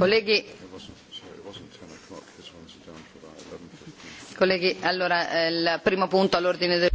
Colleghi, colleghi allora eh, il primo punto all'ordine del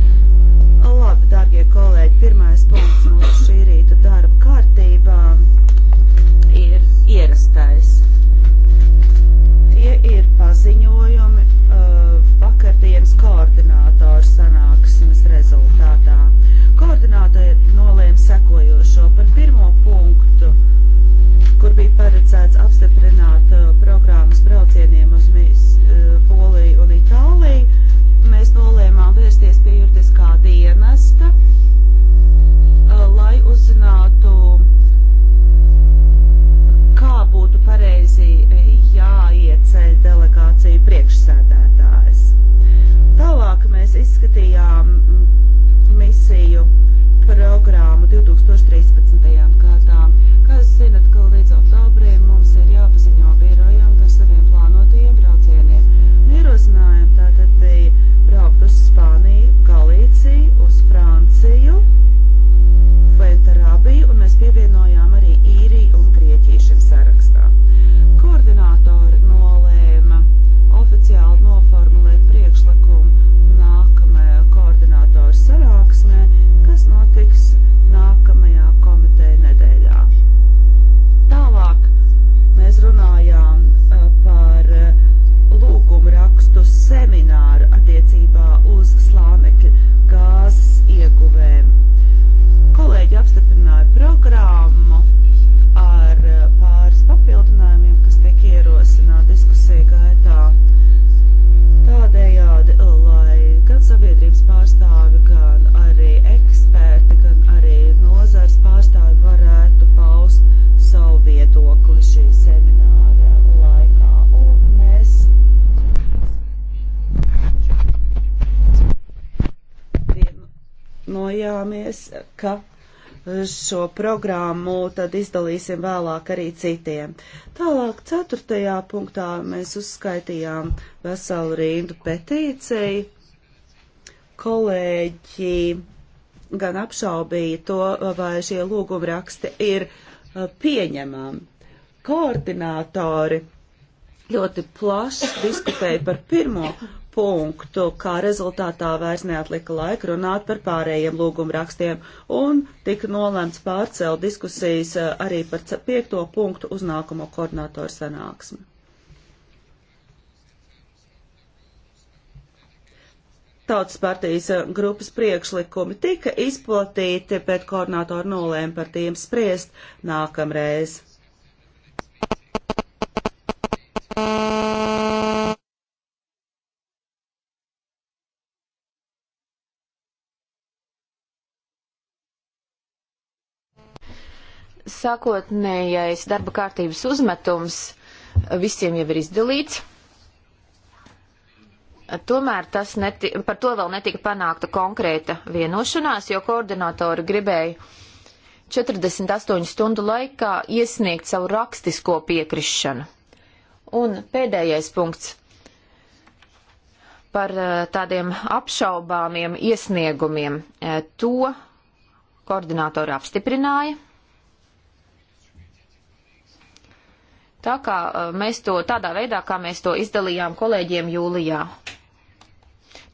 šo programmu, tad izdalīsim vēlāk arī citiem. Tālāk, ceturtajā punktā mēs uzskaitījām veselu rindu petīciju. Kolēģi gan apšaubīja to, vai šie lūgumraksti ir uh, pieņemami. Koordinātori ļoti plaši diskutēja par pirmo punktu, kā rezultātā vairs neatlika laika runāt par pārējiem lūgumrakstiem, un tika nolēmts pārcelt diskusijas eh, arī par piekto punktu uz nākamo koordinātoru sanāksmi. Tautas partijas eh, grupas priekšlikumi tika izplatīti, bet koordinātori nolēma par tiem spriest nākamreiz. Sākotnējais darba kārtības uzmetums visiem jau ir izdalīts. Tomēr neti, par to vēl netika panākta konkrēta vienošanās, jo koordinatori gribēja 48 stundu laikā iesniegt savu rakstisko piekrišanu. Un pēdējais punkts par eh, tādiem apšaubāmiem iesniegumiem. Eh, to koordinātori apstiprināja. tā kā mēs to tādā veidā, kā mēs to izdalījām kolēģiem jūlijā.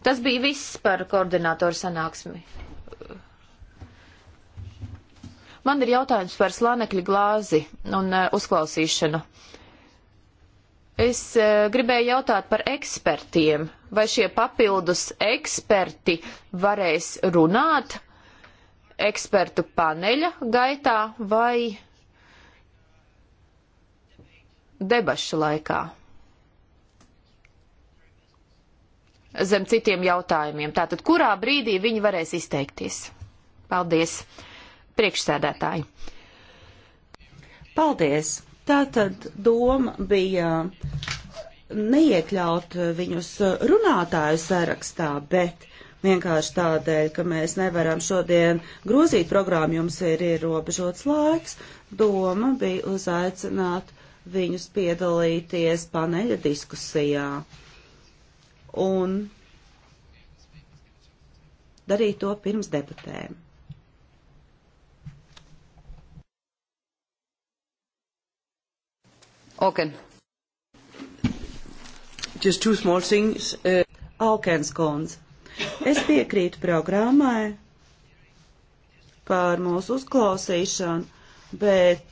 Tas bija viss par koordinātoru sanāksmi. Man ir jautājums par slānekļa glāzi un uzklausīšanu. Es gribēju jautāt par ekspertiem. Vai šie papildus eksperti varēs runāt ekspertu paneļa gaitā vai debašu laikā. Zem citiem jautājumiem. Tātad, kurā brīdī viņi varēs izteikties? Paldies, priekšsēdētāji. Paldies. Tātad doma bija neiekļaut viņus runātāju sarakstā, bet vienkārši tādēļ, ka mēs nevaram šodien grozīt programmu, jums ir ierobežots laiks. Doma bija uzaicināt viņus piedalīties paneļa diskusijā un darīt to pirms debatēm. Oken. Just two small things. Uh... Alkens kundze. Es piekrītu programmai par mūsu uzklausīšanu, bet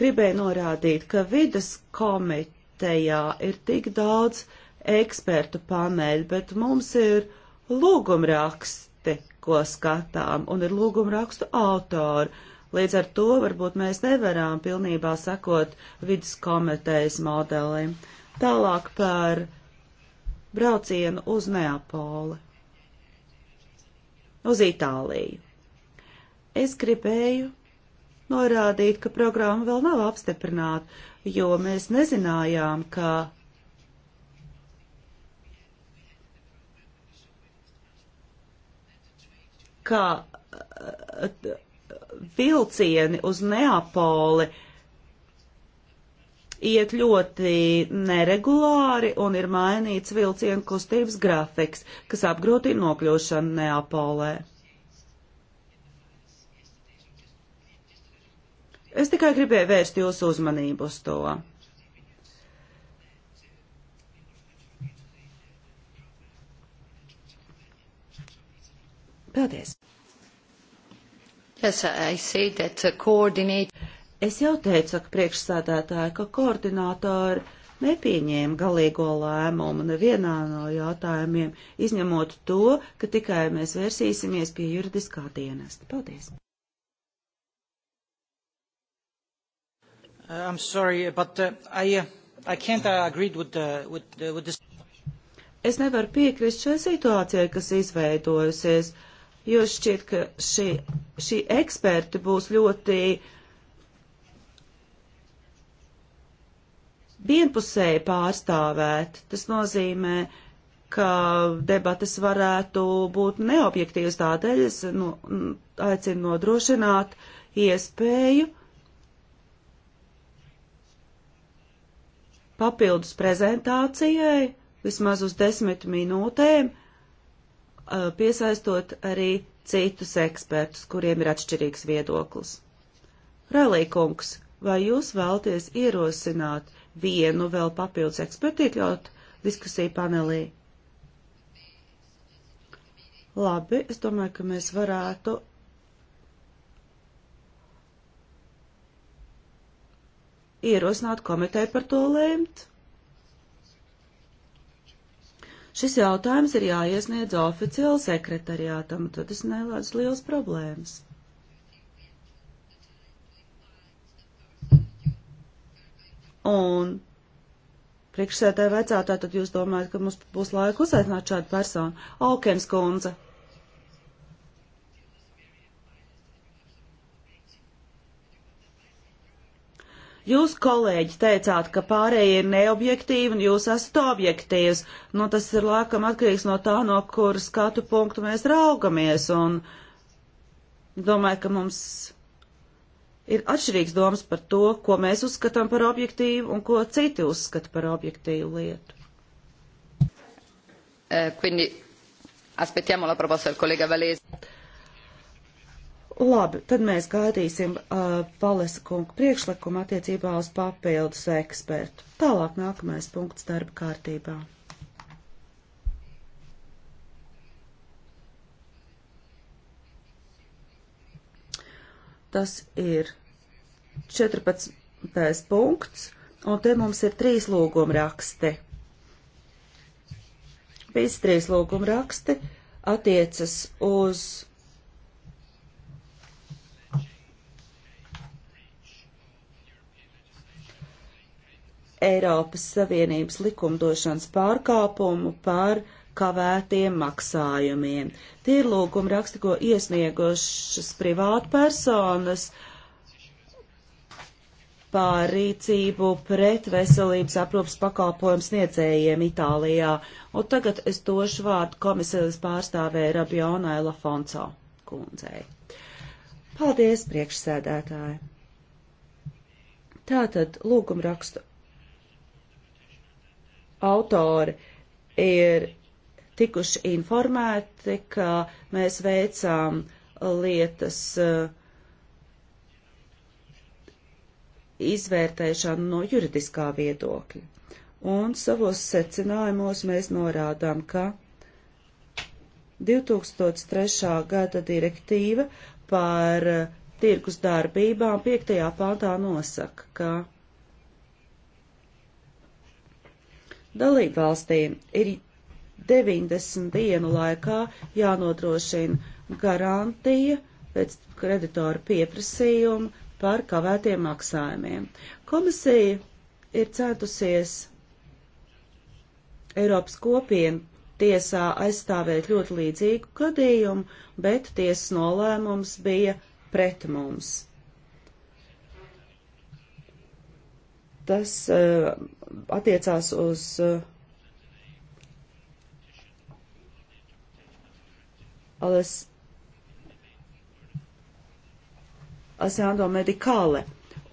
Gribēju norādīt, ka vidas komitejā ir tik daudz ekspertu paneļu, bet mums ir lūgumraksti, ko skatām, un ir lūgumrakstu autori. Līdz ar to varbūt mēs nevaram pilnībā sekot vidus komitejas modelim. Tālāk par braucienu uz Neapoli, uz Itāliju. Es gribēju norādīt, ka programma vēl nav apstiprināta, jo mēs nezinājām, ka kā eh, vilcieni uz Neapoli iet ļoti neregulāri un ir mainīts vilcienu kustības grafiks, kas apgrūtina nokļūšanu Neapolē. Es tikai gribēju vērst jūsu uzmanību uz to. Paldies! Yes, I see that coordinate. Es jau teicu, ka priekšsādātāji, ka koordinātori nepieņēma galīgo lēmumu nevienā no jautājumiem, izņemot to, ka tikai mēs vērsīsimies pie juridiskā dienesta. Paldies! Uh, I'm sorry, but uh, I, uh, I can't uh, agree with, uh, with, uh, with this. Es nevaru piekrist šai situācijai, kas izveidojusies, jo šķiet, ka šī, šī eksperti būs ļoti vienpusēji pārstāvēt. Tas nozīmē, ka debatas varētu būt neobjektīvas, tādēļ es nu, aicinu nodrošināt iespēju papildus prezentācijai, vismaz uz desmit minūtēm, eh, piesaistot arī citus ekspertus, kuriem ir atšķirīgs viedoklis. Relīkungs, vai jūs vēlties ierosināt vienu vēl papildus ekspertu iekļaut diskusiju panelī? Labi, es domāju, ka mēs varētu ierosināt komiteju par to lēmt. Šis jautājums ir jāiesniedz oficiāli sekretariātam, tad es nelēdzu liels problēmas. Un priekšsētāji vecātā, tad jūs domājat, ka mums būs laika uzaicināt šādu personu? Alkens kundze. Jūs, kolēģi, teicāt, ka pārējie ir neobjektīvi un jūs esat objektīvs. Nu, tas ir laikam atkarīgs no tā, no kuras skatu punktu mēs raugamies. Un domāju, ka mums ir atšķirīgs domas par to, ko mēs uzskatām par objektīvu un ko citi uzskata par objektīvu lietu. Uh, quindi, aspettiamo la proposta del collega Valese. Labi, tad mēs gaidīsim uh, Palesa kunga priekšlikumu attiecībā uz papildus ekspertu. Tālāk nākamais punkts darba kārtībā. Tas ir 14. punkts, un te mums ir trīs lūguma raksti. Visi trīs lūguma raksti attiecas uz Eiropas Savienības likumdošanas pārkāpumu par kavētiem maksājumiem. Tie ir lūguma raksti, ko iesniegušas privātpersonas par rīcību pret veselības aprūpas pakalpojumu sniedzējiem Itālijā. Un tagad es došu vārdu komisijas pārstāvē Rabionai Lafonso kundzei. Paldies, priekšsēdētāji! Tātad lūgumrakstu autori ir tikuši informēti, ka mēs veicām lietas eh, izvērtēšanu no juridiskā viedokļa. Un savos secinājumos mēs norādām, ka 2003. gada direktīva par eh, tirgus darbībām 5. pāntā nosaka, ka Dalībvalstīm ir 90 dienu laikā jānodrošina garantija pēc kreditoru pieprasījumu par kavētiem maksājumiem. Komisija ir centusies Eiropas kopienu tiesā aizstāvēt ļoti līdzīgu gadījumu, bet tiesas nolēmums bija pret mums. tas uh, attiecās uz uh, eh, alles Asando medikāle.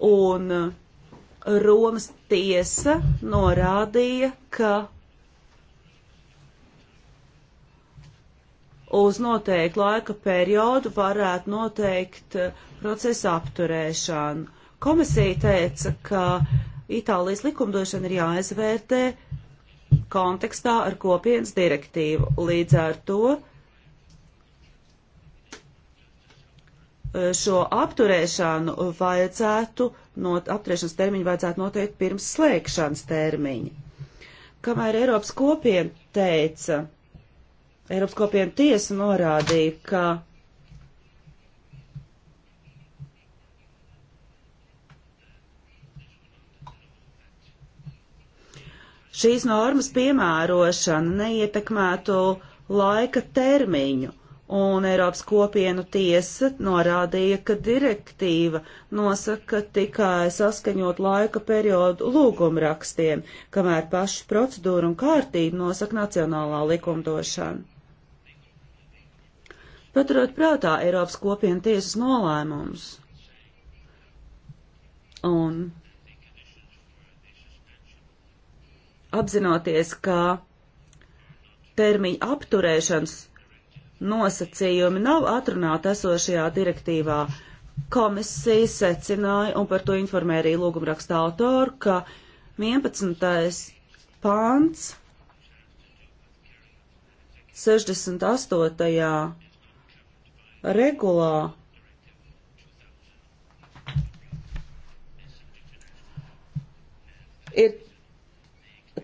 Un uh, Romas tiesa norādīja, ka uz noteiktu laika periodu varētu noteikt procesa apturēšanu. Komisija teica, ka uh, Itālijas likumdošana ir jāizvērtē kontekstā ar kopienas direktīvu. Līdz ar to eh, šo apturēšanu vajadzētu, no, apturēšanas termiņu vajadzētu noteikt pirms slēgšanas termiņa. Kamēr Eiropas kopiena teica, Eiropas kopiena tiesa norādīja, ka šīs normas piemērošana neietekmētu laika termiņu, un Eiropas kopienu tiesa norādīja, ka direktīva nosaka tikai saskaņot laika periodu lūgumrakstiem, kamēr pašu procedūru un kārtību nosaka nacionālā likumdošana. Paturot prātā Eiropas kopienu tiesas nolēmumus un apzinoties, ka termiņa apturēšanas nosacījumi nav atrunāti esošajā direktīvā. Komisija secināja, un par to informēja arī lūgumraksta autoru, ka 11. pāns 68. regulā ir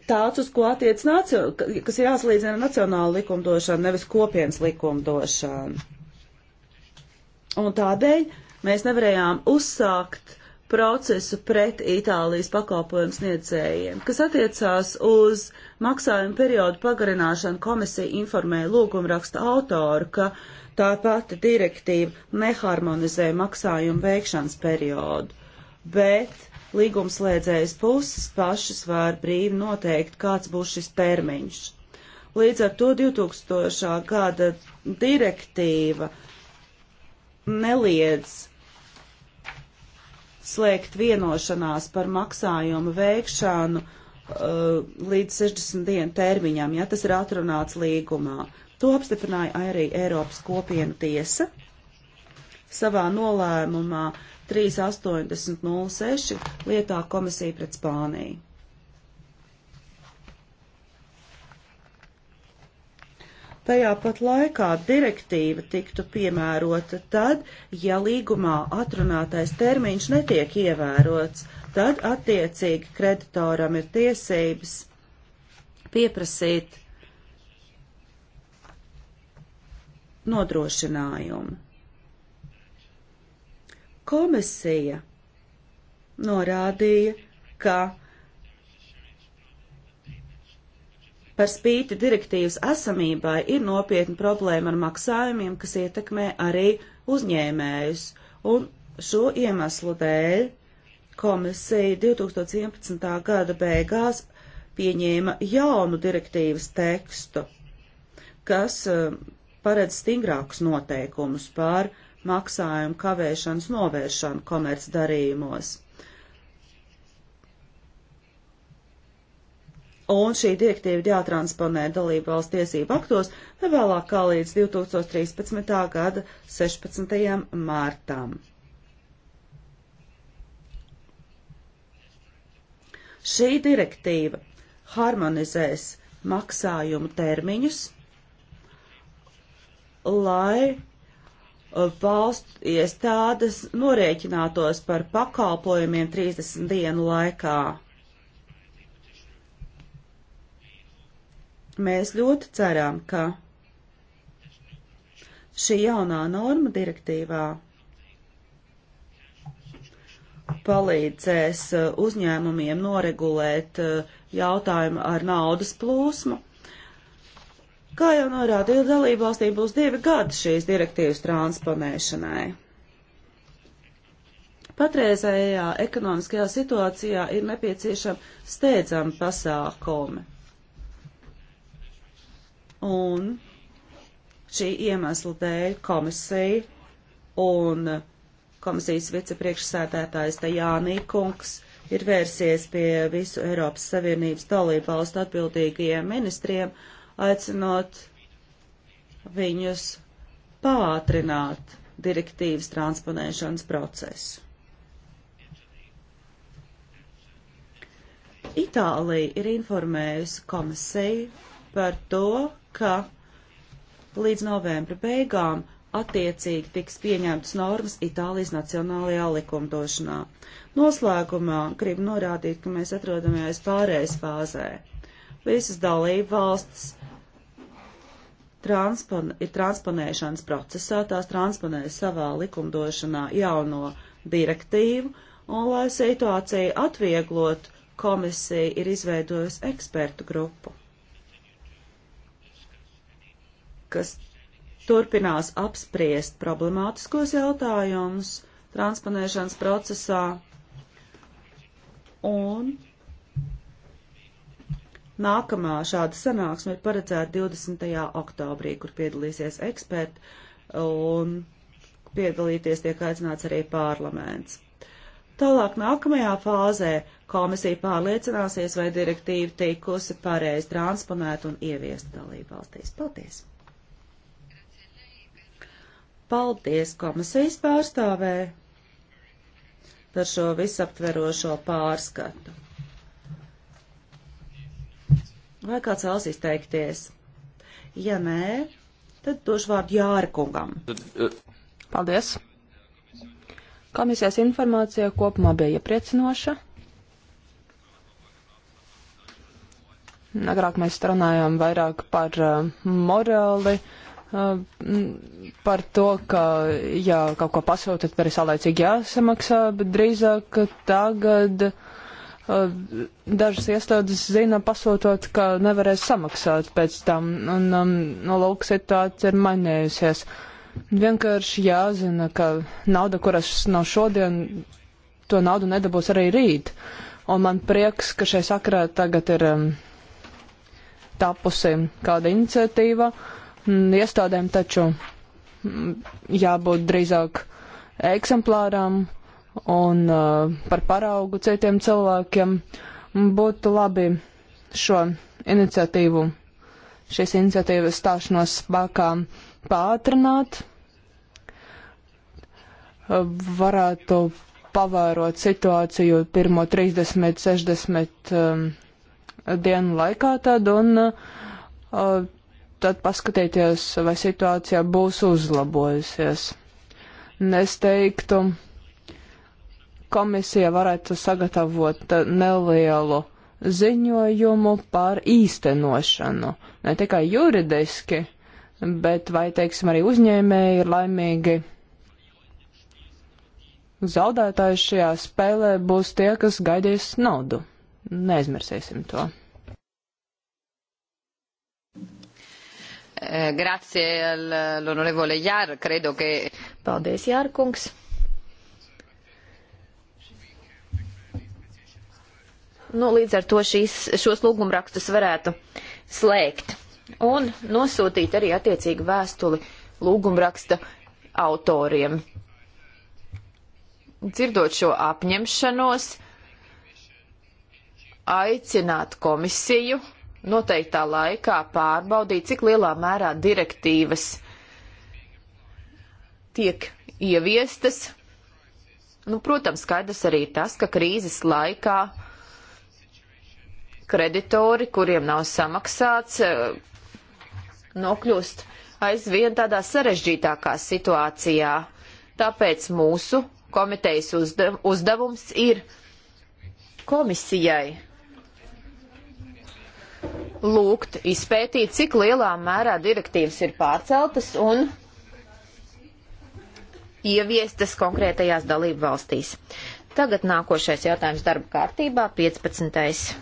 tāds, uz ko attiec, nacio, kas ir jāsalīdzina nacionāla likumdošana, nevis kopienas likumdošana. Un tādēļ mēs nevarējām uzsākt procesu pret Itālijas pakalpojumu sniedzējiem. Kas attiecās uz maksājumu periodu pagarināšanu, komisija informēja lūgumraksta autoru, ka tā pati direktīva neharmonizē maksājumu veikšanas periodu, bet līgumslēdzējas puses pašas var brīvi noteikt, kāds būs šis termiņš. Līdz ar to 2000. gada direktīva neliedz slēgt vienošanās par maksājumu veikšanu uh, līdz 60 dienu termiņam, ja tas ir atrunāts līgumā. To apstiprināja arī Eiropas kopienu tiesa savā nolēmumā 38006 lietā komisija pret Spāniju. Tajā pat laikā direktīva tiktu piemērota tad, ja līgumā atrunātais termiņš netiek ievērots, tad attiecīgi kreditoram ir tiesības pieprasīt nodrošinājumu. Komisija norādīja, ka par spīti direktīvas esamībai ir nopietna problēma ar maksājumiem, kas ietekmē arī uzņēmējus, un šo iemeslu dēļ komisija 2011. gada beigās pieņēma jaunu direktīvas tekstu, kas eh, paredz stingrākus noteikumus par uh, maksājumu kavēšanas novēršanu komercdarījumos. Un šī direktīva jātransponē dalību valsts tiesību aktos nevēlāk kā līdz 2013. gada 16. mārtām. Šī direktīva harmonizēs maksājumu termiņus, lai Uh, valstu iestādes norēķinātos par pakalpojumiem 30 dienu laikā. Mēs ļoti ceram, ka šī jaunā norma direktīvā palīdzēs uh, uzņēmumiem noregulēt uh, jautājumu ar naudas plūsmu Kā jau norādīju, dalībvalstīm būs divi gadi šīs direktīvas transponēšanai. Patreizējā ekonomiskajā situācijā ir nepieciešama steidzama pasākumi. Un šī iemesla dēļ komisija un komisijas vicepriekšsēdētājs Tajānī Kungs ir vērsies pie visu Eiropas Savienības dalībvalstu atbildīgajiem ministriem aicinot viņus pātrināt direktīvas transponēšanas procesu. Itālija ir informējusi komisiju par to, ka līdz novembra beigām attiecīgi tiks pieņemtas normas Itālijas nacionālajā likumdošanā. Noslēgumā gribu norādīt, ka mēs atrodamies pārējais fāzē. Visas dalība valsts transpon ir transponēšanas procesā, tās transponē savā likumdošanā jauno direktīvu, un, lai situāciju atvieglot, komisija ir izveidojusi ekspertu grupu, kas turpinās apspriest problemātiskos jautājumus transponēšanas procesā, un Nākamā šāda sanāksme ir paredzēta 20. oktobrī, kur piedalīsies eksperti un piedalīties tiek aicināts arī parlaments. Tālāk nākamajā fāzē komisija pārliecināsies, vai direktīva tikusi pareizi transponēta un ieviesta dalību valstīs. Paldies! Paldies komisijas pārstāvē par šo visaptverošo pārskatu. Vai kāds vēlas izteikties? Ja nē, tad došu vārdu Jārkungam. Paldies! Komisijas informācija kopumā bija iepriecinoša. Agrāk mēs runājām vairāk par uh, morāli, uh, par to, ka, ja kaut ko pasūtat, tad arī saulēcīgi jāsamaksā, bet drīzāk tagad uh, dažas iestādes zina pasūtot, ka nevarēs samaksāt pēc tam, un um, no lauka situācija ir mainījusies. Vienkārši jāzina, ka nauda, kuras nav šodien, to naudu nedabūs arī rīt. Un man prieks, ka šai sakarā tagad ir um, tapusi kāda iniciatīva. Iestādēm taču mm, jābūt drīzāk eksemplārām, uh, un uh, par paraugu citiem cilvēkiem. Būtu labi šo iniciatīvu, šīs iniciatīvas stāšanos spēkā pātrināt, varētu pavērot situāciju pirmo 30, 60 um, dienu laikā tad un uh, tad paskatīties, vai situācija būs uzlabojusies. Un es teiktu, komisija varētu sagatavot eh, nelielu ziņojumu par īstenošanu. Ne tikai juridiski, bet vai, teiksim, arī uzņēmēji ir laimīgi. Zaudētāji šajā spēlē būs tie, kas gaidīs naudu. Neaizmirsīsim to. Eh, grazie all'onorevole Jār, credo che. Paldies, Jārkungs. nu, līdz ar to šīs, šos lūgumrakstus varētu slēgt un nosūtīt arī attiecīgu vēstuli lūgumraksta autoriem. Dzirdot šo apņemšanos, aicināt komisiju noteiktā laikā pārbaudīt, cik lielā mērā direktīvas tiek ieviestas. Nu, protams, skaidrs arī tas, ka krīzes laikā uh, kreditori, kuriem nav samaksāts, eh, nokļūst aizvien tādā sarežģītākā situācijā. Tāpēc mūsu komitejas uzdev, uzdevums ir komisijai lūgt izpētīt, cik lielā mērā direktīvas ir pārceltas un ieviestas konkrētajās dalību valstīs. Tagad nākošais jautājums darba kārtībā - 15.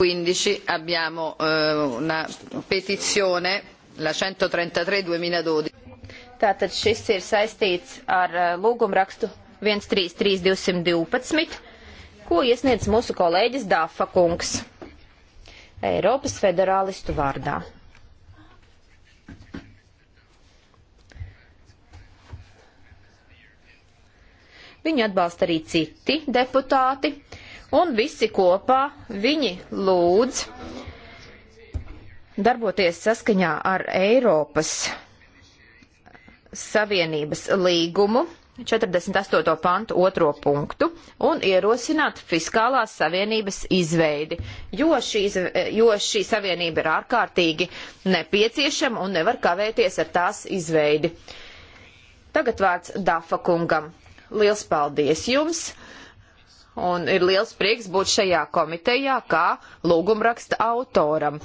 15 abbiamo eh, una petizione, la 133-2012. Tātad šis ir saistīts ar eh, lūgumrakstu 133-212, ko iesniedz mūsu kolēģis Dāfa kungs Eiropas federālistu vārdā. Viņu atbalsta arī citi deputāti un visi kopā viņi lūdz darboties saskaņā ar Eiropas Savienības līgumu 48. pantu otro punktu un ierosināt fiskālās savienības izveidi, jo šī, jo šī savienība ir ārkārtīgi nepieciešama un nevar kavēties ar tās izveidi. Tagad vārds Dafa kungam. Liels paldies jums! un ir liels prieks būt šajā komitejā kā lūgumraksta autoram.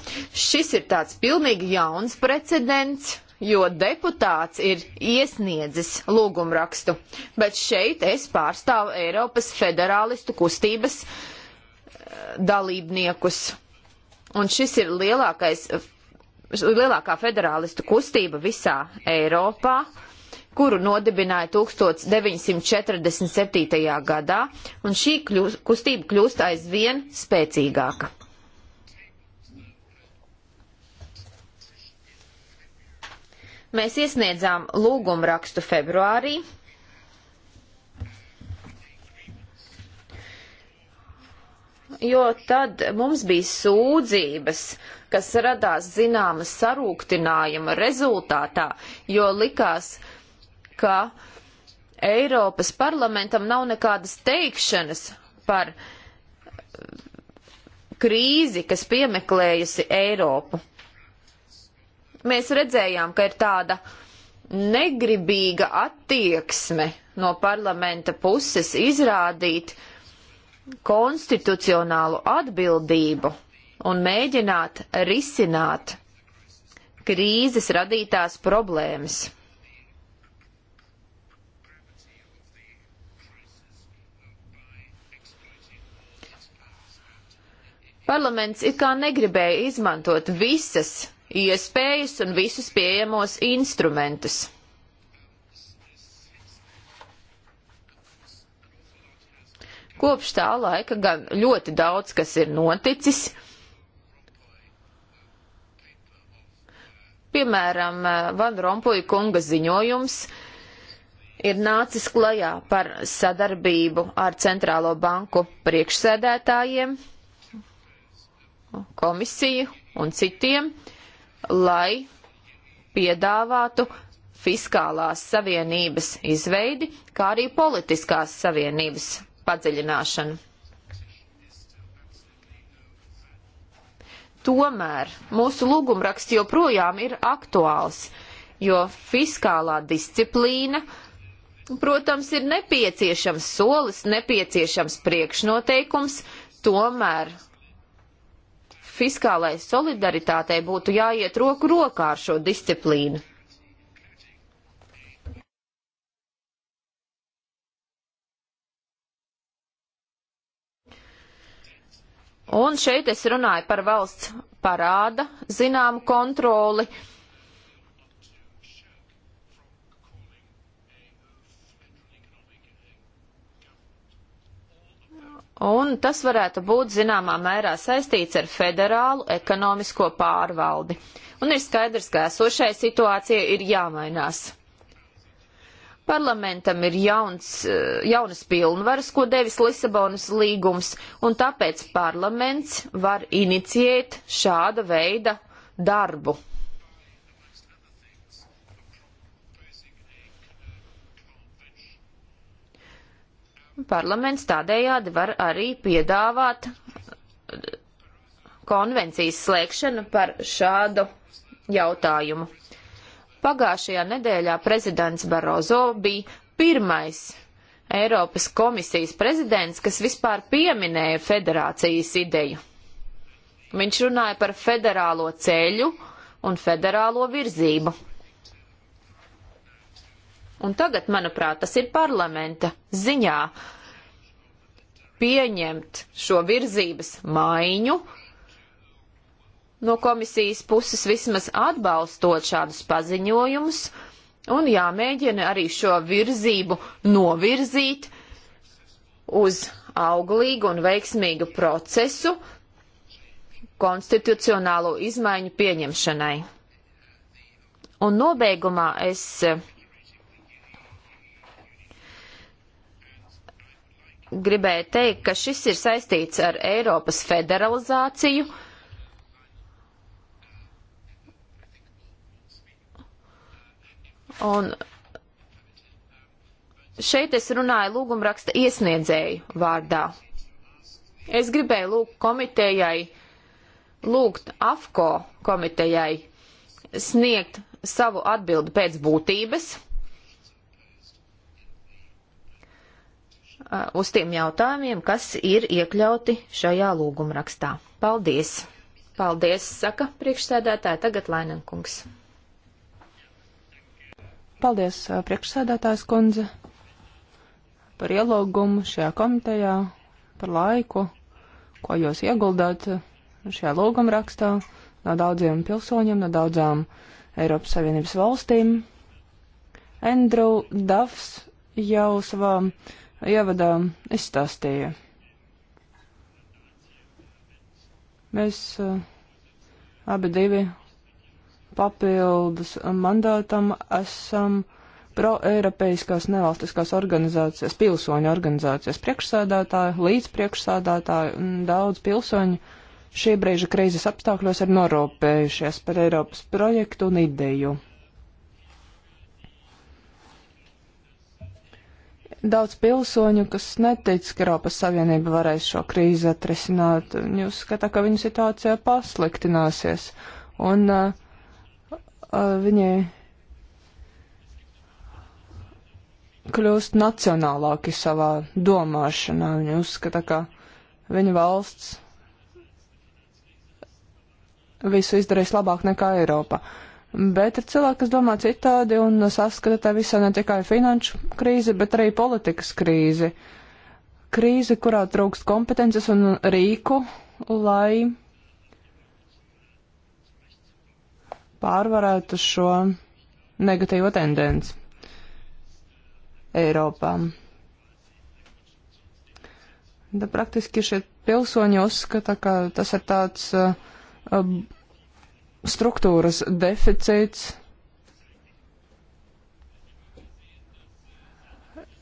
Šis ir tāds pilnīgi jauns precedents, jo deputāts ir iesniedzis lūgumrakstu, bet šeit es pārstāvu Eiropas federālistu kustības eh, dalībniekus. Un šis ir lielākais, lielākā federālistu kustība visā Eiropā kuru nodibināja 1947. gadā, un šī kļūst, kustība kļūst aizvien spēcīgāka. Mēs iesniedzām lūgumu rakstu februārī. Jo tad mums bija sūdzības, kas radās zināmas sarūktinājuma rezultātā, jo likās, ka ka Eiropas parlamentam nav nekādas teikšanas par uh, krīzi, kas piemeklējusi Eiropu. Mēs redzējām, ka ir tāda negribīga attieksme no parlamenta puses izrādīt konstitucionālu atbildību un mēģināt risināt krīzes radītās problēmas. Parlaments it kā negribēja izmantot visas iespējas un visus pieejamos instrumentus. Kopš tā laika gan ļoti daudz kas ir noticis. Piemēram, Van Rompuja kunga ziņojums ir nācis klajā par sadarbību ar Centrālo banku priekšsēdētājiem komisiju un citiem, lai piedāvātu fiskālās savienības izveidi, kā arī politiskās savienības padziļināšanu. Tomēr mūsu lūgumraksts joprojām ir aktuāls, jo fiskālā disciplīna, protams, ir nepieciešams solis, nepieciešams priekšnoteikums, tomēr fiskālai solidaritātei būtu jāiet roku rokā ar šo disciplīnu. Un šeit es runāju par valsts parāda zināmu kontroli. Uh, Un tas varētu būt zināmā mērā saistīts ar federālu ekonomisko pārvaldi. Un ir skaidrs, ka esošai situācija ir jāmainās. Parlamentam ir jauns, eh, jaunas pilnvaras, ko devis Lisabonas līgums, un tāpēc parlaments var inicijēt šāda veida darbu. Parlaments tādējādi var arī piedāvāt eh, konvencijas slēgšanu par šādu jautājumu. Pagājušajā nedēļā prezidents Barozo bija pirmais Eiropas komisijas prezidents, kas vispār pieminēja federācijas ideju. Viņš runāja par federālo ceļu un federālo virzību. Un tagad, manuprāt, tas ir parlamenta ziņā pieņemt šo virzības maiņu no komisijas puses vismaz atbalstot šādus paziņojumus un jāmēģina arī šo virzību novirzīt uz auglīgu un veiksmīgu procesu konstitucionālo izmaiņu pieņemšanai. Un nobeigumā es gribēju teikt, ka šis ir saistīts ar Eiropas federalizāciju. Un šeit es runāju lūgumraksta iesniedzēju vārdā. Es gribēju lūgt komitejai, lūgt AFCO komitejai sniegt savu atbildi pēc būtības, Uh, uz tiem jautājumiem, kas ir iekļauti šajā lūgumrakstā. Paldies! Paldies, saka priekšsēdētāja, tagad Lainankungs. Paldies, uh, priekšsēdētājs kundze, par ielogumu šajā komitejā, par laiku, ko jūs ieguldāt šajā lūgumrakstā no daudziem pilsoņiem, no daudzām Eiropas Savienības valstīm. Andrew Duffs jau savā ievadā izstāstīja. Mēs uh, abi divi papildus mandātam esam proeiropeiskās nevalstiskās organizācijas, pilsoņu organizācijas priekšsēdētāji, līdzpriekšsēdētāji un daudz pilsoņu šī brīža krīzes apstākļos ir norūpējušies par Eiropas projektu un ideju. daudz pilsoņu, kas netic, ka Eiropas Savienība varēs šo krīzi atrisināt. Viņi uzskata, ka viņu situācija pasliktināsies. Un uh, uh, viņi kļūst nacionālāki savā domāšanā. Viņi uzskata, ka viņa valsts visu izdarīs labāk nekā Eiropa. Uh, bet ir cilvēki, kas domā citādi un saskata tā visā ne tikai finanšu krīzi, bet arī politikas krīzi. Krīze, kurā trūkst kompetences un rīku, lai pārvarētu šo negatīvo tendenci Eiropā. Da praktiski šie pilsoņi uzskata, ka tas ir tāds uh, struktūras deficīts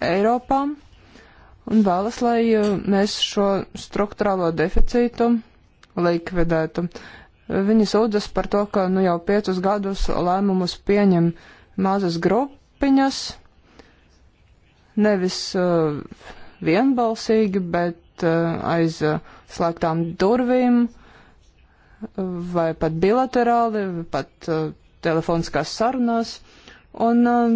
Eiropā un vēlas, lai uh, mēs šo struktūrālo deficītu likvidētu. Viņi sūdzas par to, ka nu jau piecus gadus lēmumus pieņem mazas grupiņas, nevis uh, vienbalsīgi, bet uh, aiz uh, slēgtām durvīm. Uh, vai pat bilaterāli, pat uh, telefoniskās sarunās. Un uh,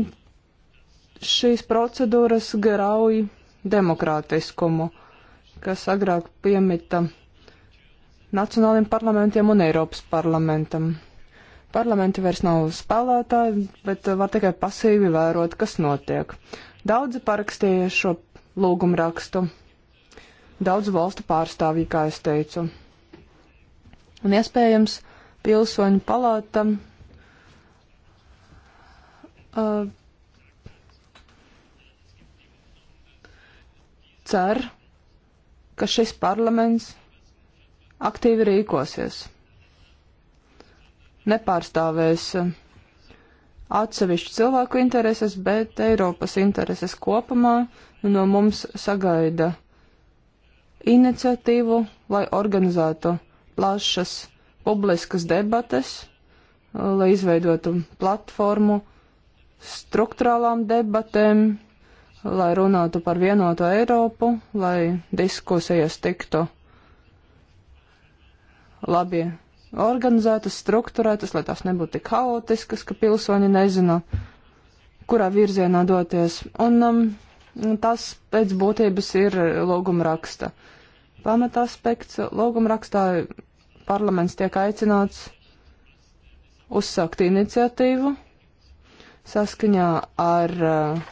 šīs procedūras grauj demokrātiskumu, kas agrāk piemita nacionāliem parlamentiem un Eiropas parlamentam. Parlamenti vairs nav spēlētāji, bet uh, var tikai pasīvi vērot, kas notiek. Daudzi parakstīja šo lūgumu rakstu. Daudz valstu pārstāvji, kā es teicu. Un iespējams, pilsoņu palāta uh, cer, ka šis parlaments aktīvi rīkosies, nepārstāvēs atsevišķu cilvēku intereses, bet Eiropas intereses kopumā nu, no mums sagaida iniciatīvu, lai organizētu plašas publiskas debates, uh, lai izveidotu platformu struktūrālām debatēm, lai runātu par vienoto Eiropu, lai diskusijas tiktu labi organizētas, struktūrētas, lai tās nebūtu tik haotiskas, ka pilsoņi nezina, kurā virzienā doties. Un um, tas pēc būtības ir logumraksta. Pamata aspekts logumrakstā parlaments tiek aicināts uzsākt iniciatīvu saskaņā ar uh,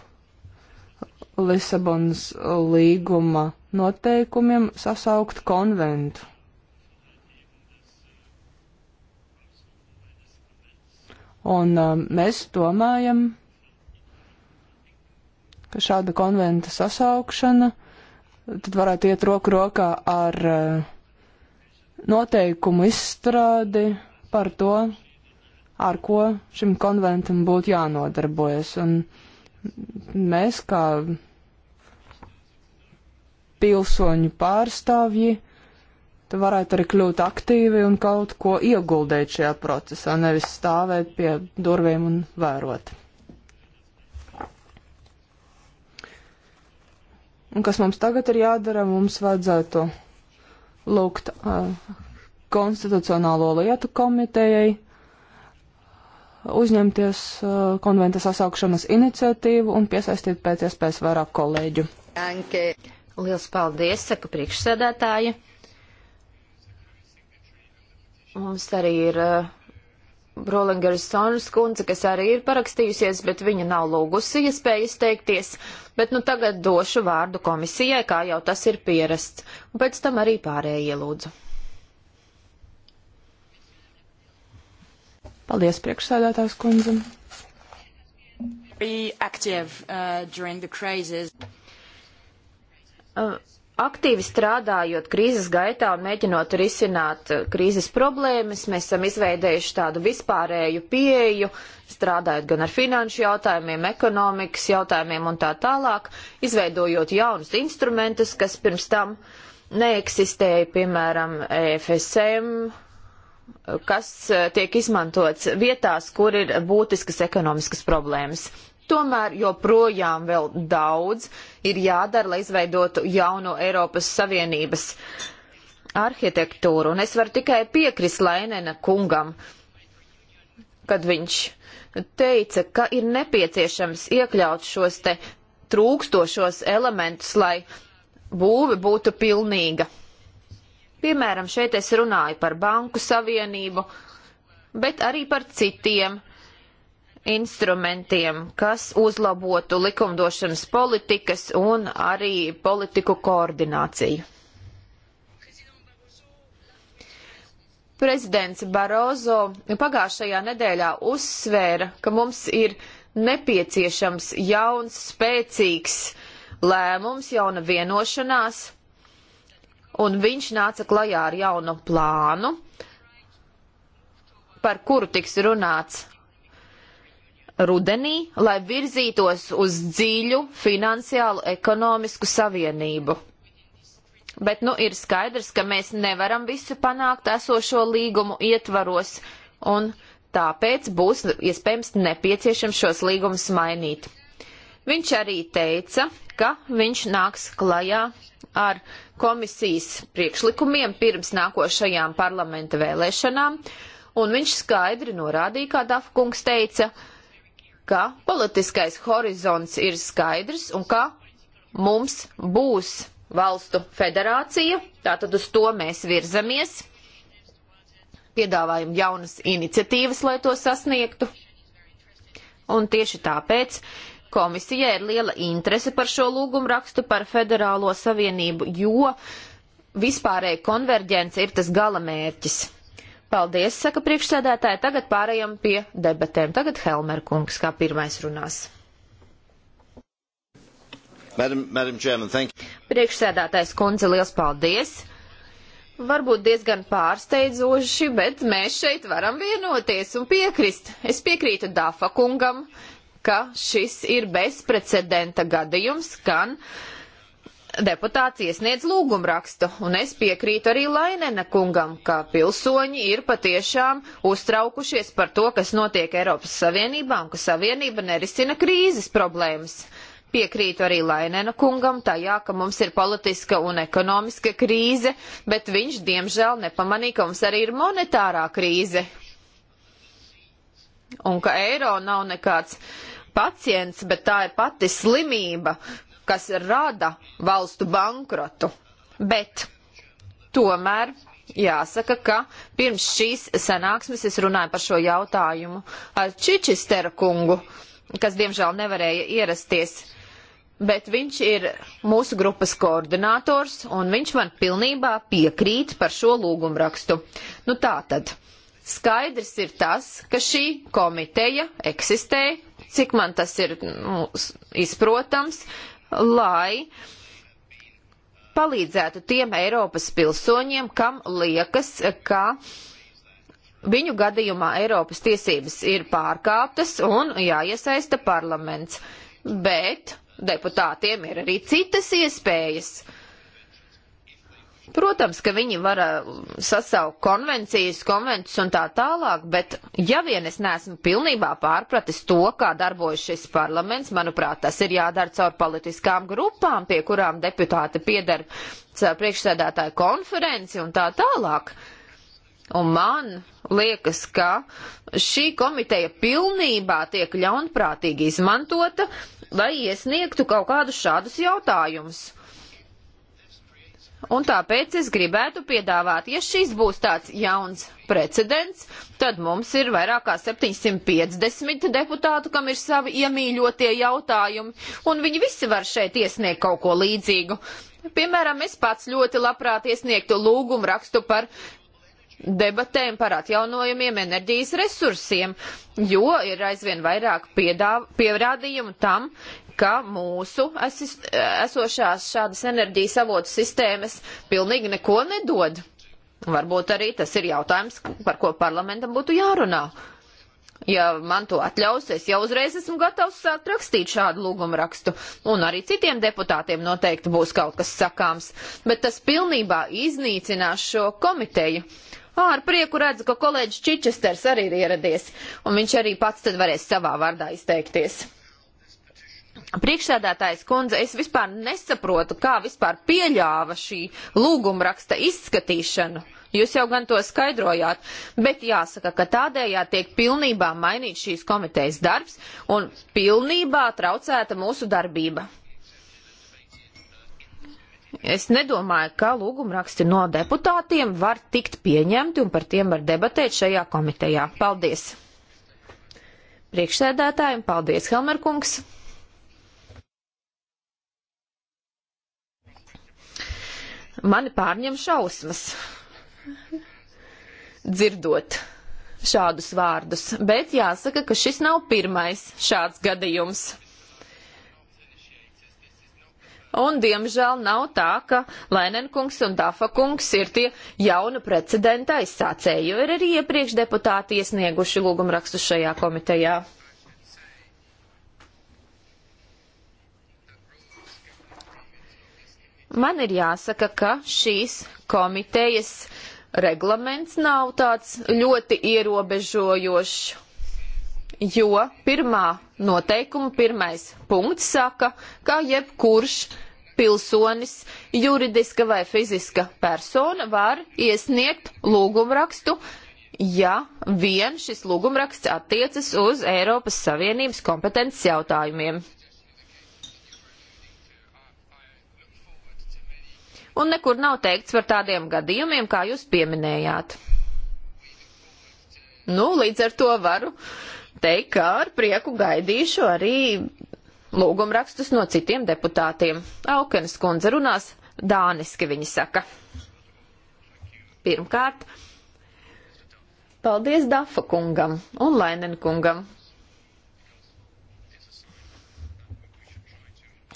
Lisabonas līguma noteikumiem sasaukt konventu. Un uh, mēs domājam, ka šāda konventa sasaukšana tad varētu iet roku rokā ar uh, noteikumu izstrādi par to, ar ko šim konventam būtu jānodarbojas. Un mēs, kā pilsoņu pārstāvji, varētu arī kļūt aktīvi un kaut ko ieguldīt šajā procesā, nevis stāvēt pie durvīm un vērot. Un kas mums tagad ir jādara, mums vajadzētu lūgt uh, konstitucionālo lietu komitejai uzņemties uh, konventa sasaukšanas iniciatīvu un piesaistīt pēc iespējas vairāk kolēģu. Anke. Liels paldies, saka priekšsēdētāja. Mums arī ir uh, Rolingeris Sonas kundze, kas arī ir parakstījusies, bet viņa nav lūgusi iespēju izteikties, bet nu tagad došu vārdu komisijai, kā jau tas ir pierasts, un pēc tam arī pārējie lūdzu. Paldies priekšsēdētājs kundze. Active, uh, Aktīvi strādājot krīzes gaitā un mēģinot risināt eh, krīzes problēmas, mēs esam izveidējuši tādu vispārēju pieeju, strādājot gan ar finanšu jautājumiem, ekonomikas jautājumiem un tā tālāk, izveidojot jaunus instrumentus, kas pirms tam neeksistēja, piemēram, EFSM, kas eh, tiek izmantots vietās, kur ir būtiskas ekonomiskas problēmas. Tomēr joprojām vēl daudz ir jādara, lai izveidotu jauno Eiropas Savienības arhitektūru. Un es varu tikai piekrist Lainena kungam, kad viņš teica, ka ir nepieciešams iekļaut šos te trūkstošos elementus, lai būve būtu pilnīga. Piemēram, šeit es runāju par banku savienību, bet arī par citiem uh, instrumentiem, kas uzlabotu likumdošanas politikas un arī politiku koordināciju. Prezidents Barozo pagājušajā nedēļā uzsvēra, ka mums ir nepieciešams jauns, spēcīgs lēmums, jauna vienošanās, un viņš nāca klajā ar jaunu plānu, par kuru tiks runāts rudenī, lai virzītos uz dziļu finansiālu ekonomisku savienību. Bet nu ir skaidrs, ka mēs nevaram visu panākt esošo līgumu ietvaros, un tāpēc būs iespējams nepieciešams šos līgumus mainīt. Viņš arī teica, ka viņš nāks klajā ar komisijas priekšlikumiem pirms nākošajām parlamenta vēlēšanām, un viņš skaidri norādīja, kā Dafkungs teica, uh, ka politiskais horizonts ir skaidrs un ka mums būs valstu federācija, tātad uz to mēs virzamies, piedāvājam jaunas iniciatīvas, lai to sasniegtu. Un tieši tāpēc komisijai ir liela interese par šo lūgumu rakstu par federālo savienību, jo vispārēja konverģence ir tas galamērķis. Paldies, saka priekšsēdētāji. Tagad pārējām pie debatēm. Tagad Helmer kungs kā pirmais runās. Madam, Madam Chairman, thank you. Priekšsēdētājs kundze, liels paldies. Varbūt diezgan pārsteidzoši, bet mēs šeit varam vienoties un piekrist. Es piekrītu Dāfa kungam, ka šis ir bezprecedenta gadījums, gan uh, deputāts iesniedz lūgumrakstu, un es piekrītu arī Lainena kungam, ka pilsoņi ir patiešām uztraukušies par to, kas notiek Eiropas Savienībā un ka Savienība nerisina krīzes problēmas. Piekrītu arī Lainena kungam tajā, ka mums ir politiska un ekonomiska krīze, bet viņš diemžēl nepamanīja, ka mums arī ir monetārā krīze. Un ka eiro nav nekāds pacients, bet tā ir pati slimība, kas rada valstu bankrotu. Bet tomēr jāsaka, ka pirms šīs sanāksmes es runāju par šo jautājumu ar Čičistera kungu, kas diemžēl nevarēja ierasties. Bet viņš ir mūsu grupas koordinators, un viņš man pilnībā piekrīt par šo lūgumrakstu. Nu tā tad. Skaidrs ir tas, ka šī komiteja eksistē, cik man tas ir nu, izprotams, lai palīdzētu tiem Eiropas pilsoņiem, kam liekas, ka viņu gadījumā Eiropas tiesības ir pārkāptas un jāiesaista parlaments. Bet deputātiem ir arī citas iespējas. Uh, Protams, ka viņi var uh, sasaukt konvencijas, konvencijas un tā tālāk, bet ja vien es neesmu pilnībā pārpratis to, kā darbojas šis parlaments, manuprāt, tas ir jādara caur politiskām grupām, pie kurām deputāti piedar caur priekšsēdētāju konferenci un tā tālāk. Un man liekas, ka šī komiteja pilnībā tiek ļaunprātīgi izmantota, lai iesniegtu kaut kādus šādus jautājumus. Un tāpēc es gribētu piedāvāt, ja šis būs tāds jauns precedents, tad mums ir vairāk kā 750 deputātu, kam ir savi iemīļotie jautājumi, un viņi visi var šeit iesniegt kaut ko līdzīgu. Piemēram, es pats ļoti labprāt iesniegtu lūgumu rakstu par debatēm par atjaunojumiem enerģijas resursiem, jo ir aizvien vairāk pierādījumu tam, ka mūsu esis, esošās šādas enerģijas avotu sistēmas pilnīgi neko nedod. Varbūt arī tas ir jautājums, par ko parlamentam būtu jārunā. Ja man to atļaus, es jau uzreiz esmu gatavs sākt rakstīt šādu lūgumu rakstu, un arī citiem deputātiem noteikti būs kaut kas sakāms, bet tas pilnībā iznīcinās šo komiteju. Ar prieku redzu, ka kolēģis Čičesters arī ir ieradies, un viņš arī pats tad varēs savā vārdā izteikties. Priekšsēdētājs kundze, es vispār nesaprotu, kā vispār pieļāva šī lūgumraksta izskatīšanu. Jūs jau gan to skaidrojāt, bet jāsaka, ka tādējā tiek pilnībā mainīts šīs komitejas darbs un pilnībā traucēta mūsu darbība. Es nedomāju, ka lūgumraksti no deputātiem var tikt pieņemti un par tiem var debatēt šajā komitejā. Paldies! Priekšsēdētājiem, paldies, Helmerkungs! Mani pārņem šausmas dzirdot šādus vārdus, bet jāsaka, ka šis nav pirmais šāds gadījums. Un, diemžēl, nav tā, ka Lēnenkungs un Dafakungs ir tie jauna precedenta aizsācēji, jo ir arī iepriekš deputāti iesnieguši lūgumrakstu šajā komitejā. man ir jāsaka, ka šīs komitejas reglaments nav tāds ļoti ierobežojošs, jo pirmā noteikuma, pirmais punkts saka, ka jebkurš pilsonis, juridiska vai fiziska persona var iesniegt lūgumrakstu, ja vien šis lūgumraksts attiecas uz Eiropas Savienības kompetences jautājumiem. un nekur nav teikts par tādiem gadījumiem, kā jūs pieminējāt. Nu, līdz ar to varu teikt, ka ar prieku gaidīšu arī lūgumrakstus no citiem deputātiem. Aukenas kundze runās dāniski, viņa saka. Pirmkārt, paldies Dafa kungam un Lainen kungam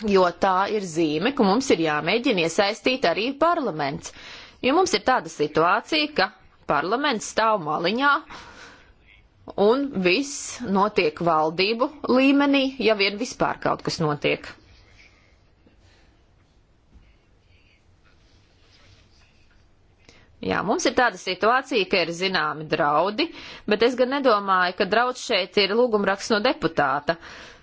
jo tā ir zīme, ka mums ir jāmēģina iesaistīt arī parlaments. Jo mums ir tāda situācija, ka parlaments stāv maliņā un viss notiek valdību līmenī, ja vien vispār kaut kas notiek. Jā, mums ir tāda situācija, ka ir zināmi draudi, bet es gan nedomāju, ka drauds šeit ir lūgumraksts no deputāta. Uh,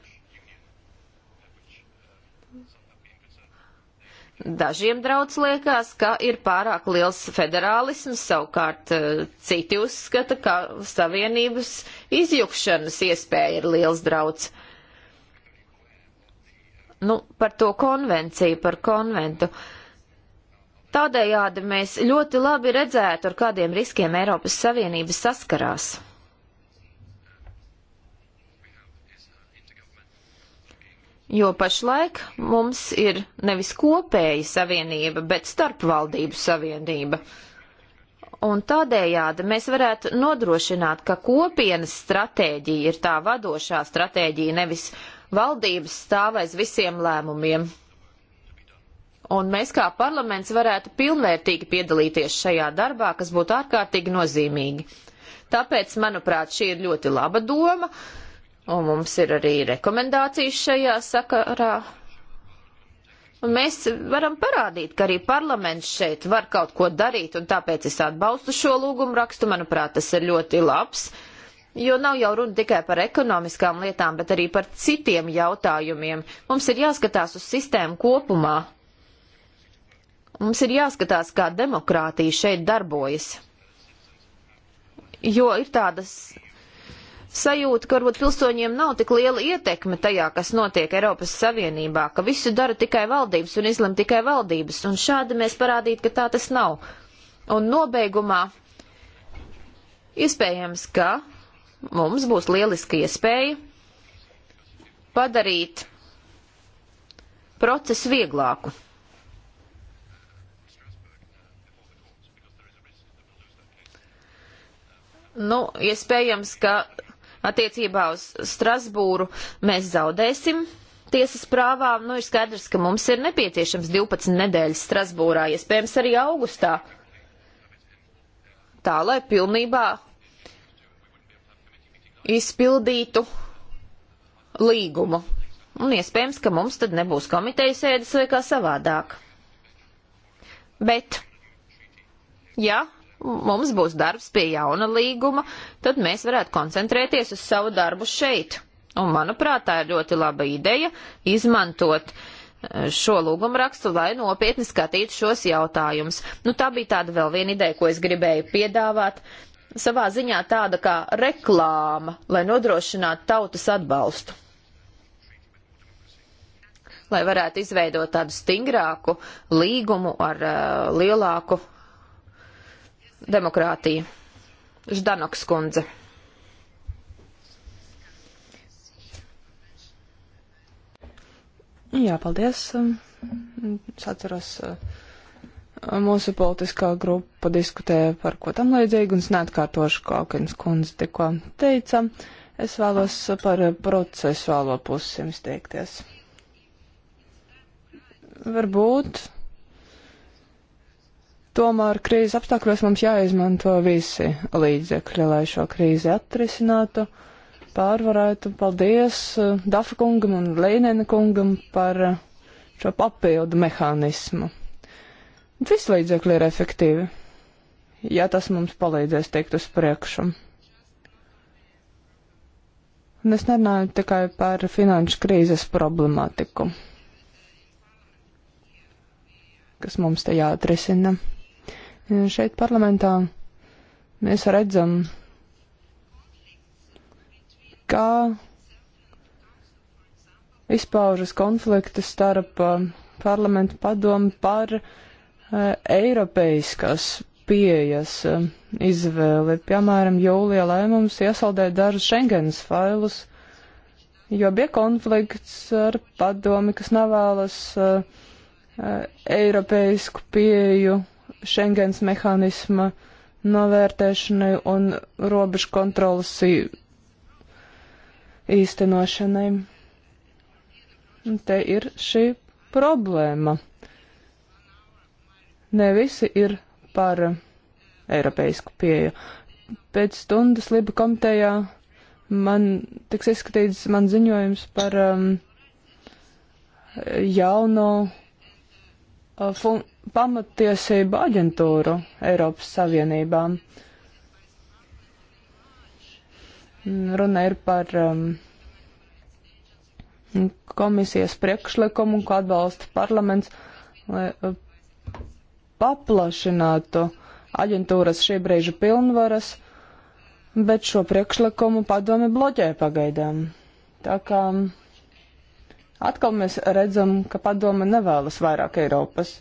Dažiem draudz liekas, ka ir pārāk liels federālisms, savukārt eh, citi uzskata, ka savienības izjukšanas iespēja ir liels draudz. Nu, par to konvenciju, par konventu. Tādējādi mēs ļoti labi redzētu, ar kādiem riskiem Eiropas Savienība saskarās. jo pašlaik mums ir nevis kopēja savienība, bet starpvaldību savienība. Un tādējādi mēs varētu nodrošināt, ka kopienas stratēģija ir tā vadošā stratēģija, nevis valdības stāv aiz visiem lēmumiem. Un mēs kā parlaments varētu pilnvērtīgi piedalīties šajā darbā, kas būtu ārkārtīgi nozīmīgi. Tāpēc, manuprāt, šī ir ļoti laba doma. Uh, Un mums ir arī rekomendācijas šajā sakarā. Un mēs varam parādīt, ka arī parlaments šeit var kaut ko darīt, un tāpēc es atbalstu šo lūgumu rakstu. Manuprāt, tas ir ļoti labs, jo nav jau runa tikai par ekonomiskām lietām, bet arī par citiem jautājumiem. Mums ir jāskatās uz sistēmu kopumā. Mums ir jāskatās, kā demokrātija šeit darbojas jo ir tādas sajūta, ka varbūt pilsoņiem nav tik liela ietekme tajā, kas notiek Eiropas Savienībā, ka visu dara tikai valdības un izlem tikai valdības, un šādi mēs parādītu, ka tā tas nav. Un nobeigumā iespējams, ka mums būs lieliski iespēja padarīt procesu vieglāku. Nu, iespējams, ka attiecībā uz Strasbūru mēs zaudēsim tiesas prāvā. Nu, ir skaidrs, ka mums ir nepieciešams 12 nedēļas Strasbūrā, iespējams arī augustā. Tā, lai pilnībā izpildītu līgumu. Un iespējams, ka mums tad nebūs komitejas sēdes vai kā savādāk. Bet, ja mums būs darbs pie jauna līguma, tad mēs varētu koncentrēties uz savu darbu šeit. Un, manuprāt, tā ir ļoti laba ideja izmantot eh, šo lūgumu rakstu, lai nopietni skatītu šos jautājumus. Nu, tā bija tāda vēl viena ideja, ko es gribēju piedāvāt. Savā ziņā tāda kā reklāma, lai nodrošinātu tautas atbalstu. Lai varētu izveidot tādu stingrāku līgumu ar uh, lielāku demokrātija. Ždanoks kundze. Jā, paldies. Um, es atceros, uh, mūsu politiskā grupa diskutēja par ko tam līdzīgu, un es neatkārtošu, kā Aukins kundze tikko teica. Es vēlos par procesuālo pusi jums teikties. Varbūt Tomēr krīzes apstākļos mums jāizmanto visi līdzekļi, lai šo krīzi atrisinātu, pārvarētu. Paldies eh, Dafa kungam un Leinena kungam par eh, šo papildu mehānismu. Visi līdzekļi ir efektīvi, ja tas mums palīdzēs tikt uz priekšu. Un es nerunāju tikai par finanšu krīzes problemātiku, kas mums te jāatrisina. Šeit parlamentā mēs redzam, kā izpaužas konflikti starp uh, parlamentu padomu par uh, eiropeiskās pieejas uh, izvēli. Piemēram, jūlijā lēmums iesaldēt dažus Schengens failus, jo bija konflikts ar padomi, kas nevēlas uh, eiropeisku pieju Schengens mehānisma novērtēšanai un robežu kontrolas īstenošanai. Un te ir šī problēma. Ne visi ir par eiropeisku pieeju. Pēc stundas Liba komitejā man tiks izskatīts man ziņojums par um, jauno uh, funkciju pamatiesību aģentūru Eiropas Savienībām. Runa ir par um, komisijas priekšlikumu, ko atbalsta parlaments, lai uh, paplašinātu aģentūras šī brīža pilnvaras, bet šo priekšlikumu padome bloķē pagaidām. Tā kā um, atkal mēs redzam, ka padome nevēlas vairāk Eiropas.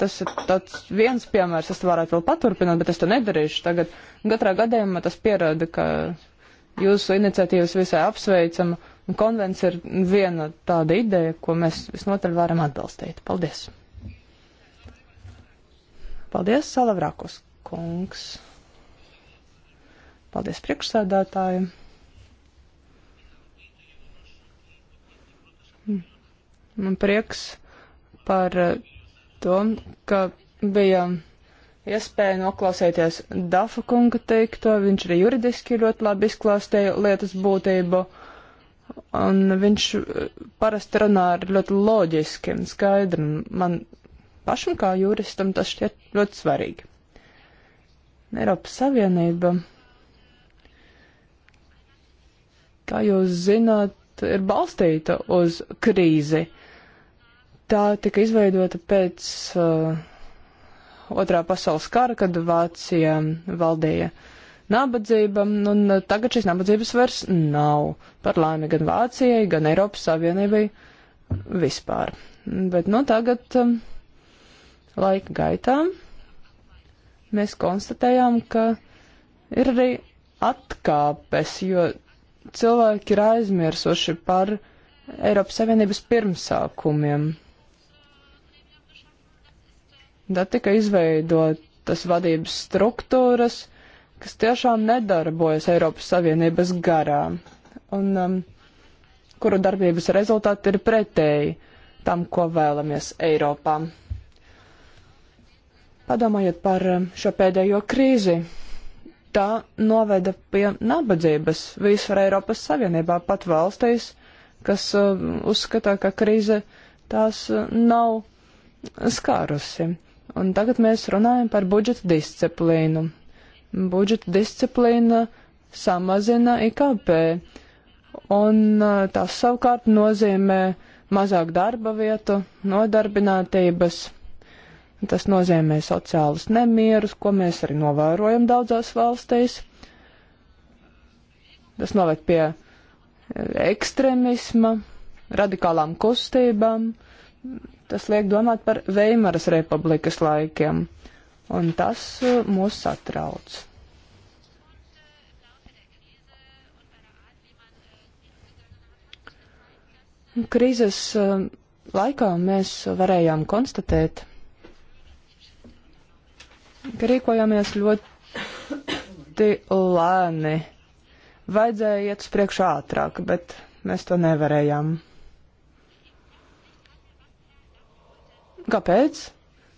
Tas ir tāds viens piemērs, es varētu vēl paturpināt, bet es to nedarīšu tagad. Katrā gadījumā tas pierāda, ka jūsu iniciatīvas visai apsveicama, un konvencija ir viena tāda ideja, ko mēs visnotaļ varam atbalstīt. Paldies! Paldies, Salavrakus kungs! Paldies priekšsēdētājiem! Hm. Man prieks par to, ka bija iespēja noklausīties Dafa kunga teikto. Viņš arī juridiski ļoti labi izklāstīja lietas būtību. Un viņš eh, parasti runā ar ļoti loģiski un skaidri. Man pašam kā juristam tas šķiet ļoti svarīgi. Eiropas Savienība, kā jūs zināt, ir balstīta uz krīzi Tā tika izveidota pēc uh, otrā pasaules kara, kad Vācija valdīja nabadzība, un tagad šīs nabadzības vairs nav. Par laimi gan Vācijai, gan Eiropas Savienībai vispār. Bet nu tagad um, laika gaitā mēs konstatējām, ka ir arī atkāpes, jo cilvēki ir aizmirsuši par Eiropas Savienības pirmsākumiem. Tad tika izveidotas vadības struktūras, kas tiešām nedarbojas Eiropas Savienības garā, un um, kuru darbības rezultāti ir pretēji tam, ko vēlamies Eiropā. Padomājiet par um, šo pēdējo krīzi. Tā noveda pie nabadzības visur Eiropas Savienībā, pat valstīs, kas uh, uzskatā, ka krīze tās uh, nav skārusi. Un tagad mēs runājam par budžeta disciplīnu. Budžeta disciplīna samazina IKP, un tas savukārt nozīmē mazāk darba vietu, nodarbinātības. Tas nozīmē sociālus nemierus, ko mēs arī novērojam daudzās valstīs. Tas noved pie ekstremisma, radikālām kustībām, Tas liek domāt par Veimaras republikas laikiem, un tas uh, mūs satrauc. Krīzes uh, laikā mēs varējām konstatēt, ka rīkojāmies ļoti lēni. Vajadzēja iet uz priekšu ātrāk, bet mēs to nevarējām. Kāpēc?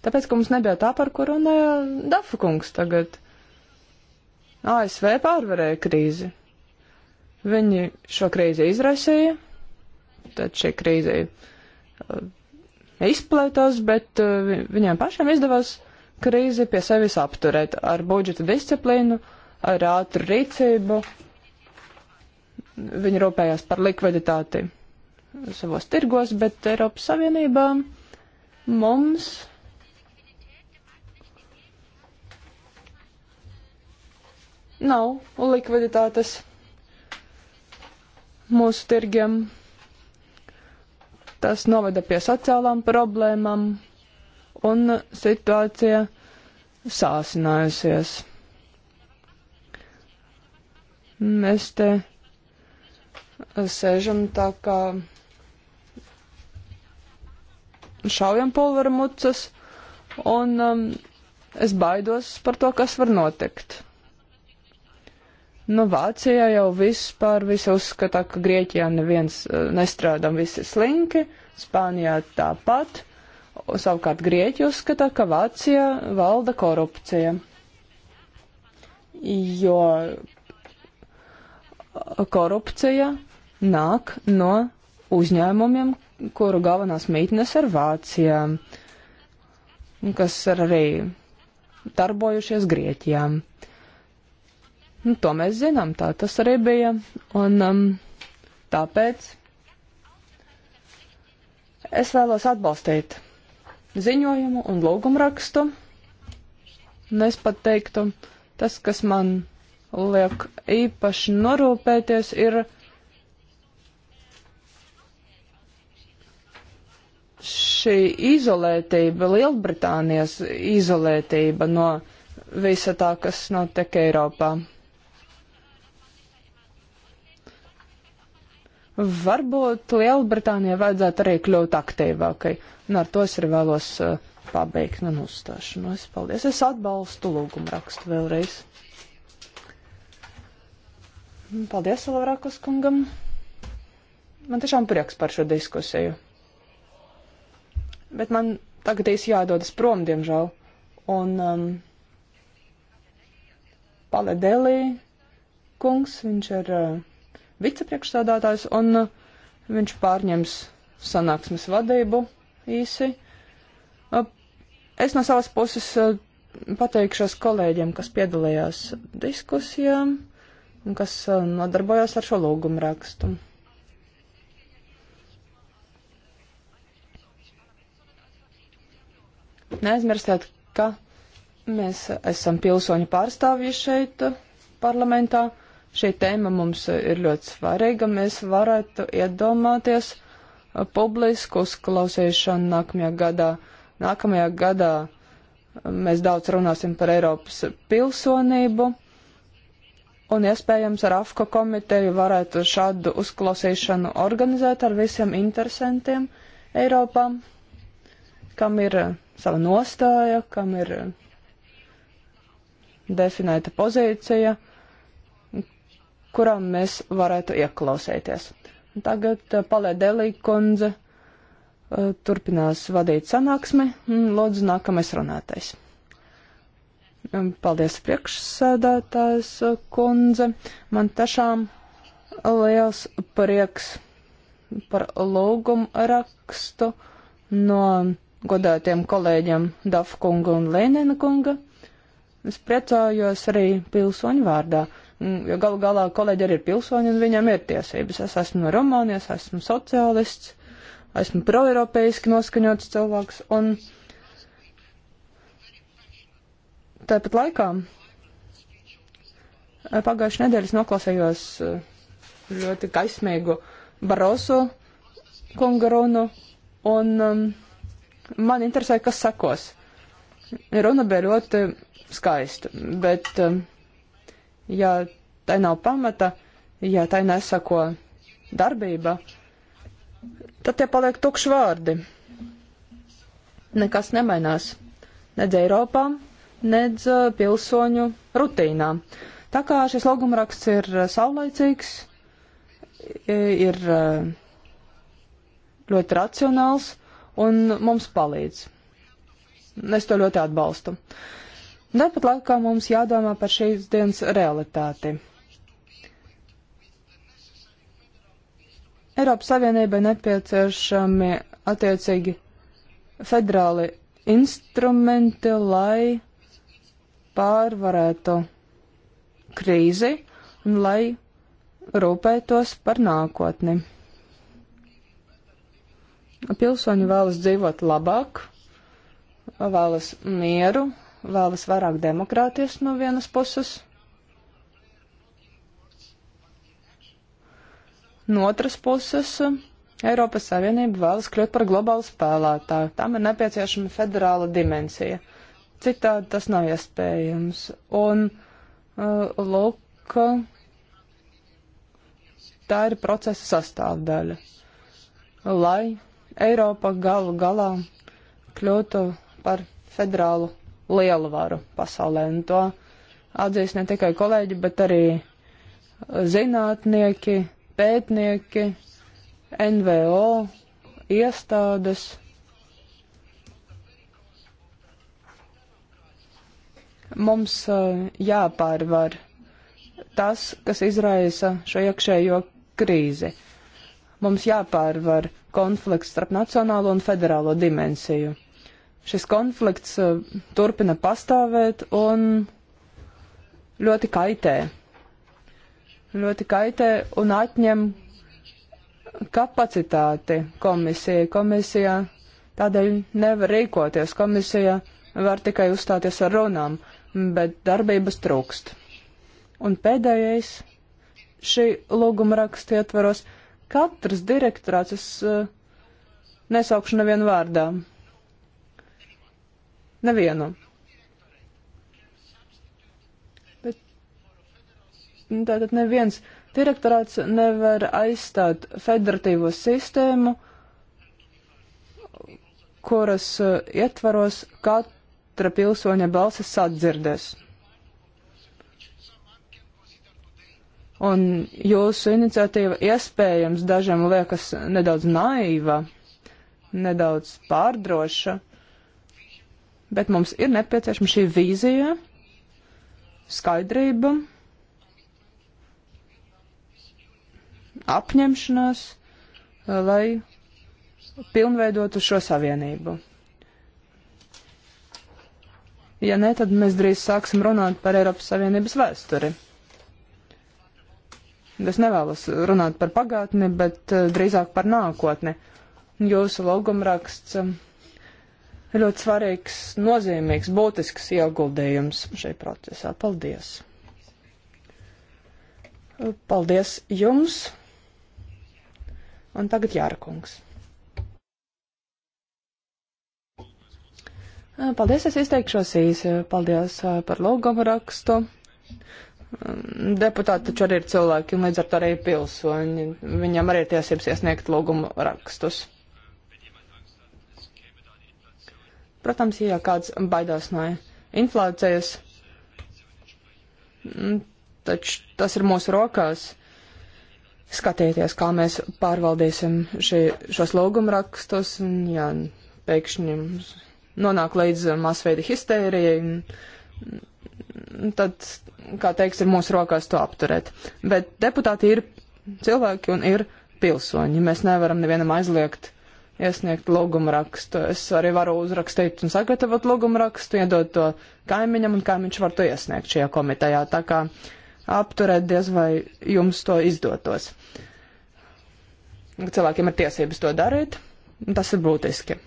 Tāpēc, ka mums nebija tā, par ko runāja Dafa kungs tagad. ASV pārvarēja krīzi. Viņi šo krīzi izraisīja, tad šī krīze uh, izplētās, bet uh, viņiem pašiem izdevās krīzi pie sevis apturēt ar budžeta disciplīnu, ar ātru rīcību. Viņi rūpējās par likviditāti savos tirgos, bet Eiropas Savienībā Mums nav likviditātes mūsu tirgiem. Tas noveda pie sociālām problēmām un situācija sāsinājusies. Mēs te sēžam tā kā šaujampuldera mucas, un um, es baidos par to, kas var notikt. Nu, Vācijā jau vispār visi uzskatā, ka Grieķijā neviens uh, nestrādā, visi slinki, Spānijā tāpat. Savukārt Grieķi uzskatā, ka Vācijā valda korupcija. Jo uh, korupcija nāk no uzņēmumiem, kuru galvenās mītnes ir Vācijā, kas ir arī darbojušies Grieķijā. Nu, to mēs zinām, tā tas arī bija. Un um, tāpēc es vēlos atbalstīt ziņojumu un lūgumrakstu. Un es pat teiktu, tas, kas man liek īpaši norūpēties, ir šī izolētība, Lielbritānijas izolētība no visa tā, kas notiek Eiropā. Varbūt Lielbritānijai vajadzētu arī kļūt aktīvākai. Un nu, ar to es arī vēlos uh, pabeigt man uzstāšanos. Paldies. Es atbalstu lūgumu rakstu vēlreiz. Paldies, Lavrakas kungam. Man tiešām prieks par šo diskusiju bet man tagad īsi jādodas prom, diemžēl. Un um, Paledelī kungs, viņš ir uh, vicepriekšstādātājs, un uh, viņš pārņems sanāksmes vadību īsi. Uh, es no savas puses uh, pateikšos kolēģiem, kas piedalījās diskusijām un kas uh, nodarbojās ar šo lūgumu rakstu. Neaizmirstiet, ka mēs esam pilsoņu pārstāvji šeit eh, parlamentā. Šī tēma mums ir ļoti svarīga. Mēs varētu iedomāties eh, publisku uzklausīšanu nākamajā gadā. Nākamajā gadā eh, mēs daudz runāsim par Eiropas pilsonību. Un iespējams ar AFCO komiteju varētu šādu uzklausīšanu organizēt ar visiem interesantiem Eiropā, kam ir sava nostāja, kam ir eh, definēta pozīcija, kurām mēs varētu ieklausīties. Tagad eh, palēdēlī kundze eh, turpinās vadīt sanāksmi, mm, lūdzu nākamais runātais. Mm, paldies priekšsēdētājs kundze, man tiešām liels prieks par lūgumu rakstu no godātiem kolēģiem Dafu kunga un Lēnina kunga. Es priecājos arī pilsoņu vārdā, mm, jo galu galā kolēģi arī ir pilsoņi un viņam ir tiesības. Es esmu no Rumānijas, esmu sociālists, esmu proeiropeiski noskaņots cilvēks un tāpat laikā eh, pagājušajā nedēļas noklausējos eh, ļoti kaismīgu Barosu kunga runu un um, Man interesē, kas sekos. Runa bija ļoti skaista, bet um, ja tai nav pamata, ja tai nesako darbība, tad tie paliek tukši vārdi. Nekas nemainās. Nedz Eiropā, nedz uh, pilsoņu rutīnā. Tā kā šis logumraksts ir uh, saulaicīgs, ir uh, ļoti racionāls un mums palīdz. Es to ļoti atbalstu. Tāpat laikā mums jādomā par šīs dienas realitāti. Eiropas Savienībai nepieciešami attiecīgi federāli instrumenti, lai pārvarētu krīzi un lai rūpētos par nākotni. Pilsoņi vēlas dzīvot labāk, vēlas mieru, vēlas vairāk demokrātijas no vienas puses. No otras puses, Eiropas Savienība vēlas kļūt par globālu spēlētāju. Tam ir nepieciešama federāla dimensija. Citādi tas nav iespējams. Un, uh, lūk, tā ir procesa sastāvdaļa, lai Eiropa galu galā kļūtu par federālu lielvaru pasaulē. Un to atzīst ne tikai kolēģi, bet arī zinātnieki, pētnieki, NVO, iestādes. Mums eh, jāpārvar tas, kas izraisa šo iekšējo krīzi. Mums jāpārvar konflikts starp nacionālo un federālo dimensiju. Šis konflikts eh, turpina pastāvēt un ļoti kaitē. Ļoti kaitē un atņem kapacitāti komisijai. Komisijā tādēļ nevar rīkoties. Komisija var tikai uzstāties ar runām, bet darbības trūkst. Un pēdējais šī lūguma raksta ietvaros katrs direktorāts, es eh, nesaukšu nevienu vārdā. Nevienu. Bet nu, tātad neviens direktorāts nevar aizstāt federatīvo sistēmu, kuras eh, ietvaros katra pilsoņa balsis atdzirdēs. Un jūsu iniciatīva iespējams dažiem liekas nedaudz naiva, nedaudz pārdroša, bet mums ir nepieciešama šī vīzija, skaidrība, apņemšanās, lai pilnveidotu šo savienību. Ja nē, tad mēs drīz sāksim runāt par Eiropas Savienības vēsturi. Es nevēlos runāt par pagātni, bet eh, drīzāk par nākotni. Jūsu logumraksts eh, ir ļoti svarīgs, nozīmīgs, būtisks ieguldījums šai procesā. Paldies! Paldies jums! Un tagad Jārkungs. Eh, paldies, es izteikšos īsi. Paldies par lūgumu rakstu deputāti taču arī ir cilvēki, un līdz ar to arī pilsoņi. Viņam arī ir tiesības iesniegt lūgumu rakstus. Protams, ja kāds baidās no inflācijas, mm, taču tas ir mūsu rokās. Skatieties, kā mēs pārvaldīsim šī, šos lūgumrakstus, un ja pēkšņi nonāk līdz masveida histērijai, tad, kā teiks, ir mūsu rokās to apturēt. Bet deputāti ir cilvēki un ir pilsoņi. Mēs nevaram nevienam aizliegt iesniegt lūgumu rakstu. Es arī varu uzrakstīt un sagatavot lūgumu rakstu, iedot to kaimiņam, un kaimiņš var to iesniegt šajā komitejā. Tā kā apturēt diez vai jums to izdotos. Cilvēkiem ir tiesības to darīt, tas ir būtiski.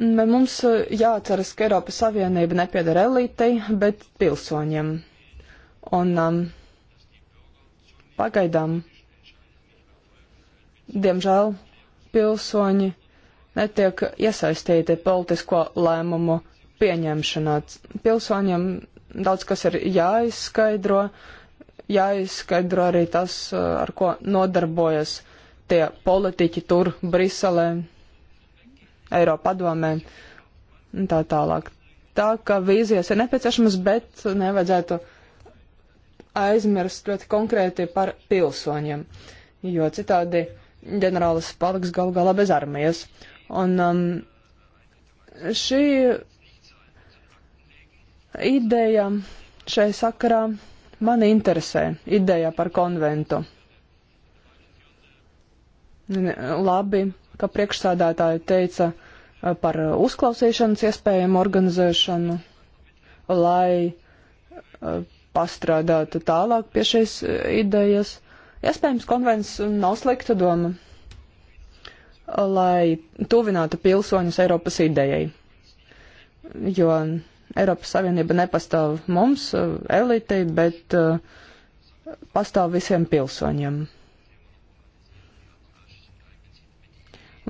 Mums uh, jāatceras, ka Eiropas Savienība nepiedara elitei, bet pilsoņiem. Un um, pagaidām, diemžēl, pilsoņi netiek iesaistīti politisko lēmumu pieņemšanā. Pilsoņiem daudz kas ir jāizskaidro, jāizskaidro arī tas, uh, ar ko nodarbojas tie politiķi tur, Briselē, Eiropa padomē un tā tālāk. Tā ka vīzijas ir nepieciešamas, bet nevajadzētu aizmirst ļoti konkrēti par pilsoņiem, jo citādi ģenerālis paliks galu galā bez armijas. Un um, šī ideja šai sakarā mani interesē, ideja par konventu. Labi, ka priekšsādātāji teica uh, par uh, uzklausīšanas iespējumu organizēšanu, lai uh, pastrādātu tālāk pie šīs idejas. Iespējams, konvents nav slikta doma, lai tuvinātu pilsoņus Eiropas idejai, jo Eiropas Savienība nepastāv mums, elitei, bet pastāv visiem pilsoņiem.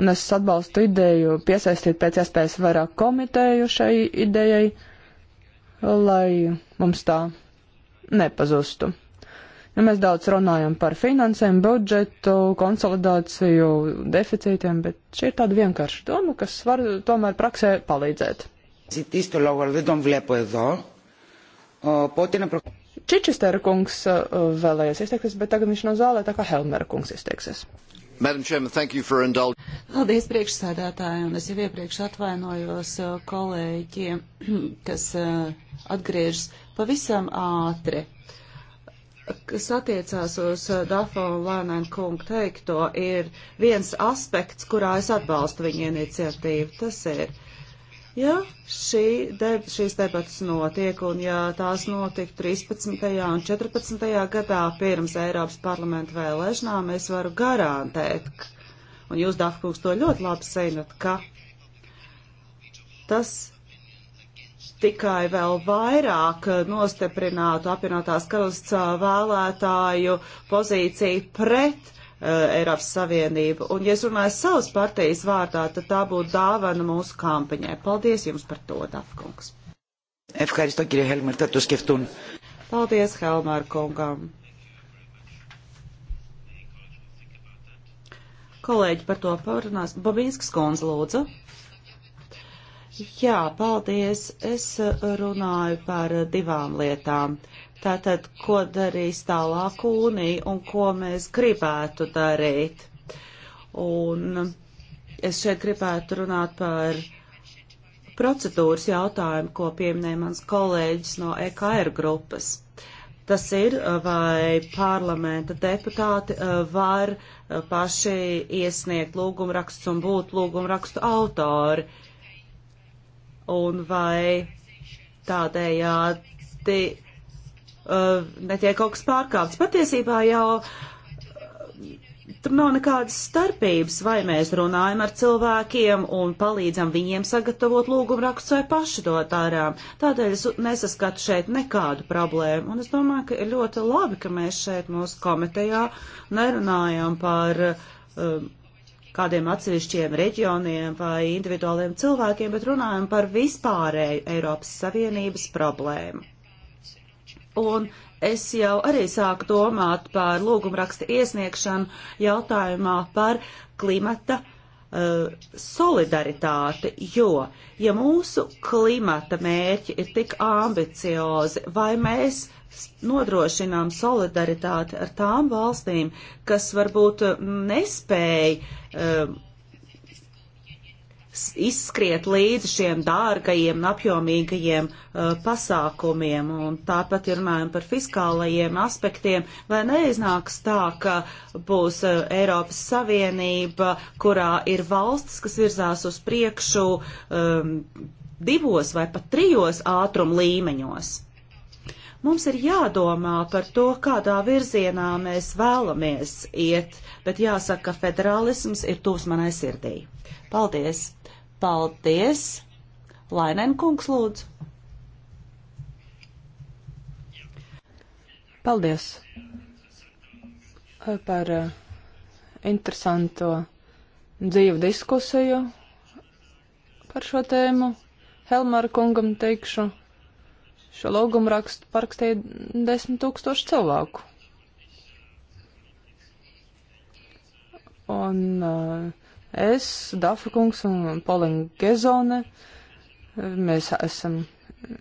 un es atbalstu ideju piesaistīt pēc iespējas vairāk komiteju šai idejai, lai mums tā nepazustu. Ja mēs daudz runājam par finansēm, budžetu, konsolidāciju, deficītiem, bet šī ir tāda vienkārša doma, kas var tomēr praksē palīdzēt. Čičistera kungs uh, vēlējies izteikties, bet tagad viņš nav no zālē, tā kā Helmera kungs izteiksies. Paldies priekšsēdētāji, un es jau iepriekš atvainojos eh, kolēģiem, kas eh, atgriežas pavisam ātri. Kas attiecās uz eh, Dafo Lēnēm kungu teikto, ir viens aspekts, kurā es atbalstu viņa iniciatīvu. Tas ir Ja šī de, šīs debatas notiek un ja tās notiek 13. un 14. gadā pirms Eiropas parlamenta vēlēšanām, es varu garantēt, un jūs, Dafkungs, to ļoti labi zinat, ka tas tikai vēl vairāk nostiprinātu apvienotās karalists vēlētāju pozīciju pret Eh, Eiropas Savienību. Un, ja es runāju savas partijas vārdā, tad tā būtu dāvana mūsu kampaņai. Paldies jums par to, Dafkungs. Ευχαριστώ κύριε Χέλμερ, θα το σκεφτούν. Paldies, Helmār kungam. Kolēģi par to parunās. Babīnskas kundze lūdzu. Jā, paldies. Es eh, runāju par divām lietām. Uh, Tātad, ko darīs tālāk Unija un ko mēs gribētu darīt. Un es šeit gribētu runāt par procedūras jautājumu, ko pieminēja mans kolēģis no EKR grupas. Tas ir, vai parlamenta deputāti eh, var eh, paši iesniegt lūgumrakstus un būt lūgumrakstu autori, un vai tādējādi Eh, netiek kaut kas pārkāpts. Patiesībā jau eh, tur nav nekādas starpības, vai mēs runājam ar cilvēkiem un palīdzam viņiem sagatavot lūgumu rakstus vai paši to darām. Tādēļ es nesaskatu šeit nekādu problēmu. Un es domāju, ka ir ļoti labi, ka mēs šeit mūsu komitejā nerunājam par um, kādiem atsevišķiem reģioniem vai individuāliem cilvēkiem, bet runājam par vispārēju Eiropas Savienības problēmu un es jau arī sāku domāt par lūgumraksta iesniegšanu jautājumā par klimata uh, solidaritāti, jo, ja mūsu klimata mērķi ir tik ambiciozi, vai mēs nodrošinām solidaritāti ar tām valstīm, kas varbūt nespēja um, uh, eh, izskriet līdzi šiem dārgajiem, apjomīgajiem uh, pasākumiem. Un tāpat, ja runājam par fiskālajiem aspektiem, lai neiznāks tā, ka būs uh, Eiropas Savienība, kurā ir valstis, kas virzās uz priekšu um, divos vai pat trijos ātrum līmeņos. Mums ir jādomā par to, kādā virzienā mēs vēlamies iet, bet jāsaka, ka federālisms ir tūs manai sirdī. Paldies! Paldies! Lainen kungs lūdzu! Paldies eh, par eh, interesanto dzīvu diskusiju par šo tēmu. Helmāra kungam teikšu, šo lūgumu rakstu parakstīja desmit tūkstoši cilvēku. Un uh, Es, Dafa kungs un Polina Gezone, mēs esam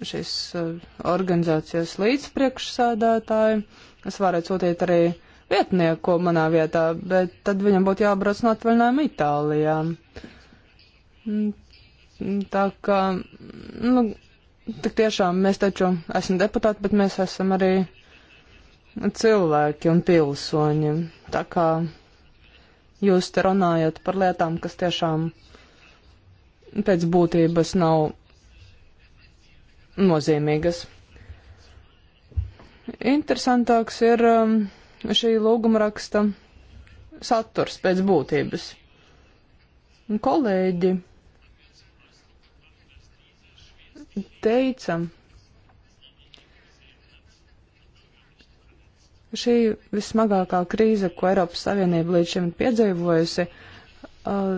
šīs uh, organizācijas līdzpriekšsēdētāji. Es varētu sūtīt arī vietnieku manā vietā, bet tad viņam būtu jābrauc no atvaļinājuma Itālijā. Mm, tā kā, nu, tik tiešām mēs taču esam deputāti, bet mēs esam arī cilvēki un pilsoņi. Tā kā Jūs te runājat par lietām, kas tiešām pēc būtības nav nozīmīgas. Interesantāks ir um, šī lūguma raksta saturs pēc būtības. Kolēģi teica, Šī vismagākā krīze, ko Eiropas Savienība līdz šim piedzīvojusi, uh,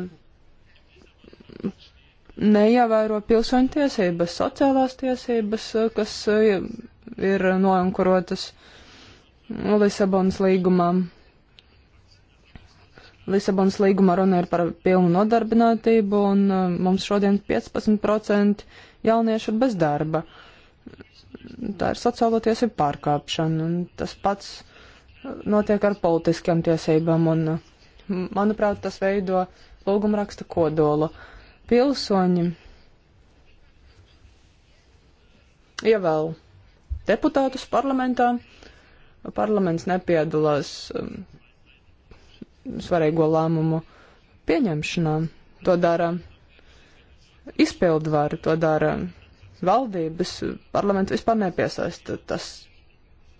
neievēro pilsoņu tiesības, sociālās tiesības, uh, kas uh, ir noankurotas Lisabonas līgumā. Lisabonas līguma runa ir par pilnu nodarbinātību, un uh, mums šodien 15% jauniešu ir bez darba tā ir sociālo tiesību pārkāpšana, un tas pats notiek ar politiskiem tiesībām, un manuprāt, tas veido lūgumraksta kodolu. Pilsoņi ievēl deputātus parlamentā, parlaments nepiedalās um, svarīgo lēmumu pieņemšanā. To dara izpildvara, to dara valdības parlamentu vispār nepiesaista. Tas,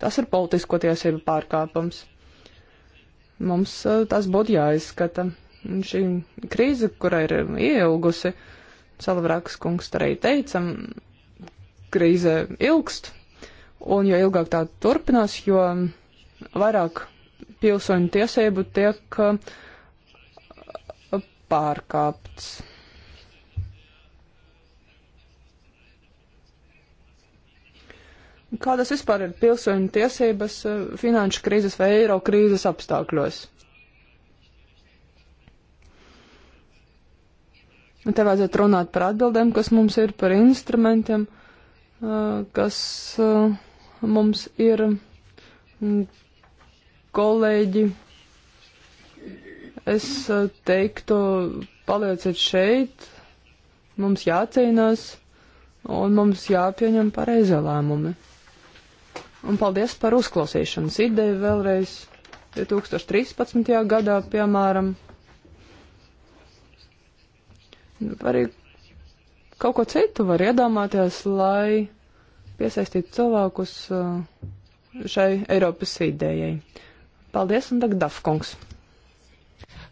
tas ir politisko tiesību pārkāpums. Mums uh, tas būtu jāizskata. Šī krīze, kurai ir ieilgusi, Salavrākas kungs arī teica, krīze ilgst, un jo ilgāk tā turpinās, jo vairāk pilsoņu tiesību tiek uh, pārkāpts. Kādas vispār ir pilsoņu tiesības eh, finanšu krīzes vai eiro krīzes apstākļos? Te vajadzētu runāt par atbildēm, kas mums ir, par instrumentiem, eh, kas eh, mums ir mm, kolēģi. Es teiktu, palieciet šeit, mums jācīnās un mums jāpieņem pareizie lēmumi. Un paldies par uzklausīšanas ideju vēlreiz 2013. gadā, piemēram. Nu, arī kaut ko citu var iedomāties, lai piesaistītu cilvēkus uh, šai Eiropas idejai. Paldies, un tagad Dafkungs.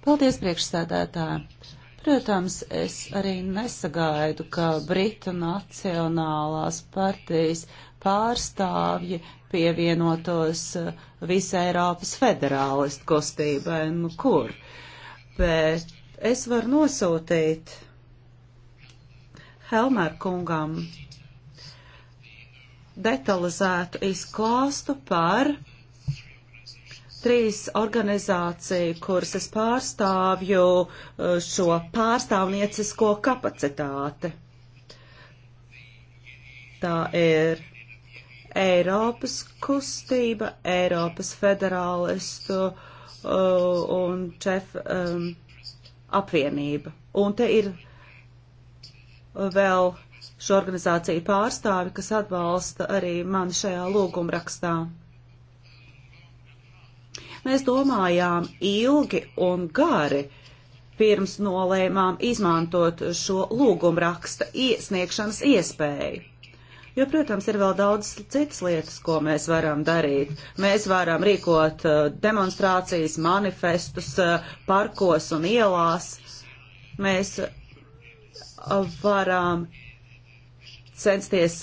Paldies, priekšsēdētāji. Protams, es arī nesagaidu, ka Britu nacionālās partijas pārstāvji pievienotos eh, visai Eiropas federālistu kustībai, nu kur. Bet es varu nosūtīt Helmer kungam detalizētu izklāstu par trīs organizāciju, kuras es pārstāvju eh, šo pārstāvniecisko kapacitāti. Tā ir Eiropas kustība, Eiropas federālistu uh, un čef um, apvienība. Un te ir vēl šo organizāciju pārstāvi, kas atbalsta arī mani šajā lūgumrakstā. Mēs domājām ilgi un gari, pirms nolēmām izmantot šo lūgumraksta iesniegšanas iespēju. Jo, protams, ir vēl daudz citas lietas, ko mēs varam darīt. Mēs varam rīkot uh, demonstrācijas, manifestus uh, parkos un ielās. Mēs uh, varam censties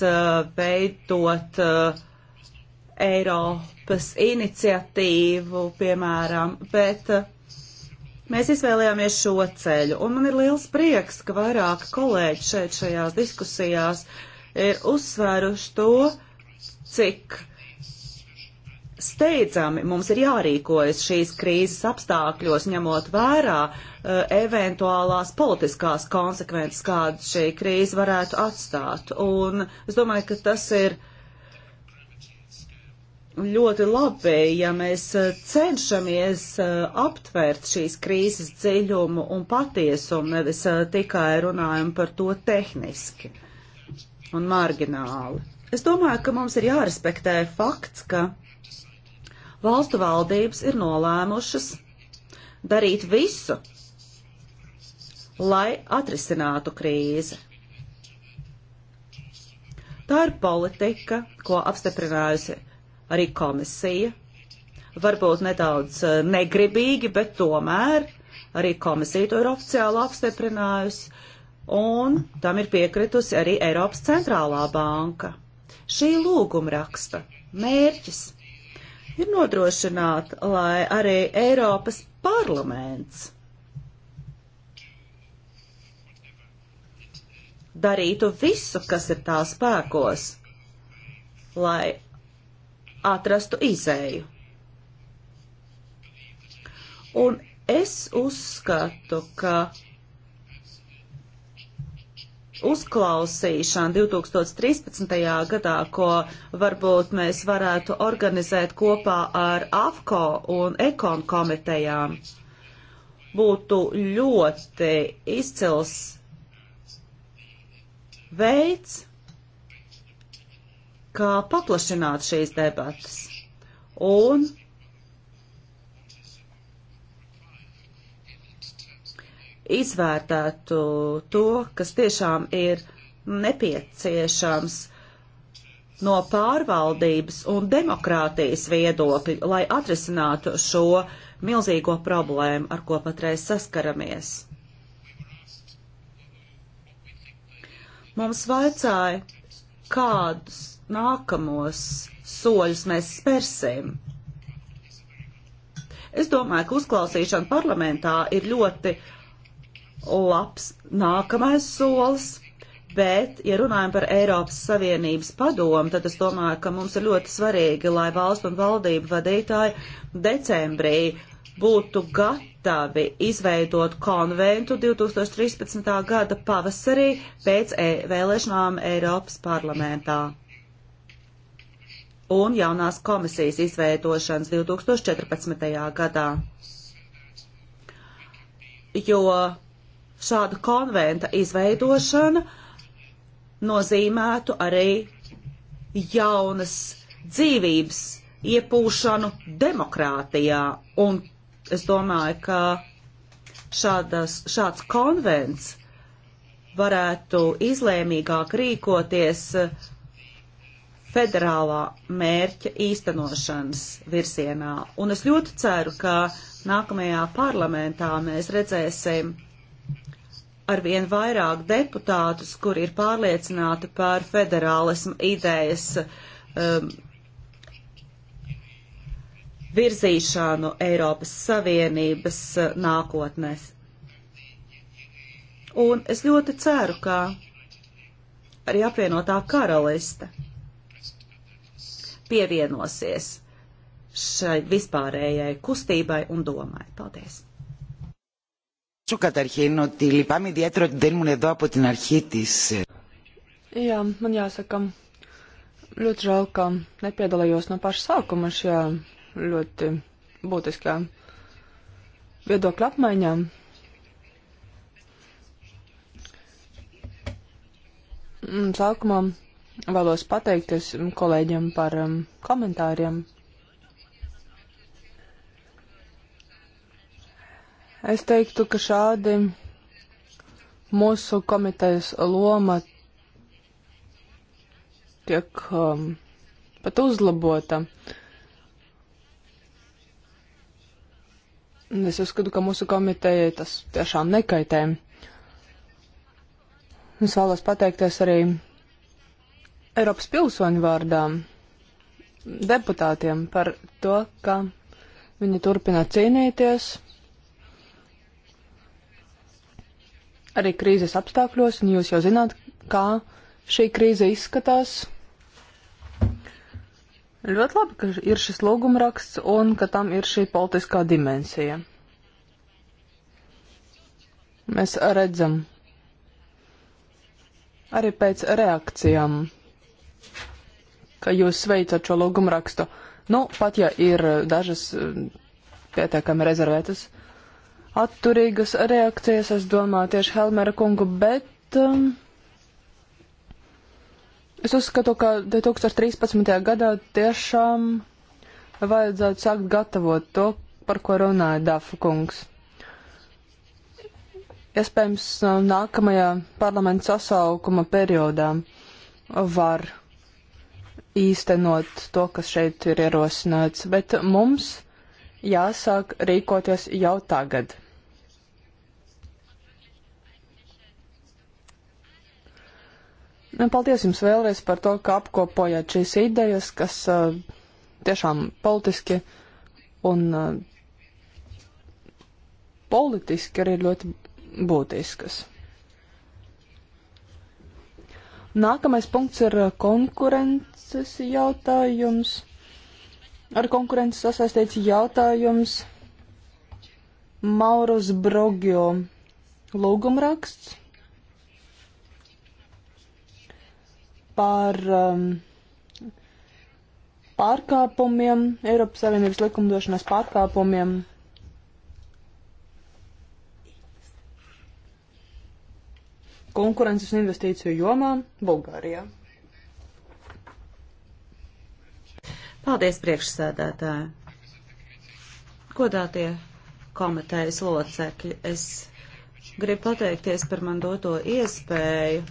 veidot Eiropas iniciatīvu, piemēram, bet Mēs izvēlējāmies šo ceļu, un man ir liels prieks, ka vairāk kolēģi šeit šajās diskusijās ir uzsvēruši to, cik steidzami mums ir jārīkojas šīs krīzes apstākļos, ņemot vērā uh, eventuālās politiskās konsekvences, kādas šī krīze varētu atstāt. Un es domāju, ka tas ir ļoti labi, ja mēs e, cenšamies e, aptvērt šīs krīzes dziļumu un patiesumu, nevis tikai runājam par to tehniski un margināli. Es domāju, ka mums ir jārespektē fakts, ka valstu valdības ir nolēmušas darīt visu, lai atrisinātu krīzi. Tā ir politika, ko apstiprinājusi arī komisija. Varbūt nedaudz eh, negribīgi, bet tomēr arī komisija to ir oficiāli apstiprinājusi un tam ir piekritusi arī Eiropas centrālā banka. Šī lūguma raksta mērķis ir nodrošināt, lai arī Eiropas parlaments darītu visu, kas ir tā spēkos, lai atrastu izēju. Un es uzskatu, ka uzklausīšana 2013. gadā, ko varbūt mēs varētu organizēt kopā ar AFCO un EKON komitejām, būtu ļoti izcils veids, kā paplašināt šīs debatas. Un izvērtētu to, kas tiešām ir nepieciešams no pārvaldības un demokrātijas viedokļa, lai atrisinātu šo milzīgo problēmu, ar ko patreiz saskaramies. Mums vaicāja, kādus nākamos soļus mēs spērsim. Es domāju, ka uzklausīšana parlamentā ir ļoti uh, labs nākamais solis. Bet, ja runājam par Eiropas Savienības padomu, tad es domāju, ka mums ir ļoti svarīgi, lai valstu un valdību vadītāji decembrī būtu gatavi izveidot konventu 2013. gada pavasarī pēc e vēlēšanām Eiropas parlamentā un jaunās komisijas izveidošanas 2014. gadā. Jo šāda konventa izveidošana nozīmētu arī jaunas dzīvības iepūšanu demokrātijā. Un es domāju, ka šādas, šāds konvents varētu izlēmīgāk rīkoties federālā mērķa īstenošanas virsienā. Un es ļoti ceru, ka nākamajā parlamentā mēs redzēsim arvien vairāk deputātus, kur ir pārliecināti par federālismu idejas um, virzīšanu Eiropas Savienības uh, nākotnēs. Un es ļoti ceru, ka arī apvienotā karaliste pievienosies šai vispārējai kustībai un domai. Paldies! Σου καταρχήν ότι λυπάμαι ιδιαίτερα ότι δεν ήμουν εδώ από την αρχή της. Jā, man jāsaka, ļoti žēl, ka nepiedalījos no paša sākuma šajā ļoti būtiskajā viedokļa apmaiņā. Sākumā vēlos pateikties kolēģiem par um, komentāriem Es teiktu, ka šādi mūsu komitejas loma tiek um, pat uzlabota. Es uzskatu, ka mūsu komitejai tas tiešām nekaitē. Es vēlos pateikties arī Eiropas pilsoņu vārdām, deputātiem par to, ka viņi turpina cīnīties arī krīzes apstākļos, un jūs jau zināt, kā šī krīze izskatās. Ļoti labi, ka ir šis lūgumraksts un ka tam ir šī politiskā dimensija. Mēs redzam arī pēc reakcijām, ka jūs sveicat šo lūgumrakstu. Nu, pat ja ir dažas eh, pietiekami rezervētas atturīgas reakcijas, es domāju, tieši Helmera kungu, bet um, es uzskatu, ka 2013. gadā tiešām vajadzētu sākt gatavot to, par ko runāja Dafa kungs. Iespējams, um, nākamajā parlamenta sasaukuma periodā var īstenot to, kas šeit ir ierosināts, bet mums jāsāk rīkoties jau tagad. Nu, paldies jums vēlreiz par to, ka apkopojāt šīs idejas, kas uh, tiešām politiski un uh, politiski arī ļoti būtiskas. Nākamais punkts ir uh, konkurences jautājums. Ar konkurences sasaistīts jautājums Maurus Brogio lūgumraksts. par um, pārkāpumiem, Eiropas Savienības likumdošanas pārkāpumiem. konkurences un investīciju jomā Bulgārijā. Paldies, priekšsēdētāji! Godātie komitejas locekļi, es gribu pateikties par man doto iespēju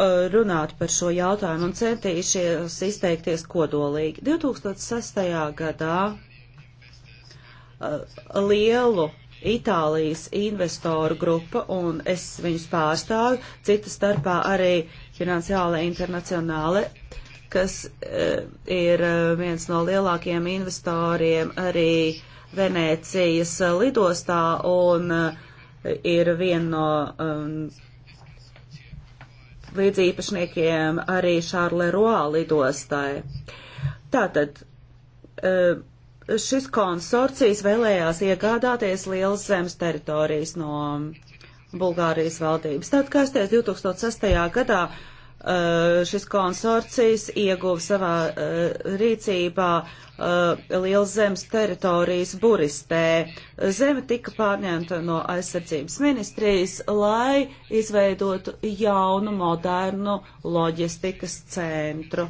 Uh, runāt par šo jautājumu un centīšies izteikties kodolīgi. 2006. gadā uh, lielu Itālijas investoru grupa, un es viņus pārstāvu, cita starpā arī Finansiāla Internacionāle, kas uh, ir viens no lielākajiem investoriem arī Venēcijas lidostā un ir viena no um, līdzīpašniekiem arī Šārle Roā lidostai. Tātad eh, šis konsorcijs vēlējās iegādāties lielas zemes teritorijas no Bulgārijas valdības. Tad, kā es teicu, 2006. gadā Eh, šis konsorcijs ieguva savā eh, rīcībā eh, liels zemes teritorijas buristē. Zeme tika pārņemta no aizsardzības ministrijas, lai izveidotu jaunu modernu loģistikas centru.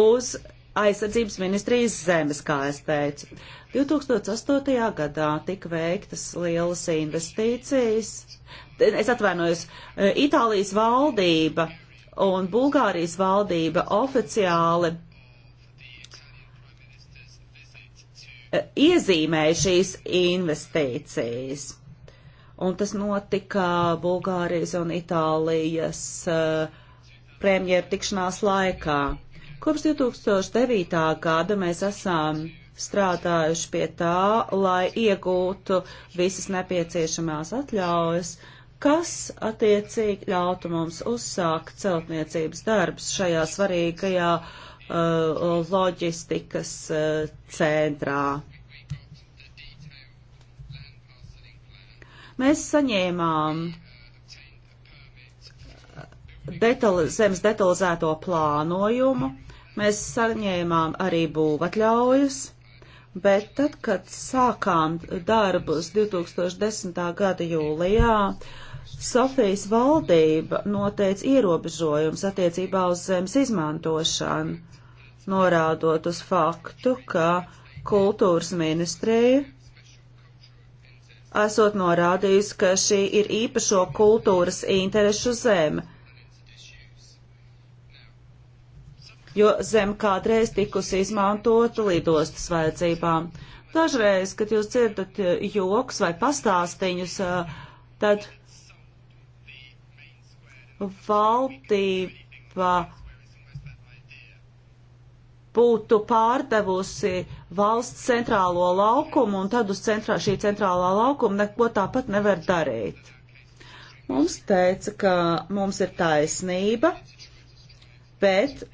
Uz aizsardzības ministrijas zemes, kā es teicu. 2008. gadā tika veiktas lielas investīcijas. Es atvainojos, e, Itālijas valdība un Bulgārijas valdība oficiāli e, iezīmēja šīs investīcijas. Un tas notika Bulgārijas un Itālijas e, premjeru tikšanās laikā. Kopš 2009. gada mēs esam strādājuši pie tā, lai iegūtu visas nepieciešamās atļaujas, kas attiecīgi ļautu mums uzsākt celtniecības darbs šajā svarīgajā uh, loģistikas uh, centrā. Mēs saņēmām uh, detali, zemes detalizēto plānojumu. Mm Mēs saņēmām arī būvatļaujas, bet tad, kad sākām darbus 2010. gada jūlijā, Sofijas valdība noteica ierobežojums attiecībā uz zemes izmantošanu, norādot uz faktu, ka kultūras ministrija esot norādījusi, ka šī ir īpašo kultūras interešu zeme jo zem kādreiz tikusi izmantota lidostas vajadzībām. Dažreiz, kad jūs dzirdat eh, joks vai pastāstiņus, eh, tad valdība būtu pārdevusi valsts centrālo laukumu, un tad uz centrā, šī centrālā laukuma neko tāpat nevar darīt. Mums teica, ka mums ir taisnība, bet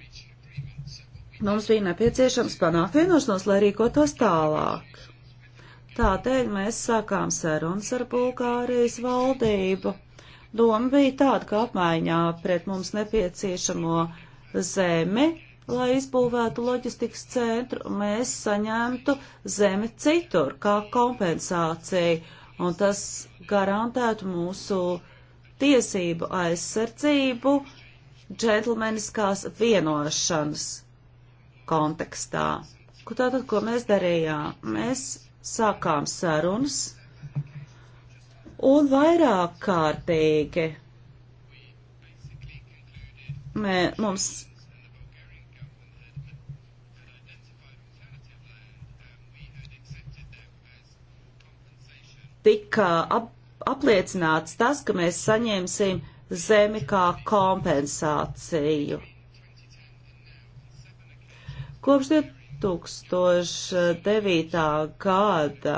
Mums bija nepieciešams panākt vienošanos, lai rīkotos tālāk. Tādēļ mēs sākām sarunas ar Bulgārijas valdību. Doma bija tāda, ka apmaiņā pret mums nepieciešamo zemi, lai izbūvētu loģistikas centru, mēs saņemtu zemi citur kā kompensāciju, un tas garantētu mūsu tiesību aizsardzību džentlmeniskās vienošanas kontekstā. Ko tātad, ko mēs darījām? Mēs sākām sarunas un vairāk kārtīgi mē, mums tika ap, apliecināts tas, ka mēs saņemsim zemi kā kompensāciju. Kopš 2009. gada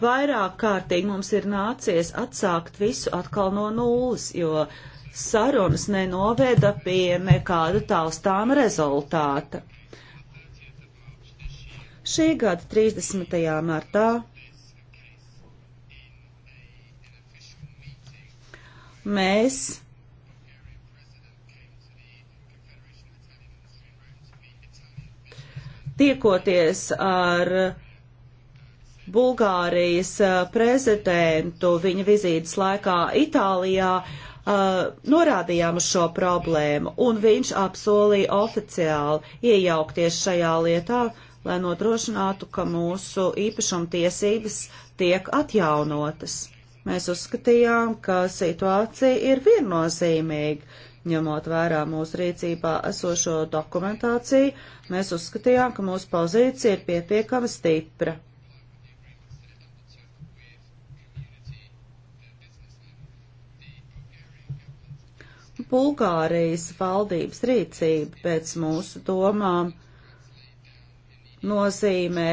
vairāk kārtīgi mums ir nācies atsākt visu atkal no nulles, jo sarunas nenoveda pie nekāda taustām rezultāta. Šī gada 30. martā mēs tiekoties ar Bulgārijas uh, prezidentu viņa vizītes laikā Itālijā, Uh, norādījām uz šo problēmu, un viņš apsolīja oficiāli iejaukties šajā lietā, lai nodrošinātu, ka mūsu īpašumtiesības tiek atjaunotas. Mēs uzskatījām, ka situācija ir viennozīmīga. Ņemot vērā mūsu rīcībā esošo dokumentāciju, mēs uzskatījām, ka mūsu pozīcija ir pietiekami stipra. Bulgārijas valdības rīcība pēc mūsu domām nozīmē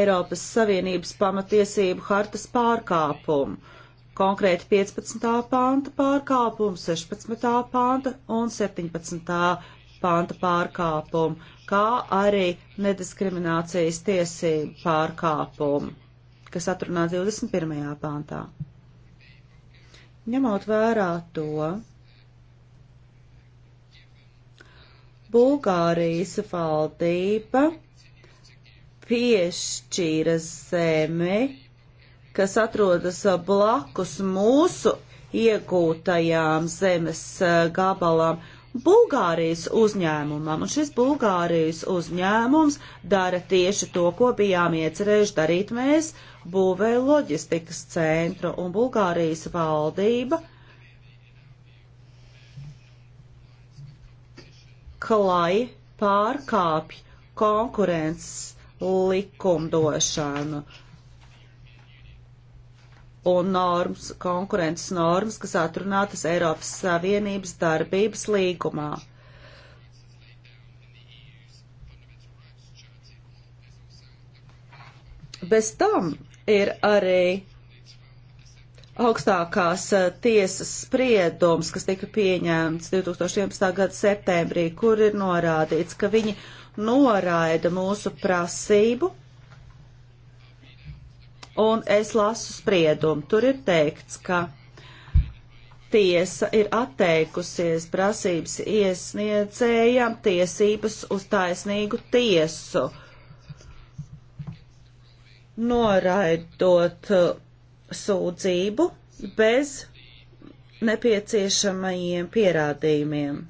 Eiropas Savienības pamatiesību hartas pārkāpumu konkrēti 15. panta pārkāpumu, 16. panta un 17. panta pārkāpumu, kā arī nediskriminācijas tiesību pārkāpumu, kas atrunā 21. pantā. Ņemot vērā to, Bulgārijas valdība piešķīra zemi kas atrodas blakus mūsu iegūtajām zemes eh, gabalām. Bulgārijas uzņēmumam, un šis Bulgārijas uzņēmums dara tieši to, ko bijām iecerējuši darīt mēs, būvē loģistikas centru, un Bulgārijas valdība klai pārkāpj konkurences likumdošanu. Uh, un normas, konkurences normas, kas atrunātas Eiropas Savienības darbības līgumā. Bez tam ir arī augstākās eh, tiesas spriedums, kas tika pieņemts 2011. gada septembrī, kur ir norādīts, ka viņi noraida mūsu prasību un es lasu spriedumu. Tur ir teikts, ka tiesa ir atteikusies prasības iesniedzējām tiesības uz taisnīgu tiesu, noraidot uh, sūdzību bez nepieciešamajiem pierādījumiem.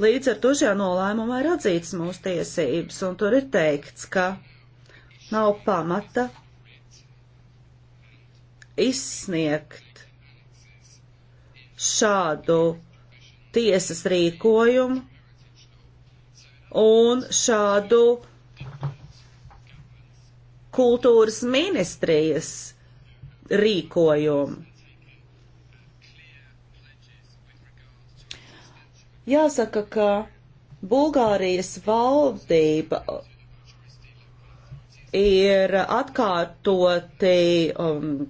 Līdz ar to šajā nolēmumā ir atzīts mūsu tiesības, un tur ir teikts, ka nav pamata izsniegt šādu tiesas rīkojumu un šādu kultūras ministrijas rīkojumu. Jāsaka, ka Bulgārijas valdība ir atkārtoti um,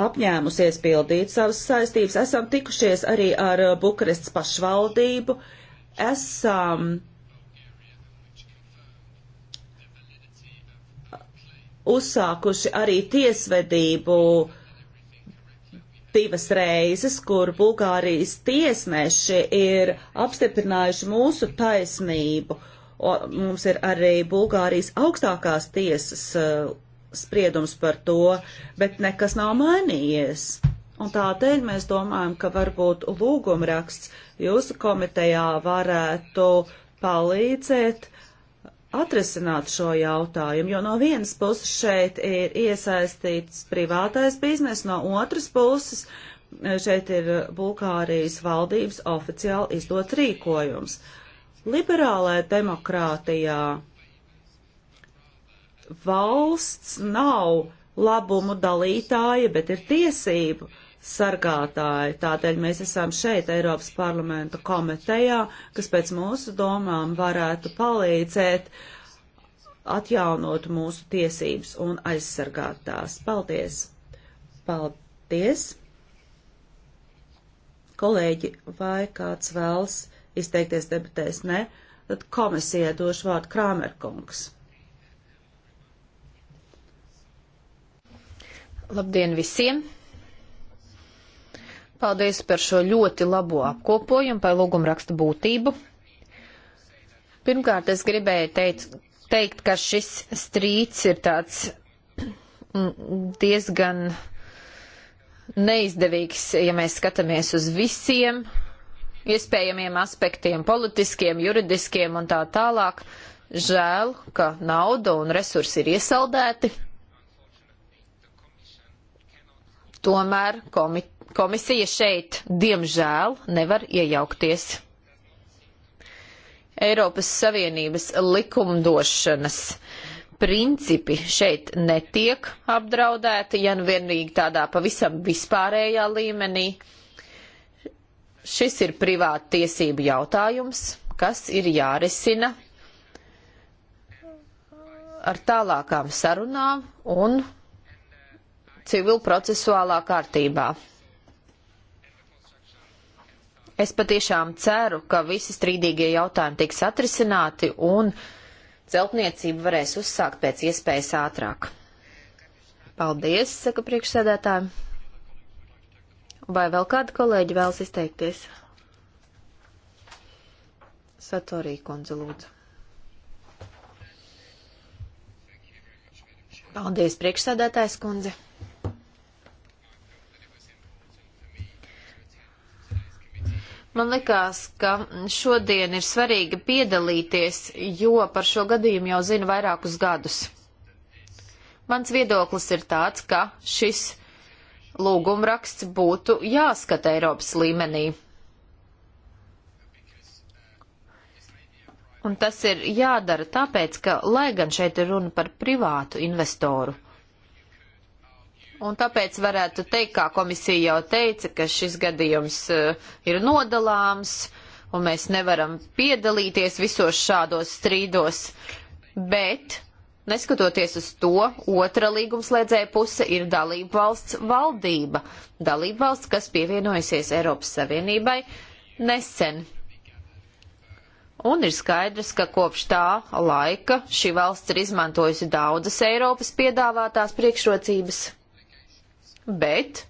apņēmusies pildīt savas saistības. Esam tikušies arī ar uh, Bukarestas pašvaldību. Esam uh, uzsākuši arī tiesvedību divas reizes, kur Bulgārijas tiesneši ir apstiprinājuši mūsu taisnību. O, mums ir arī Bulgārijas augstākās tiesas uh, spriedums par to, bet nekas nav mainījies. Un tādēļ mēs domājam, ka varbūt lūgumraksts jūsu komitejā varētu palīdzēt atrisināt šo jautājumu, jo no vienas puses šeit ir iesaistīts privātais biznes, no otras puses šeit ir Bulgārijas valdības oficiāli izdots rīkojums. Liberālajā demokrātijā valsts nav labumu dalītāja, bet ir tiesību sargātāji. Tādēļ mēs esam šeit Eiropas parlamenta komitejā, kas pēc mūsu domām varētu palīdzēt atjaunot mūsu tiesības un aizsargāt tās. Paldies! Paldies! Kolēģi, vai kāds vēlas izteikties debatēs? Nē, tad komisijai došu vārdu Krāmerkungs. Labdien visiem! Paldies par šo ļoti labo apkopojumu, par lūgumraksta būtību. Pirmkārt, es gribēju teikt, teikt, ka šis strīds ir tāds mm, diezgan neizdevīgs, ja mēs skatāmies uz visiem iespējamiem aspektiem, politiskiem, juridiskiem un tā tālāk. Žēl, ka nauda un resursi ir iesaldēti, Tomēr komi komisija šeit, diemžēl, nevar iejaukties. Eiropas Savienības likumdošanas principi šeit netiek apdraudēti, ja nu vienīgi tādā pavisam vispārējā līmenī. Šis ir privāta tiesība jautājums, kas ir jārisina ar tālākām sarunām un civilprocesuālā kārtībā. Es patiešām ceru, ka visi strīdīgie jautājumi tiks atrisināti un celtniecību varēs uzsākt pēc iespējas ātrāk. Paldies, saka priekšsēdētājiem. Vai vēl kādi kolēģi vēlas izteikties? Satorī kundze lūdzu. Paldies, priekšsādātājs kundze. Man likās, ka šodien ir svarīgi piedalīties, jo par šo gadījumu jau zinu vairākus gadus. Mans viedoklis ir tāds, ka šis lūgumraksts būtu jāskata Eiropas līmenī. Un tas ir jādara tāpēc, ka, lai gan šeit ir runa par privātu investoru, Un tāpēc varētu teikt, kā komisija jau teica, ka šis gadījums eh, ir nodalāms, un mēs nevaram piedalīties visos šādos strīdos. Bet, neskatoties uz to, otra līgumslēdzēja puse ir dalība valsts valdība. Dalība valsts, kas pievienojusies Eiropas Savienībai nesen. Un ir skaidrs, ka kopš tā laika šī valsts ir izmantojusi daudzas Eiropas piedāvātās priekšrocības bet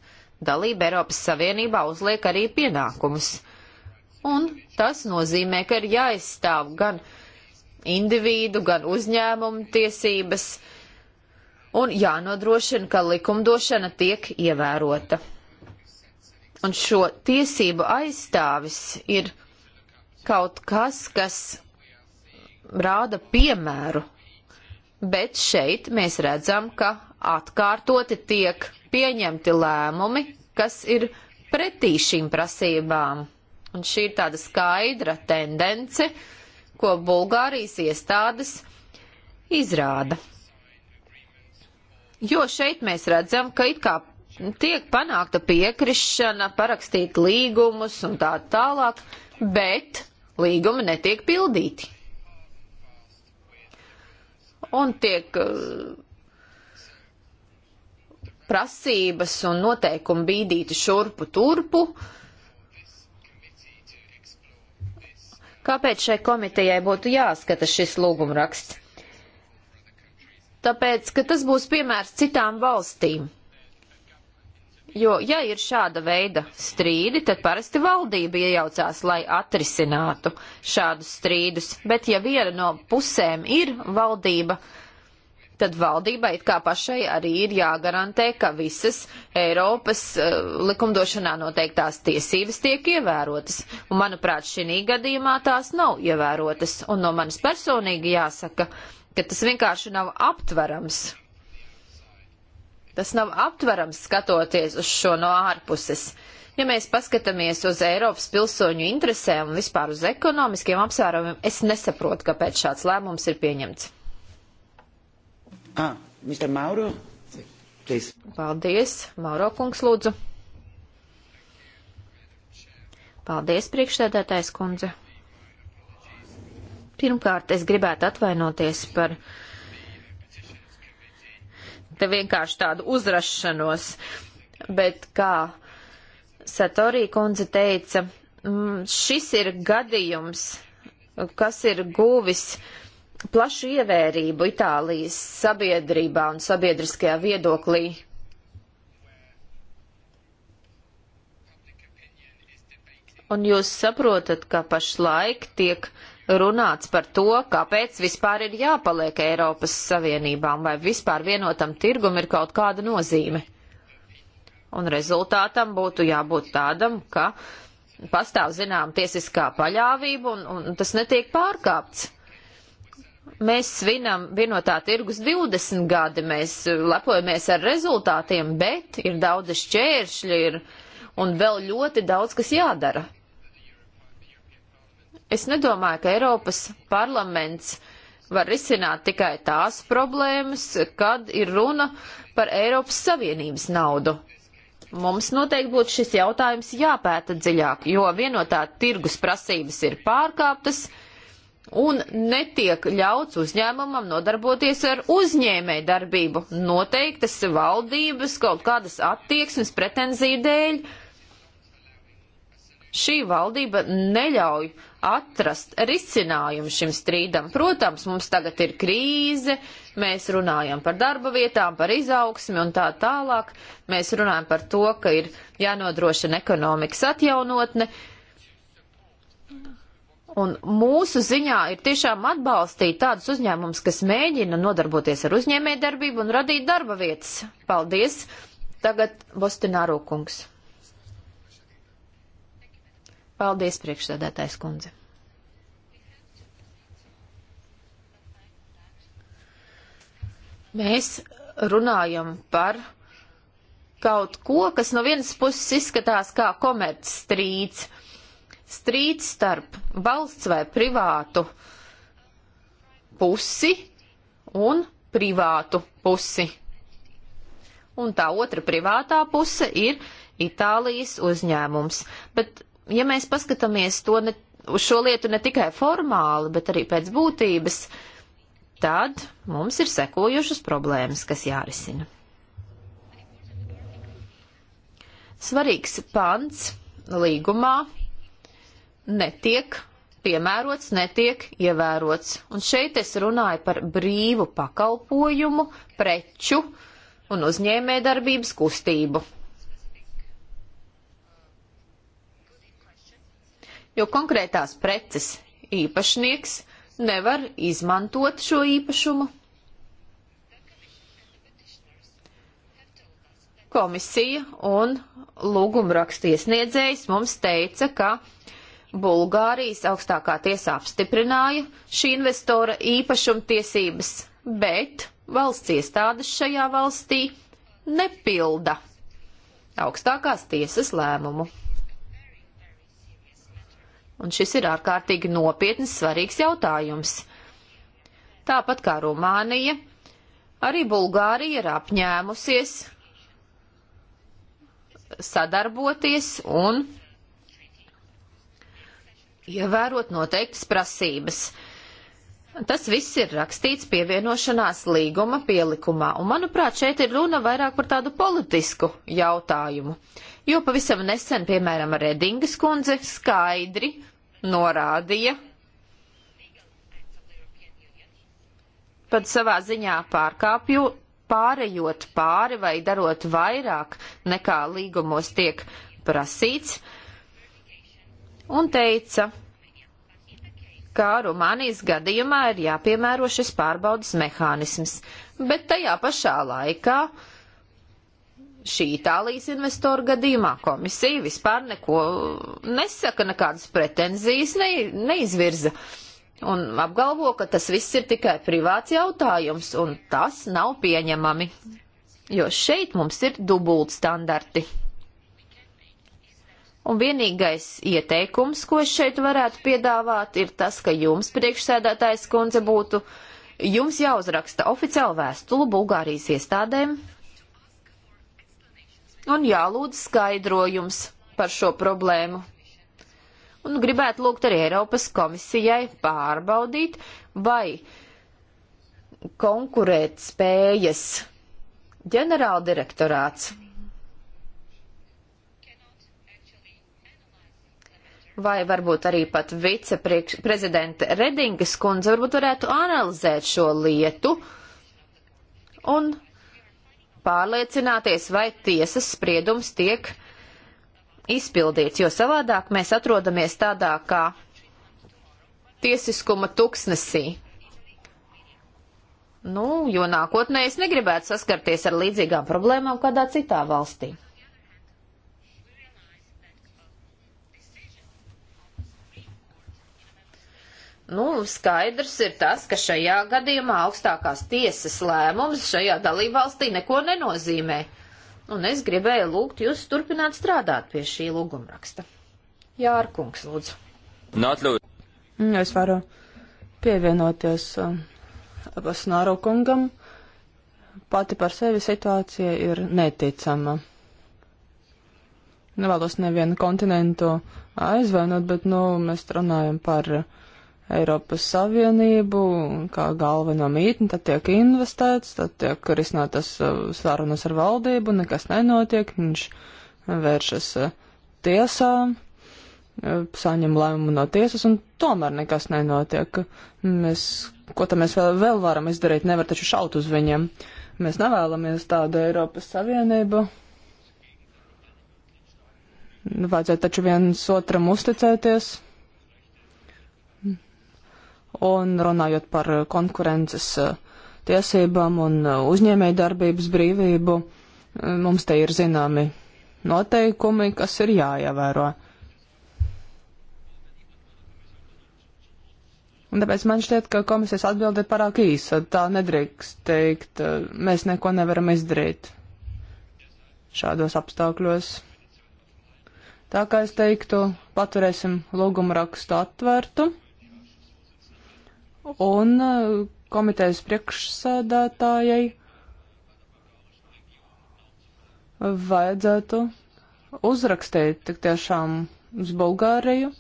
dalība Eiropas Savienībā uzliek arī pienākumus. Un tas nozīmē, ka ir jāizstāv gan individu, gan uzņēmumu tiesības un jānodrošina, ka likumdošana tiek ievērota. Un šo tiesību aizstāvis ir kaut kas, kas rāda piemēru, bet šeit mēs redzam, ka atkārtoti tiek pieņemti lēmumi, kas ir pretī šīm prasībām. Un šī ir tāda skaidra tendence, ko Bulgārijas iestādes izrāda. Jo šeit mēs redzam, ka it kā tiek panākta piekrišana, parakstīt līgumus un tā tālāk, bet līgumi netiek pildīti. Un tiek uh, prasības un noteikumi bīdīti šurpu turpu. Kāpēc šai komitejai būtu jāskata šis lūgumraksts? Tāpēc, ka tas būs piemērs citām valstīm. Jo, ja ir šāda veida strīdi, tad parasti valdība iejaucās, lai atrisinātu šādus strīdus, bet ja viena no pusēm ir valdība, tad valdībai it kā pašai arī ir jāgarantē, ka visas Eiropas uh, likumdošanā noteiktās tiesības tiek ievērotas. Un, manuprāt, šī gadījumā tās nav ievērotas. Un no manis personīgi jāsaka, ka tas vienkārši nav aptverams. Tas nav aptverams skatoties uz šo no ārpuses. Ja mēs paskatāmies uz Eiropas pilsoņu interesēm un vispār uz ekonomiskiem apsvērumiem, es nesaprotu, kāpēc šāds lēmums ir pieņemts. Ah, Mr. Mauro, please. Paldies, Mauro kungs lūdzu. Paldies, priekšsēdētājs kundze. Pirmkārt, es gribētu atvainoties par te vienkārši tādu uzrašanos, bet kā Satorī kundze teica, mm, šis ir gadījums, kas ir guvis uh, plašu ievērību Itālijas sabiedrībā un sabiedriskajā viedoklī. Un jūs saprotat, ka pašlaik tiek runāts par to, kāpēc vispār ir jāpaliek Eiropas Savienībām, vai vispār vienotam tirgum ir kaut kāda nozīme. Un rezultātam būtu jābūt tādam, ka pastāv zinām tiesiskā paļāvība un, un tas netiek pārkāpts. Mēs svinam vienotā tirgus 20 gadi, mēs uh, lepojamies ar rezultātiem, bet ir daudz šķēršļi ir, un vēl ļoti daudz, kas jādara. Es nedomāju, ka Eiropas parlaments var risināt tikai tās problēmas, kad ir runa par Eiropas Savienības naudu. Mums noteikti būtu šis jautājums jāpēta dziļāk, jo vienotā tirgus prasības ir pārkāptas, un netiek ļauts uzņēmumam nodarboties ar uzņēmēju darbību noteiktas valdības kaut kādas attieksmes pretenziju dēļ. Šī valdība neļauj atrast risinājumu šim strīdam. Protams, mums tagad ir krīze, mēs runājam par darba vietām, par izaugsmi un tā tālāk. Mēs runājam par to, ka ir jānodrošina ekonomikas atjaunotne, uh, Un mūsu ziņā ir tiešām atbalstīt tādus uzņēmumus, kas mēģina nodarboties ar uzņēmējdarbību un radīt darba vietas. Paldies! Tagad Bostināro kungs. Paldies, priekšsēdētājs kundze. Mēs runājam par kaut ko, kas no vienas puses izskatās kā komerc strīds strīds starp valsts vai privātu pusi un privātu pusi. Un tā otra privātā puse ir Itālijas uzņēmums. Bet, ja mēs paskatāmies to ne, uz šo lietu ne tikai formāli, bet arī pēc būtības, tad mums ir sekojušas problēmas, kas jārisina. Svarīgs pants līgumā netiek piemērots, netiek ievērots. Un šeit es runāju par brīvu pakalpojumu, preču un uzņēmējdarbības kustību. Jo konkrētās preces īpašnieks nevar izmantot šo īpašumu. Komisija un lūgumrakstiesniedzējs mums teica, ka Bulgārijas augstākā tiesa apstiprināja šī investora īpašumtiesības, bet valsts iestādes šajā valstī nepilda augstākās tiesas lēmumu. Un šis ir ārkārtīgi nopietns svarīgs jautājums. Tāpat kā Rumānija, arī Bulgārija ir apņēmusies sadarboties un ievērot noteiktas prasības. Tas viss ir rakstīts pievienošanās līguma pielikumā, un manuprāt, šeit ir runa vairāk par tādu politisku jautājumu. Jo pavisam nesen, piemēram, Redingas kundze skaidri norādīja pat savā ziņā pārkāpju, pārējot pāri vai darot vairāk nekā līgumos tiek prasīts, un teica, ka Rumānijas gadījumā ir jāpiemēro šis pārbaudas mehānisms, bet tajā pašā laikā šī Itālijas investoru gadījumā komisija vispār neko nesaka, nekādas pretenzijas ne, neizvirza. Un apgalvo, ka tas viss ir tikai privāts jautājums, un tas nav pieņemami, jo šeit mums ir dubult standarti. Un vienīgais ieteikums, ko es šeit varētu piedāvāt, ir tas, ka jums, priekšsēdētājs kundze, būtu jums jāuzraksta oficiāla vēstule Bulgārijas iestādēm un jālūdz skaidrojums par šo problēmu. Un gribētu lūgt arī Eiropas komisijai pārbaudīt, vai konkurēt spējas ģenerāldirektorāts vai varbūt arī pat viceprezidente Redingas kundze varbūt varētu analizēt šo lietu un pārliecināties, vai tiesas spriedums tiek izpildīts, jo savādāk mēs atrodamies tādā kā tiesiskuma tuksnesī. Nu, jo nākotnē es negribētu saskarties ar līdzīgām problēmām kādā citā valstī. Nu, skaidrs ir tas, ka šajā gadījumā augstākās tiesas lēmums šajā dalībvalstī neko nenozīmē. Un es gribēju lūgt jūs turpināt strādāt pie šī lūgumraksta. Jā, ar kungs, lūdzu. Notlūdzu. Nu, es varu pievienoties um, Basnāro kungam. Pati par sevi situācija ir neticama. Nevēlos nevienu kontinentu aizvainot, bet, nu, mēs runājam par uh, Eiropas Savienību kā galveno mītni, tad tiek investēts, tad tiek risinātas uh, sarunas ar valdību, nekas nenotiek, viņš vēršas uh, tiesā, uh, saņem lēmumu no tiesas un tomēr nekas nenotiek. Mēs, ko tam mēs vēl, vēl varam izdarīt, nevar taču šaut uz viņiem. Mēs nevēlamies tādu Eiropas Savienību. Vajadzētu taču viens otram uzticēties. Un runājot par konkurences eh, tiesībām un eh, uzņēmēju darbības brīvību, eh, mums te ir zināmi noteikumi, kas ir jāievēro. Un tāpēc man šķiet, ka komisijas atbilde ir pārāk īsa. Tā nedrīkst teikt, mēs neko nevaram izdarīt šādos apstākļos. Tā kā es teiktu, paturēsim lūgumu rakstu atvērtu un uh, komitejas priekšsēdētājai vajadzētu uzrakstīt tik tiešām uz Bulgāriju,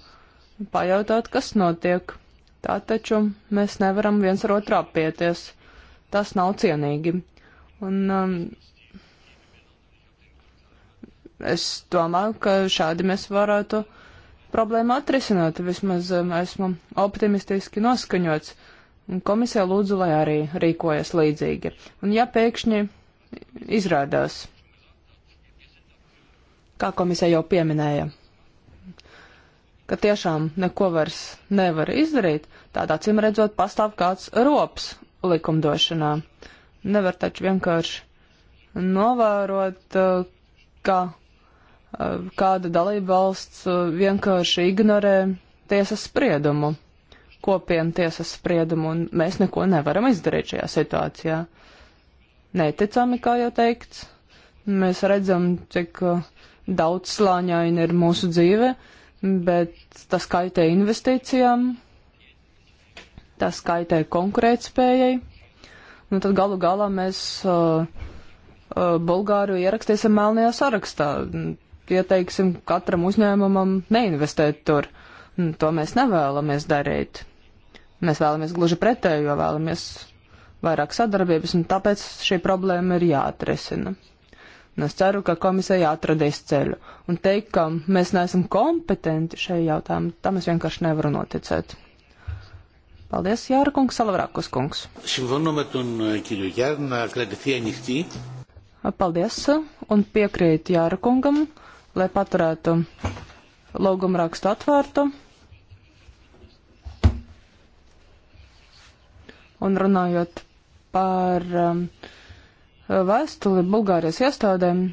pajautāt, kas notiek. Tā taču mēs nevaram viens ar otru apieties. Tas nav cienīgi. Un um, es domāju, ka šādi mēs varētu uh, problēma atrisināta, vismaz um, esmu optimistiski noskaņots. Komisija lūdzu, lai arī rīkojas līdzīgi. Un ja pēkšņi izrādās, kā komisija jau pieminēja, ka tiešām neko vairs nevar izdarīt, tādā cim redzot pastāv kāds rops likumdošanā. Nevar taču vienkārši novērot, uh, ka Eh, kāda dalība valsts eh, vienkārši ignorē tiesas spriedumu, kopienu tiesas spriedumu, un mēs neko nevaram izdarīt šajā situācijā. Neticami, kā jau teikts, mēs redzam, cik eh, daudz slāņaini ir mūsu dzīve, bet tas kaitē investīcijām, tas kaitē konkurētspējai. Nu, tad galu galā mēs uh, uh, Bulgāriju ierakstīsim melnajā sarakstā ieteiksim katram uzņēmumam neinvestēt tur. Un nu, to mēs nevēlamies darīt. Mēs vēlamies gluži pretējo, vēlamies vairāk sadarbības, un tāpēc šī problēma ir jāatrisina. Un es ceru, ka komisija atradīs ceļu. Un teikt, ka mēs neesam kompetenti šajā jautājumā, tam es vienkārši nevaru noticēt. Paldies, Jāra kungs, Salavrākos kungs. Paldies, un piekrīt Jāra kungam lai paturētu lūgumu rakstu atvērtu. Un runājot par um, vēstuli Bulgārijas iestādēm,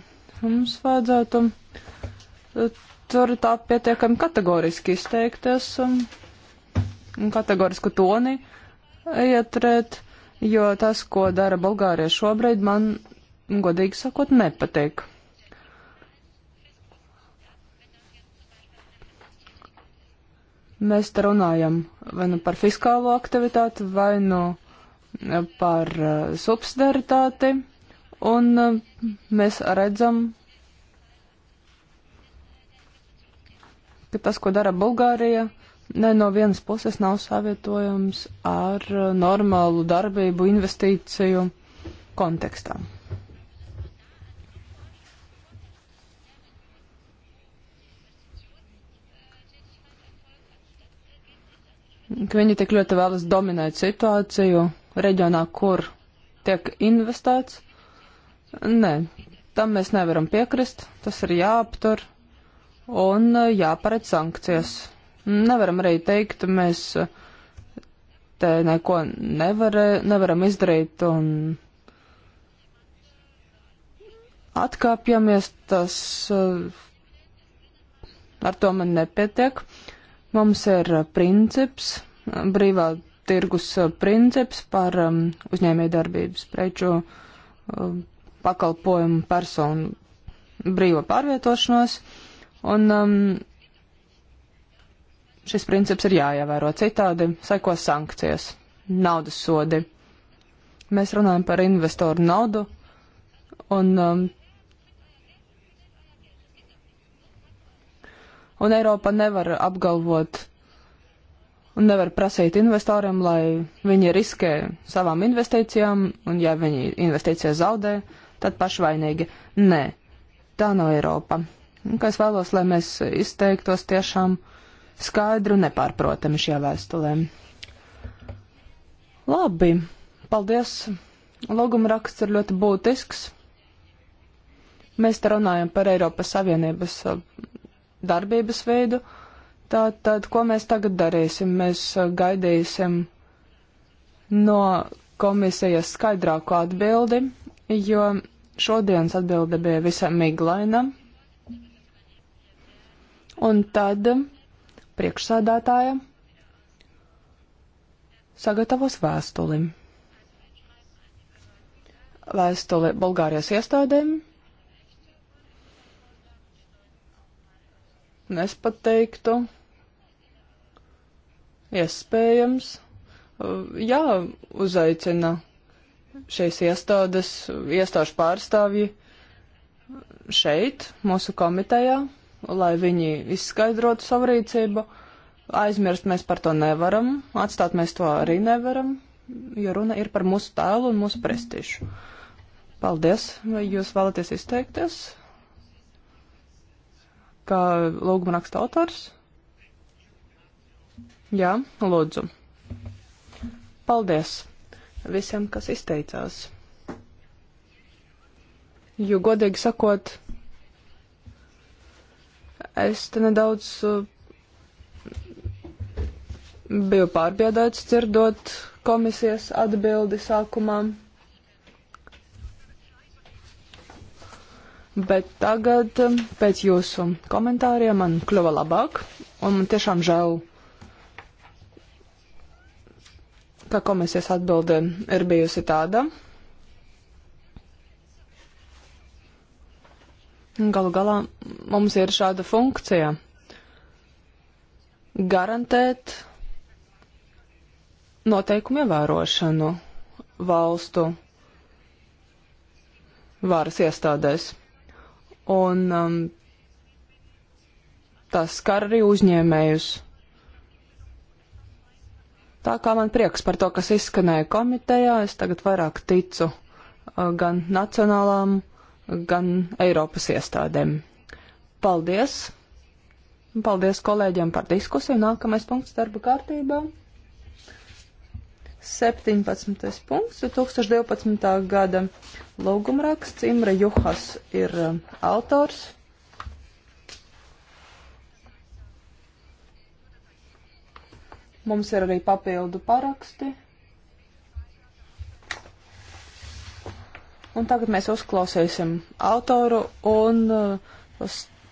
mums vajadzētu uh, tur tā pietiekami kategoriski izteikties, um, kategorisku toni ieturēt, jo tas, ko dara Bulgārija šobrīd, man godīgi sakot nepatīk. Mēs te runājam vai nu par fiskālo aktivitāti, vai nu eh, par eh, subsidaritāti, un eh, mēs redzam, ka tas, ko dara Bulgārija, ne no vienas puses nav savietojams ar normālu darbību investīciju kontekstām. ka viņi tik ļoti vēlas dominēt situāciju reģionā, kur tiek investēts. Nē, tam mēs nevaram piekrist, tas ir jāaptur un e, jāparedz sankcijas. Nevaram arī teikt, mēs e, te neko nevarē, nevaram izdarīt un atkāpjamies, tas e, ar to man nepietiek. Uh, Mums ir eh, princips, brīvā tirgus eh, princips par um, uzņēmēju darbības preču um, pakalpojumu personu brīvo pārvietošanos, un um, šis princips ir jāievēro citādi, sekos sankcijas, naudas sodi. Mēs runājam par investoru naudu, un um, Un Eiropa nevar apgalvot un nevar prasīt investoriem, lai viņi riskē savām investīcijām, un ja viņi investīcijas zaudē, tad pašvainīgi. Nē, tā nav Eiropa. Un, es vēlos, lai mēs izteiktos tiešām skaidru un nepārprotami šajā vēstulē. Labi, paldies. Loguma raksts ir ļoti būtisks. Mēs te runājam par Eiropas Savienības darbības veidu. Tātad, ko mēs tagad darīsim? Mēs uh, gaidīsim no komisijas skaidrāku atbildi, jo šodienas atbilde bija visam miglaina. Un tad priekšsādātāja sagatavos vēstuli. Vēstuli Bulgārijas iestādēm un es pat teiktu, iespējams, jāuzaicina šīs iestādes, iestāžu pārstāvji šeit, mūsu komitejā, lai viņi izskaidrotu savu rīcību. Aizmirst mēs par to nevaram, atstāt mēs to arī nevaram, jo runa ir par mūsu tēlu un mūsu prestižu. Paldies, vai jūs vēlaties izteikties? kā lūguma raksta autors? Jā, lūdzu. Paldies visiem, kas izteicās. Jo, godīgi sakot, es te nedaudz uh, biju pārbiedēts dzirdot komisijas atbildi sākumā. Bet tagad um, pēc jūsu komentāriem man kļuva labāk, un man tiešām žēl, ka komisijas atbilde ir bijusi tāda. Galu galā mums ir šāda funkcija - garantēt noteikumu ievērošanu valstu varas iestādēs. Un um, tas skar arī uzņēmējus. Tā kā man prieks par to, kas izskanēja komitejā, es tagad vairāk ticu uh, gan nacionālām, gan Eiropas iestādēm. Paldies! Paldies kolēģiem par diskusiju. Nākamais punkts darba kārtībā. 17. punkts 2012. gada lūgumraksts. Imre Juhas ir eh, autors. Mums ir arī papildu paraksti. Un tagad mēs uzklausīsim autoru un uh,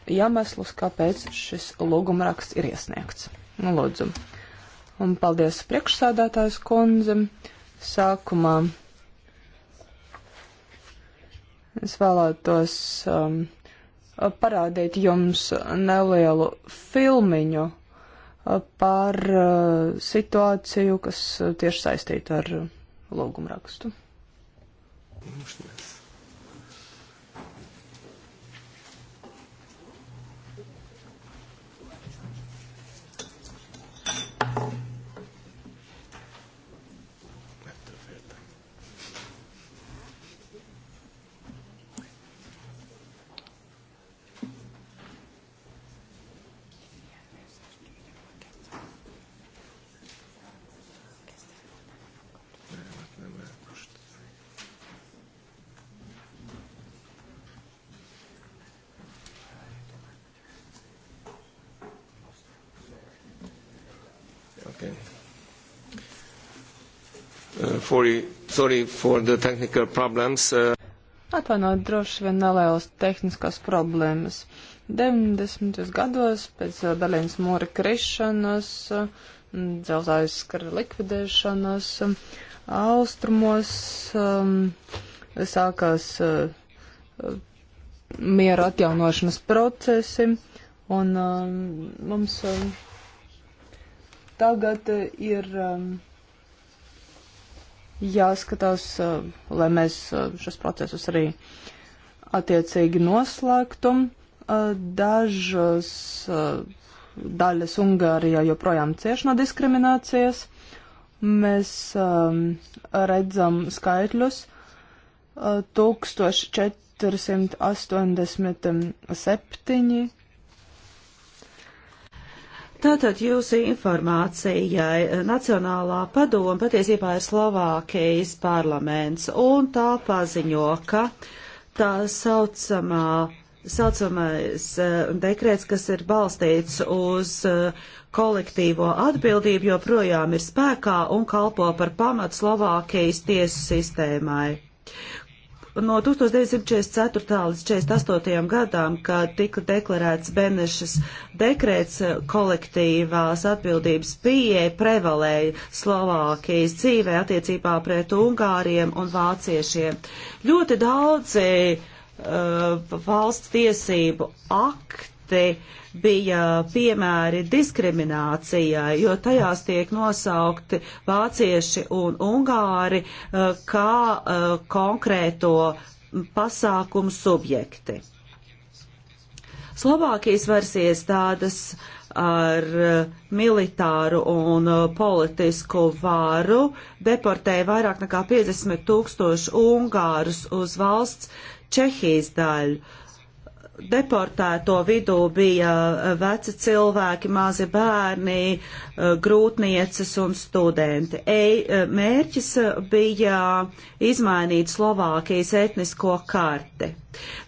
iemeslus, kāpēc šis lūgumraksts ir iesniegts. Nu, lūdzu. Un paldies priekšsādātājs kundze. Sākumā Es vēlētos um, parādīt jums nelielu filmiņu uh, par uh, situāciju, kas uh, tieši saistīta ar uh, lūgumrakstu. Mūsdies. for, sorry for the technical problems. Uh, Atvainojiet, droši vien nelielas tehniskās problēmas. 90. gados pēc Berlīnas uh, mūra krišanas, uh, dzelzājas kara likvidēšanas, um, austrumos um, sākās uh, miera atjaunošanas procesi, un um, mums um, tagad ir. Um, jāskatās, lai mēs šos procesus arī attiecīgi noslēgtu. Dažas daļas Ungārijā joprojām cieš no diskriminācijas. Mēs redzam skaitļus 1487 Tātad jūsu informācijai eh, Nacionālā padoma patiesībā ir Slovākijas parlaments, un tā paziņo, ka tā saucamā saucamais uh, dekrets, kas ir balstīts uz uh, kolektīvo atbildību, joprojām ir spēkā un kalpo par pamatu Slovākijas tiesu sistēmai no 1944. līdz 48. gadām, kad tika deklarēts Benešas dekrēts kolektīvās atbildības pieeja prevalēja Slovākijas dzīvē attiecībā pret Ungāriem un Vāciešiem. Ļoti daudzi uh, valsts tiesību akti minēti bija piemēri diskriminācijai, jo tajās tiek nosaukti vācieši un ungāri eh, kā eh, konkrēto pasākumu subjekti. Slovākijas varas iestādes ar eh, militāru un politisku varu deportēja vairāk nekā 50 tūkstoši ungārus uz valsts Čehijas daļu deportēto vidū bija eh, veci cilvēki, mazi bērni, eh, grūtnieces un studenti. Ei, eh, mērķis bija izmainīt Slovākijas etnisko karti.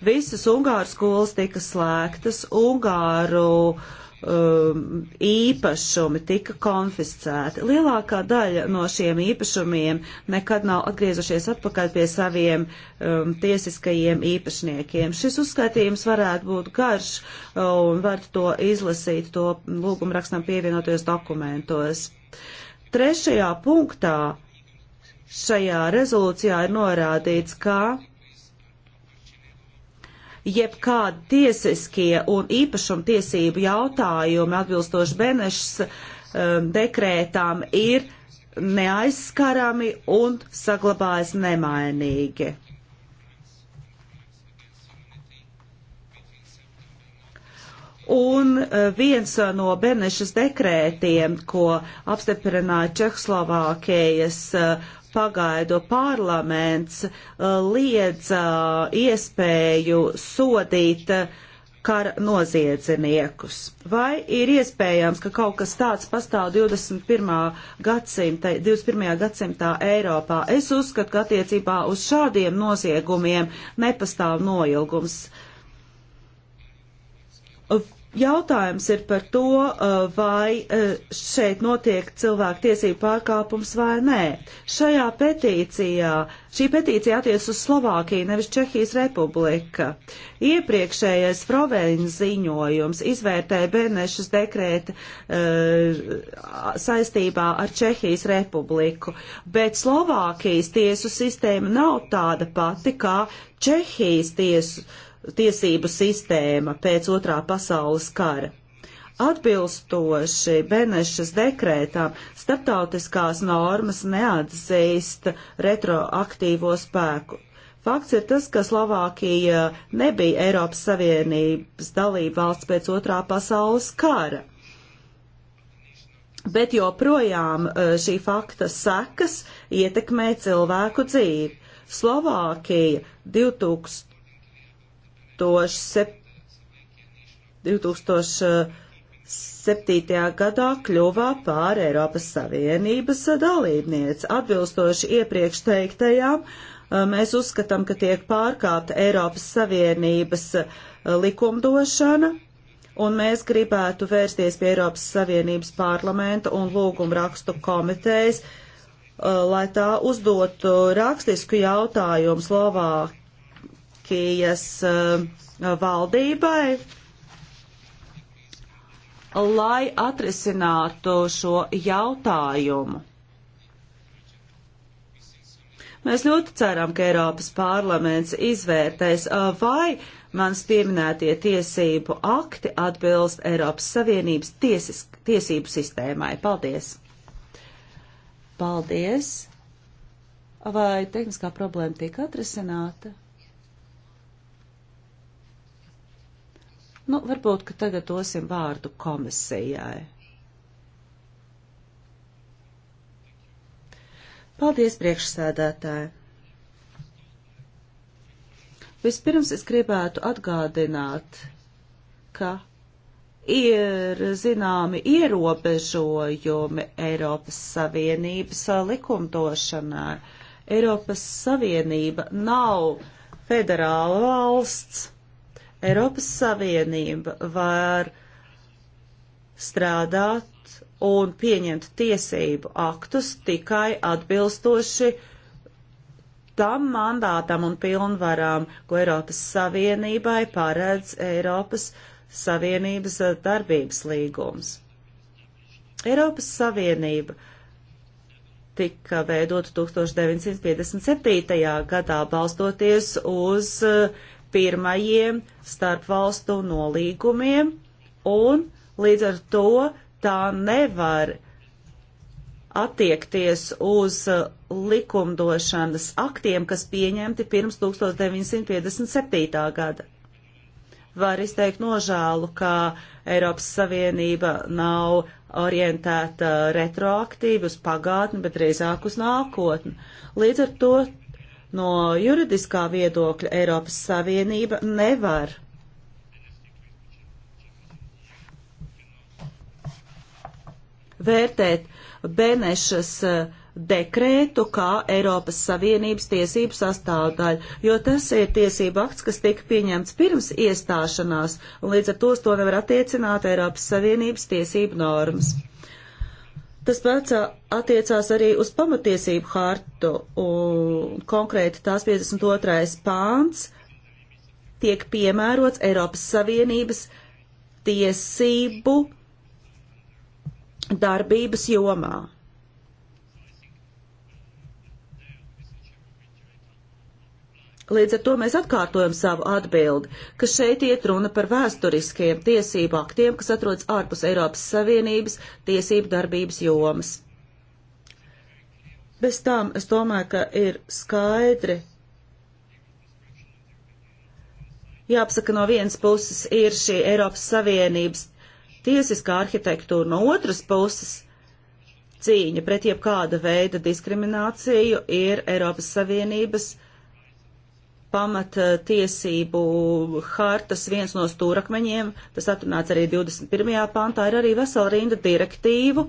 Visas Ungāru skolas tika slēgtas, Ungāru uh, Um, īpašumi tika konfiscēti. Lielākā daļa no šiem īpašumiem nekad nav atgriezušies atpakaļ pie saviem um, tiesiskajiem īpašniekiem. Šis uzskaitījums varētu būt garš uh, un var to izlasīt to lūgumu rakstam pievienoties dokumentos. Trešajā punktā šajā rezolūcijā ir norādīts, ka jebkādi tiesiskie un īpašumtiesību jautājumi atbilstoši Benešas um, dekrētām ir neaizskarami un saglabājas nemainīgi. Un uh, viens uh, no Benešas dekrētiem, ko apstiprināja Čehoslovākijas uh, pagaidu parlaments uh, liedza uh, iespēju sodīt uh, kara noziedzniekus. Vai ir iespējams, ka kaut kas tāds pastāv 21. gadsimta, 21. gadsimtā Eiropā? Es uzskatu, ka attiecībā uz šādiem noziegumiem nepastāv noilgums jautājums ir par to, uh, vai uh, šeit notiek cilvēku tiesību pārkāpums vai nē. Šajā petīcijā, šī petīcija attiec uz Slovākiju, nevis Čehijas republika. Iepriekšējais Froveņas ziņojums izvērtēja Benešas dekrēta uh, saistībā ar Čehijas republiku, bet Slovākijas tiesu sistēma nav tāda pati kā Čehijas tiesu tiesību sistēma pēc otrā pasaules kara. Atbilstoši Benešas dekrētām, starptautiskās normas neatzīst retroaktīvo spēku. Fakts ir tas, ka Slovākija nebija Eiropas Savienības dalība valsts pēc otrā pasaules kara. Bet joprojām e, šī fakta sekas ietekmē cilvēku dzīvi. Slovākija 2000. 2007. gadā kļuvā pār Eiropas Savienības dalībniece. Atbilstoši iepriekš teiktajām, eh, mēs uzskatām, ka tiek pārkāpta Eiropas Savienības eh, likumdošana, un mēs gribētu vērsties pie Eiropas Savienības parlamenta un lūgumu rakstu komitejas, eh, lai tā uzdotu rakstisku jautājumu Slovākijai Turcijas eh, valdībai, lai atrisinātu šo jautājumu. Mēs ļoti ceram, ka Eiropas parlaments izvērtēs, eh, vai mans pieminētie tiesību akti atbilst Eiropas Savienības tiesis, tiesību sistēmai. Paldies! Paldies! Vai tehniskā problēma tika atrisināta? Nu, varbūt, ka tagad dosim vārdu komisijai. Paldies, priekšsēdētāji! Vispirms es gribētu atgādināt, ka ir zināmi ierobežojumi Eiropas Savienības likumdošanai. Eiropas Savienība nav federāla valsts Eiropas Savienība var strādāt un pieņemt tiesību aktus tikai atbilstoši tam mandātam un pilnvarām, ko Eiropas Savienībai paredz Eiropas Savienības darbības līgums. Eiropas Savienība tika veidota 1957. gadā balstoties uz uh, pirmajiem starp valstu nolīgumiem, un līdz ar to tā nevar attiekties uz uh, likumdošanas aktiem, kas pieņemti pirms 1957. gada var izteikt nožēlu, ka Eiropas Savienība nav orientēta retroaktīvi uz pagātni, bet drīzāk uz nākotni. Līdz ar to No juridiskā viedokļa Eiropas Savienība nevar vērtēt Benešas eh, dekrētu kā Eiropas Savienības tiesību sastāvdaļu, jo tas ir tiesība akts, kas tika pieņemts pirms iestāšanās, un līdz ar to to nevar attiecināt Eiropas Savienības tiesību normas. Tas pats attiecās arī uz pamatiesību hartu, un konkrēti tās 52. pāns tiek piemērots Eiropas Savienības tiesību darbības jomā. Līdz ar to mēs atkārtojam savu atbildi, ka šeit iet runa par vēsturiskajiem tiesību aktiem, kas atrodas ārpus Eiropas Savienības tiesību darbības jomas. Bez tām es domāju, ka ir skaidri jāapsaka no vienas puses ir šī Eiropas Savienības tiesiskā arhitektūra, no otras puses cīņa pret jebkāda veida diskrimināciju ir Eiropas Savienības tiesiskā pamata tiesību hartas viens no stūrakmeņiem, tas atrunāts arī 21. pantā, ir arī vesela rinda direktīvu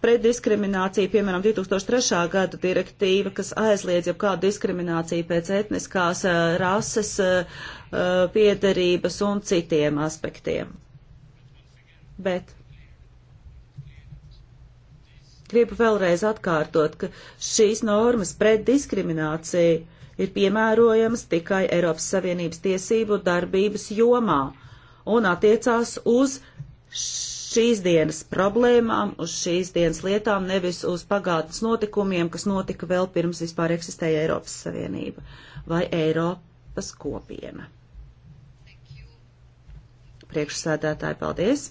pret diskrimināciju, piemēram, 2003. gada direktīva, kas aizliedz jau kādu diskrimināciju pēc etniskās rases piederības un citiem aspektiem. Bet gribu vēlreiz atkārtot, ka šīs normas pret diskrimināciju ir piemērojamas tikai Eiropas Savienības tiesību darbības jomā un attiecās uz šīs dienas problēmām, uz šīs dienas lietām, nevis uz pagātnes notikumiem, kas notika vēl pirms vispār eksistēja Eiropas Savienība vai Eiropas kopiena. Priekšsēdētāji, paldies!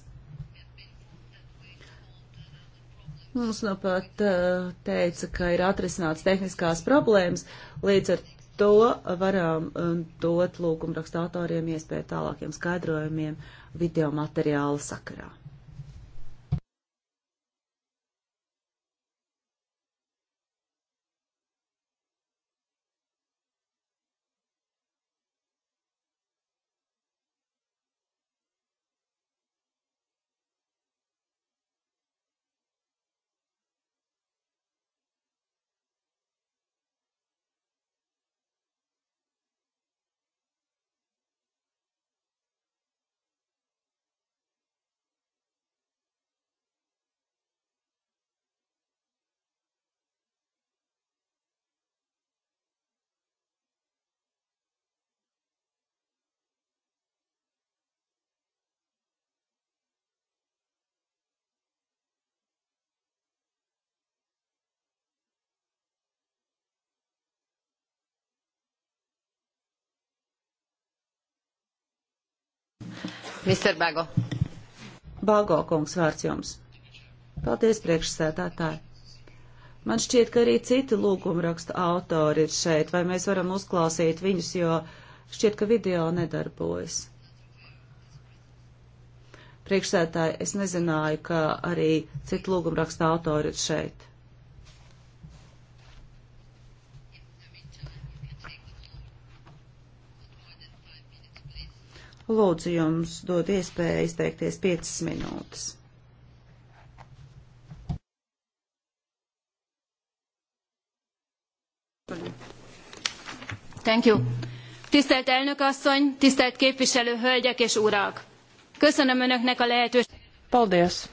Mums nu pat eh, teica, ka ir atrisināts tehniskās problēmas, līdz ar to varam um, dot lūgumrakstātoriem iespēju tālākiem skaidrojumiem video materiāla sakarā. Mr. Bago. Bago kungs vārds jums. Paldies, priekšsēdētāji. Man šķiet, ka arī citi lūgumraksta autori ir šeit, vai mēs varam uzklausīt viņus, jo šķiet, ka video nedarbojas. Priekšsētāji, es nezināju, ka arī citi lūgumraksta autori ir šeit. Lūdzu, jums dod iespēju izteikties 5 minūtes. Thank you. Tisztelt elnök asszony, tisztelt képviselő hölgyek és urak! Köszönöm önöknek a lehetőséget. Paldies!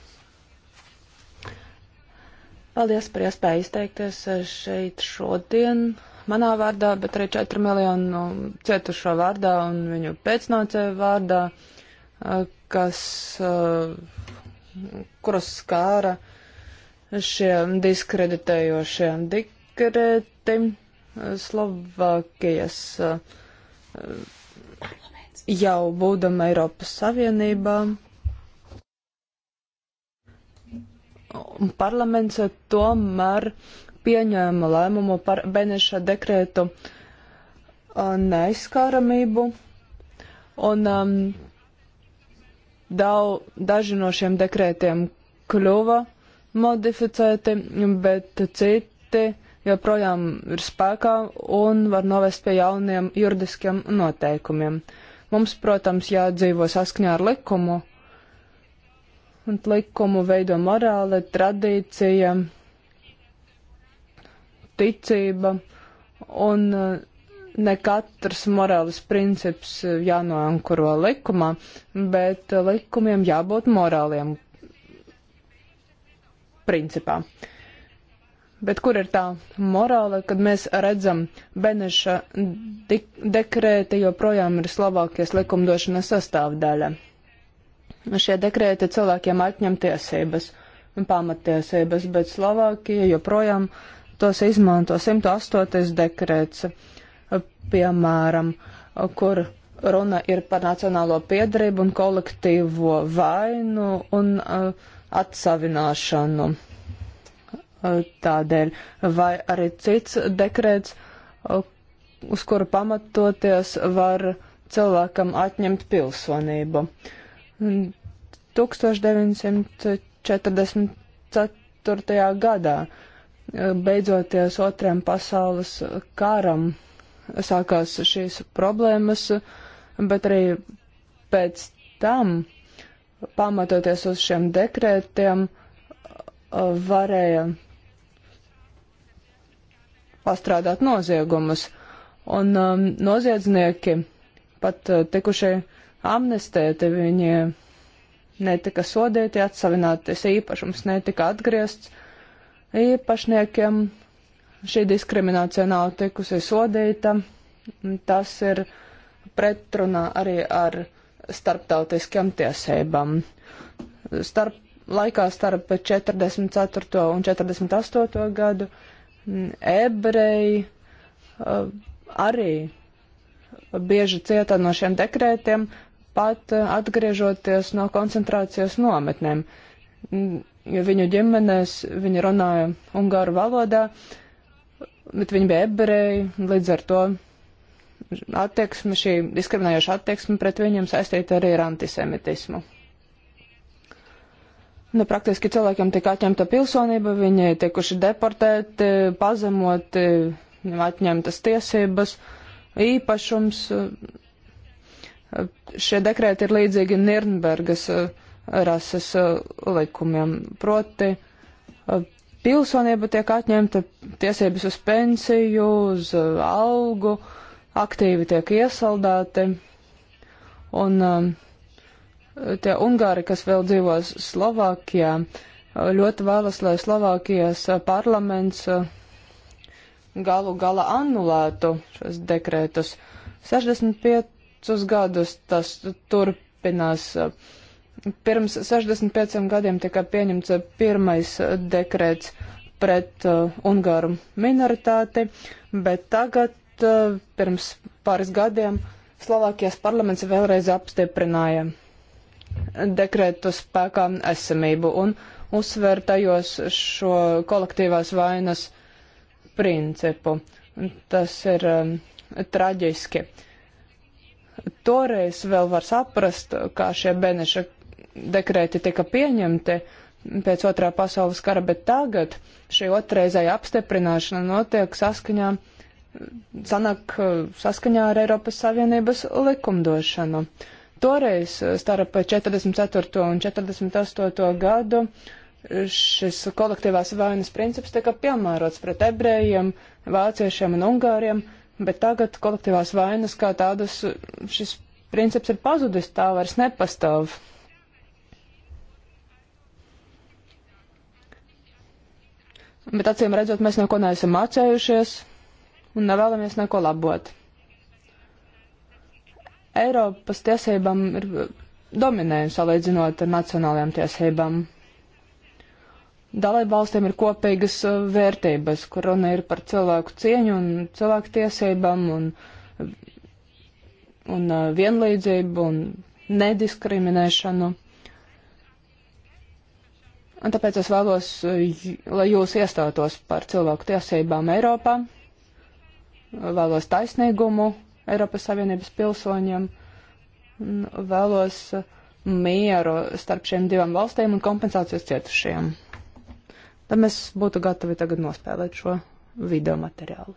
Paldies par iespēju izteikties eh, šeit šodien manā vārdā, bet arī 4 miljonu cietušo vārdā un viņu pēcnācēju vārdā, kas, kuras skāra šie diskreditējošie dikreti Slovākijas jau būdama Eiropas Savienībā. Un parlaments tomēr uh, pieņēma lēmumu par Beneša dekrētu uh, neaizskāramību. Un um, dau, daži no šiem dekrētiem kļuva modificēti, bet citi joprojām ir spēkā un var novest pie jauniem juridiskiem noteikumiem. Mums, protams, jādzīvo saskņā ar likumu, un likumu veido morāli, tradīcija, ticība, un eh, ne katrs morāles princips eh, jānoankuro likumā, bet eh, likumiem jābūt morāliem principā. Bet kur ir tā morāla, kad mēs redzam Beneša dekrēti joprojām ir Slovākijas likumdošanas sastāvdaļa? Šie dekrēti cilvēkiem atņem tiesības, pamattiesības, bet Slovākija joprojām uh, tos izmanto 108. dekrets, piemēram, kur runa ir par nacionālo piedarību un kolektīvo vainu un uh, atsavināšanu. Uh, tādēļ vai arī cits dekrets, uh, uz kuru pamatoties var cilvēkam atņemt pilsonību. 1944. gadā beidzoties otriem pasaules kāram sākās šīs problēmas, bet arī pēc tam, pamatoties uz šiem dekrētiem, varēja pastrādāt noziegumus. Un um, noziedznieki pat uh, tikuši amnestēti, viņi netika sodēti, atsavināties īpašums netika atgriezts. Uh, īpašniekiem. Šī diskriminācija nav tikusi sodīta. Tas ir pretrunā arī ar starptautiskiem tiesībām. Starp, laikā starp 44. un 48. gadu ebreji uh, arī bieži cieta no šiem dekrētiem, pat atgriežoties no koncentrācijas nometnēm. Viņu ģimenēs viņi runāja ungāru valodā, bet viņi bija ebreji, līdz ar to attieksme, šī diskriminējoša attieksme pret viņiem saistīta arī ar antisemitismu. Nu, praktiski cilvēkiem tika atņemta pilsonība, viņi tikuši deportēti, pazemoti, viņam atņemtas tiesības, īpašums. Šie dekrēti ir līdzīgi Nirnbergas uh, rases uh, likumiem. Proti, uh, pilsonība tiek atņemta, tiesības uz pensiju, uz uh, algu, aktīvi tiek iesaldēti. Un um, tie Ungāri, kas vēl dzīvo Slovākijā, ļoti vēlas, lai Slovākijas parlaments galu galā anulētu šos dekrētus. 65 gadus tas turpinās. Uh, Pirms 65 gadiem tika pieņemts pirmais dekrets pret uh, Ungāru minoritāti, bet tagad, uh, pirms pāris gadiem, Slovākijas parlaments vēlreiz apstiprināja dekrētu spēkā esamību un uzsver tajos šo kolektīvās vainas principu. Tas ir um, traģiski. Toreiz vēl var saprast, kā šie Beneša dekrēti tika pieņemti pēc otrā pasaules kara, bet tagad šī otrreizēja apstiprināšana notiek saskaņā, sanāk saskaņā ar Eiropas Savienības likumdošanu. Toreiz starp 44. un 48. gadu šis kolektīvās vainas princips tika piemērots pret ebrejiem, vāciešiem un ungāriem, bet tagad kolektīvās vainas kā tādas šis princips ir pazudis, tā vairs nepastāv. bet acīm redzot, mēs neko neesam mācējušies un nevēlamies neko labot. Eiropas tiesībām ir dominējumi salīdzinot ar nacionālajām tiesībām. Dalība valstīm ir kopīgas uh, vērtības, kur runa ir par cilvēku cieņu un cilvēku tiesībām un, un uh, vienlīdzību un nediskriminēšanu. Un tāpēc es vēlos, eh, lai jūs iestātos par cilvēku tiesībām Eiropā, vēlos taisnīgumu Eiropas Savienības pilsoņiem, vēlos eh, mieru starp šiem divām valstīm un kompensācijas cietušajiem. Tad mēs būtu gatavi tagad nospēlēt šo video materiālu.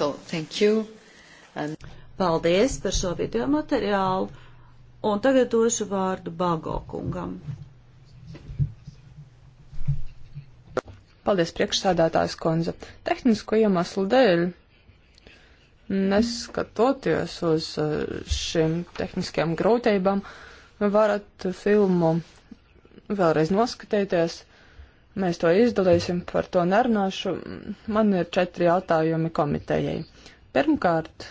So, thank you. And... Um, Paldies par šo video materiālu. Un tagad došu vārdu Bāgo kungam. Paldies priekšsādātājs konza. Tehnisko iemeslu dēļ, neskatoties uz uh, šiem tehniskajām grūtībām, varat filmu vēlreiz noskatīties Mēs to izdalīsim, par to nerunāšu. Man ir četri jautājumi komitejai. Pirmkārt,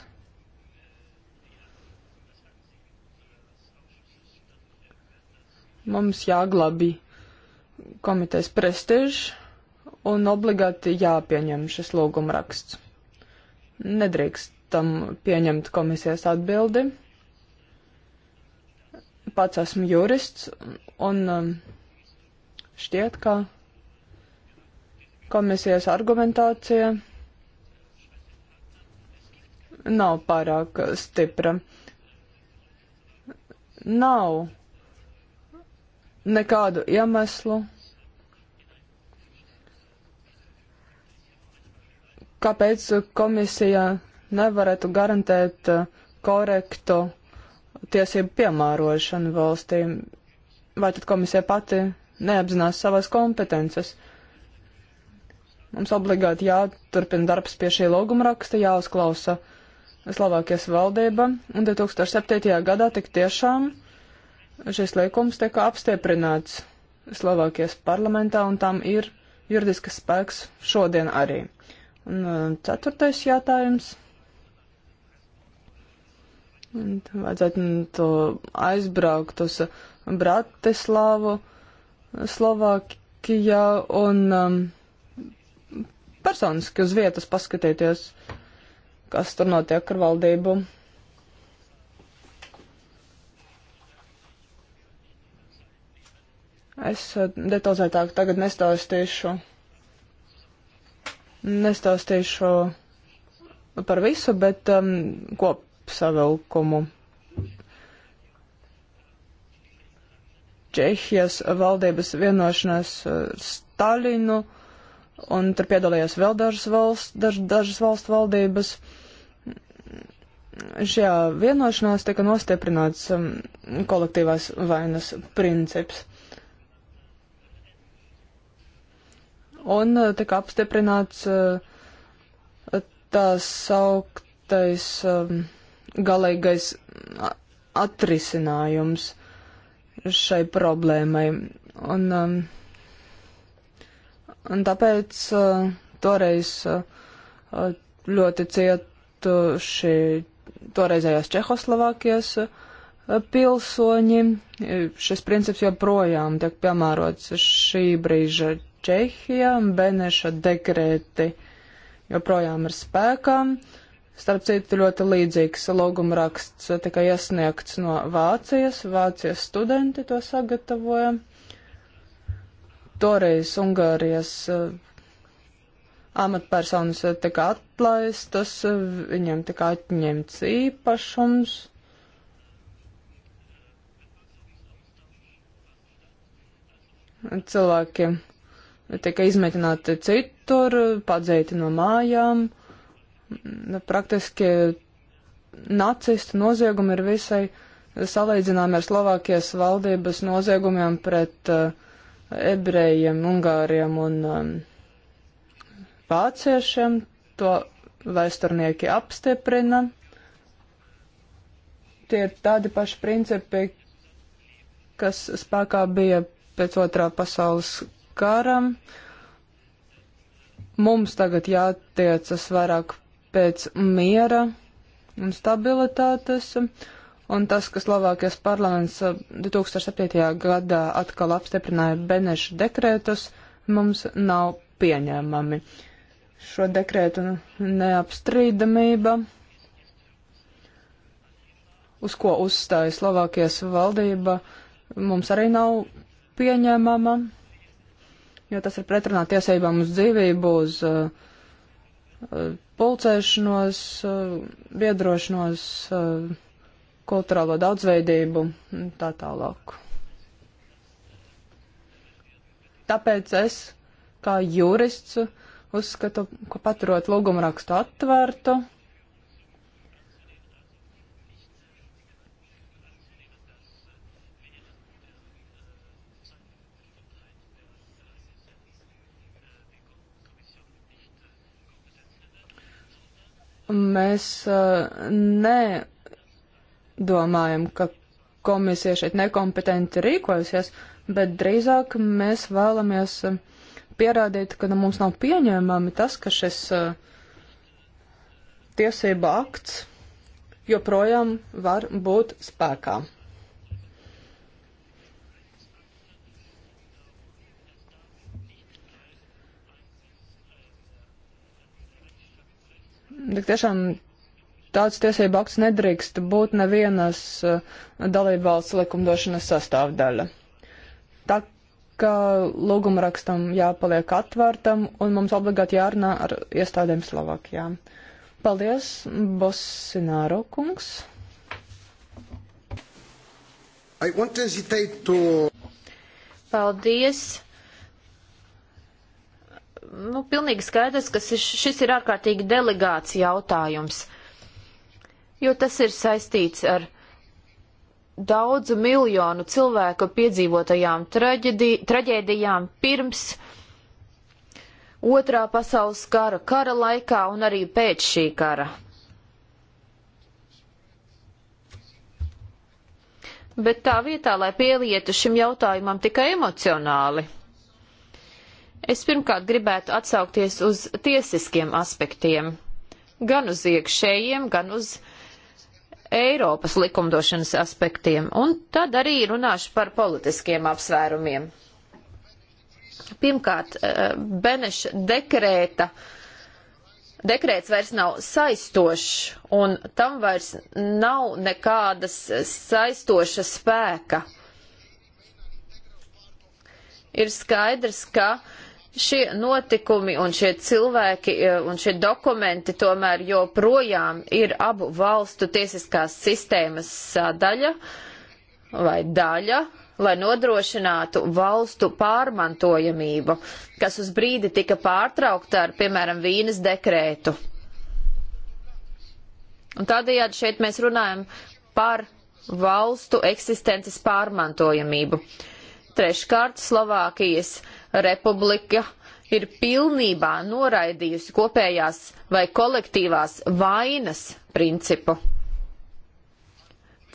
mums jāglabi komitejas prestižs un obligāti jāpieņem šis lūgumraksts. Nedrīkstam pieņemt komisijas atbildi. Pats esmu jurists un um, šķiet, ka. Kā Komisijas argumentācija nav pārāk stipra. Nav nekādu iemeslu, kāpēc komisija nevarētu garantēt korektu tiesību piemērošanu valstīm. Vai tad komisija pati neapzinās savas kompetences? Mums obligāti jāturpina darbs pie šī loguma raksta, jāuzklausa Slovākijas valdība, un 2007. gadā tik tiešām šis likums tika apstieprināts Slovākijas parlamentā, un tam ir juridiskas spēks šodien arī. Un uh, ceturtais jātājums. Vajadzētu to aizbraukt uz Bratislavu, Slovākijā, un um, personiski uz vietas paskatīties, kas tur notiek ar valdību. Es eh, detalizētāk tagad nestāstīšu, nestāstīšu par visu, bet um, kopsavilkumu. Čehijas valdības vienošanās eh, Stalinu. Uh, un tur piedalījās vēl dažas valsts, daž, dažas valstu valdības. Šajā vienošanās tika nostiprināts um, kolektīvās vainas princips. Un uh, tika apstiprināts uh, tā sauktais um, galīgais atrisinājums šai problēmai. Un, um, Un tāpēc uh, toreiz uh, uh ļoti cietuši toreizējās Čehoslovākijas uh, pilsoņi. Šis princips joprojām tiek piemērots šī brīža Čehijā, Beneša dekrēti joprojām ir spēkā. Starp citu, ļoti līdzīgs loguma raksts tika iesniegts no Vācijas. Vācijas studenti to sagatavoja toreiz Ungārijas eh, amatpersonas tika atlaistas, viņiem tika atņemts īpašums. Cilvēki tika izmetināti citur, padzīti no mājām. Mm, praktiski nacistu noziegumi ir visai salīdzināmi ar Slovākijas valdības noziegumiem pret uh, ebrejiem, ungāriem un um, vāciešiem. To vēsturnieki apstiprina. Tie ir tādi paši principi, kas spēkā bija pēc otrā pasaules karam. Mums tagad jātiecas vairāk pēc miera un stabilitātes. Uh, Un tas, ka Slovākijas parlaments 2007. Uh, gadā atkal apstiprināja Beneša dekrētus, mums nav pieņēmami. Šo dekrētu neapstrīdamība, uz ko uzstāja Slovākijas valdība, mums arī nav pieņēmama, jo tas ir pretrunā tiesībām uz dzīvību, uz uh, uh pulcēšanos, uh, biedrošanos. Uh, kulturālo daudzveidību un tā tālāk. Tāpēc es, kā jurists, uzskatu, ka paturot lūgumu rakstu atvērtu, mēs uh, ne domājam, ka komisija šeit nekompetenti rīkojusies, bet drīzāk mēs vēlamies eh, pierādīt, ka mums nav pieņēmami tas, ka šis eh, tiesība akts joprojām var būt spēkā. Tik tiešām tāds tiesība akts nedrīkst būt nevienas uh, dalībvalsts likumdošanas sastāvdaļa. Tā ka lūguma rakstam jāpaliek atvērtam un mums obligāti jārunā ar iestādēm Slovākijā. Paldies, Bosināro kungs. To... Paldies. Nu, pilnīgi skaidrs, ka šis ir ārkārtīgi delegāts jautājums. Uh, jo tas ir saistīts ar daudzu miljonu cilvēku piedzīvotajām traģēdijām pirms otrā pasaules kara, kara laikā un arī pēc šī kara. Bet tā vietā, lai pielietu šim jautājumam tikai emocionāli, es pirmkārt gribētu atsaukties uz tiesiskiem aspektiem, gan uz iekšējiem, gan uz Eiropas likumdošanas aspektiem, un tad arī runāšu par politiskiem apsvērumiem. Pirmkārt, eh, Beneša dekrēta. Dekrēts vairs nav saistošs, un tam vairs nav nekādas saistoša spēka. Ir skaidrs, ka uh, šie notikumi un šie cilvēki e, un šie dokumenti tomēr joprojām ir abu valstu tiesiskās sistēmas sadaļa vai daļa, lai nodrošinātu valstu pārmantojamību, kas uz brīdi tika pārtraukta ar, piemēram, Vīnes dekrētu. Un tādējādi šeit mēs runājam par valstu eksistences pārmantojamību. Treškārt, Slovākijas uh, republika ir pilnībā noraidījusi kopējās vai kolektīvās vainas principu.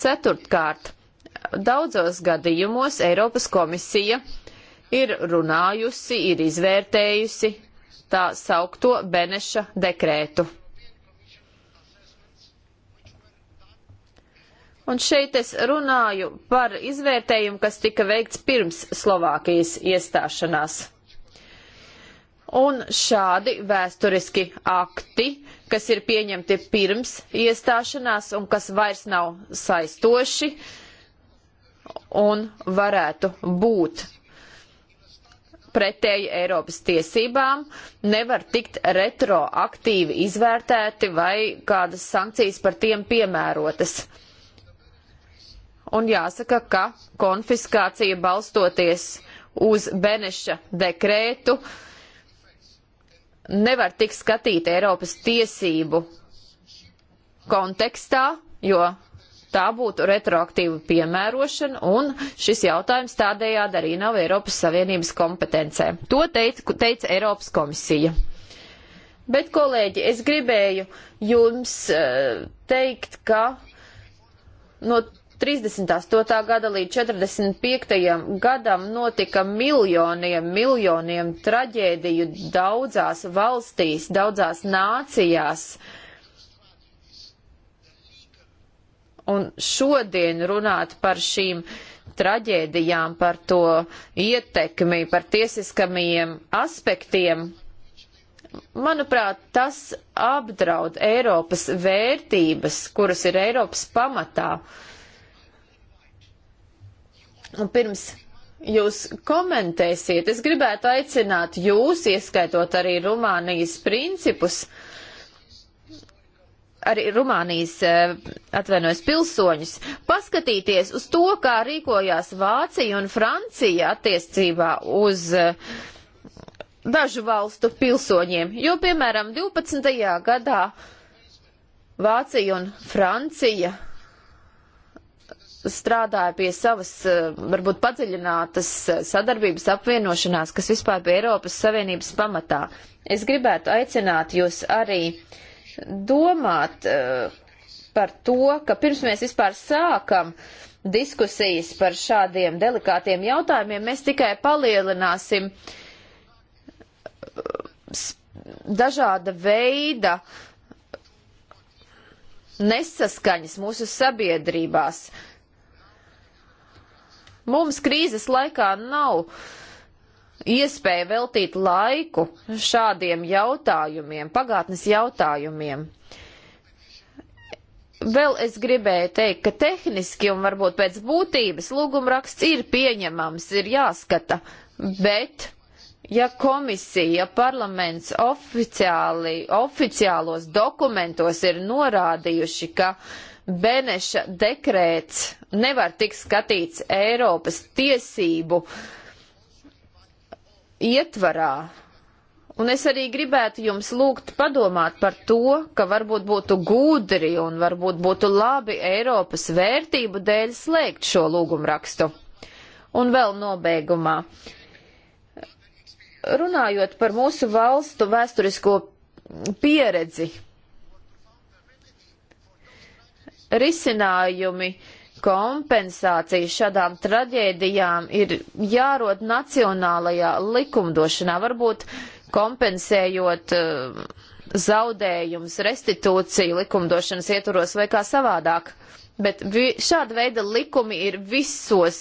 Ceturtkārt, daudzos gadījumos Eiropas komisija ir runājusi, ir izvērtējusi tā saukto Beneša dekrētu. Un šeit es runāju par izvērtējumu, kas tika veikts pirms Slovākijas iestāšanās. Un šādi vēsturiski akti, kas ir pieņemti pirms iestāšanās un kas vairs nav saistoši un varētu būt pretēji Eiropas tiesībām, nevar tikt retroaktīvi izvērtēti vai kādas sankcijas par tiem piemērotas un jāsaka, ka konfiskācija balstoties uz Beneša dekrētu nevar tik skatīt Eiropas tiesību kontekstā, jo tā būtu retroaktīva piemērošana, un šis jautājums tādējādi arī nav Eiropas Savienības kompetencē. To teica, teica Eiropas komisija. Bet, kolēģi, es gribēju jums eh, teikt, ka no 38. gada līdz 45. gadam notika miljoniem, miljoniem traģēdiju daudzās valstīs, daudzās nācijās. Un šodien runāt par šīm traģēdijām, par to ietekmi, par tiesiskamajiem aspektiem, manuprāt, tas apdraud Eiropas vērtības, kuras ir Eiropas pamatā. Uh, Un pirms jūs komentēsiet, es gribētu aicināt jūs, ieskaitot arī Rumānijas principus, arī Rumānijas, eh, atvainojos, pilsoņus, paskatīties uz to, kā rīkojās Vācija un Francija attiecībā uz eh, dažu valstu pilsoņiem, jo, piemēram, 12. gadā Vācija un Francija strādāja pie savas, eh, varbūt padziļinātas eh, sadarbības apvienošanās, kas vispār bija Eiropas Savienības pamatā. Es gribētu aicināt jūs arī domāt eh, par to, ka pirms mēs vispār sākam diskusijas par šādiem delikātiem jautājumiem, mēs tikai palielināsim dažāda veida nesaskaņas mūsu sabiedrībās. Uh, Mums krīzes laikā nav iespēja veltīt laiku šādiem jautājumiem, pagātnes jautājumiem. Vēl es gribēju teikt, ka tehniski un varbūt pēc būtības lūgumraksts ir pieņemams, ir jāskata, bet ja komisija, parlaments oficiāli, oficiālos dokumentos ir norādījuši, ka uh, Beneša dekrēts nevar tikt skatīts Eiropas tiesību ietvarā. Un es arī gribētu jums lūgt padomāt par to, ka varbūt būtu gudri un varbūt būtu labi Eiropas vērtību dēļ slēgt šo lūgumrakstu. Un vēl nobeigumā. Runājot par mūsu valstu vēsturisko pieredzi, risinājumi kompensācija šādām traģēdijām ir jārod nacionālajā likumdošanā, varbūt kompensējot uh, zaudējumus, restitūciju likumdošanas ietvaros vai kā savādāk. Bet vi, šāda veida likumi ir visos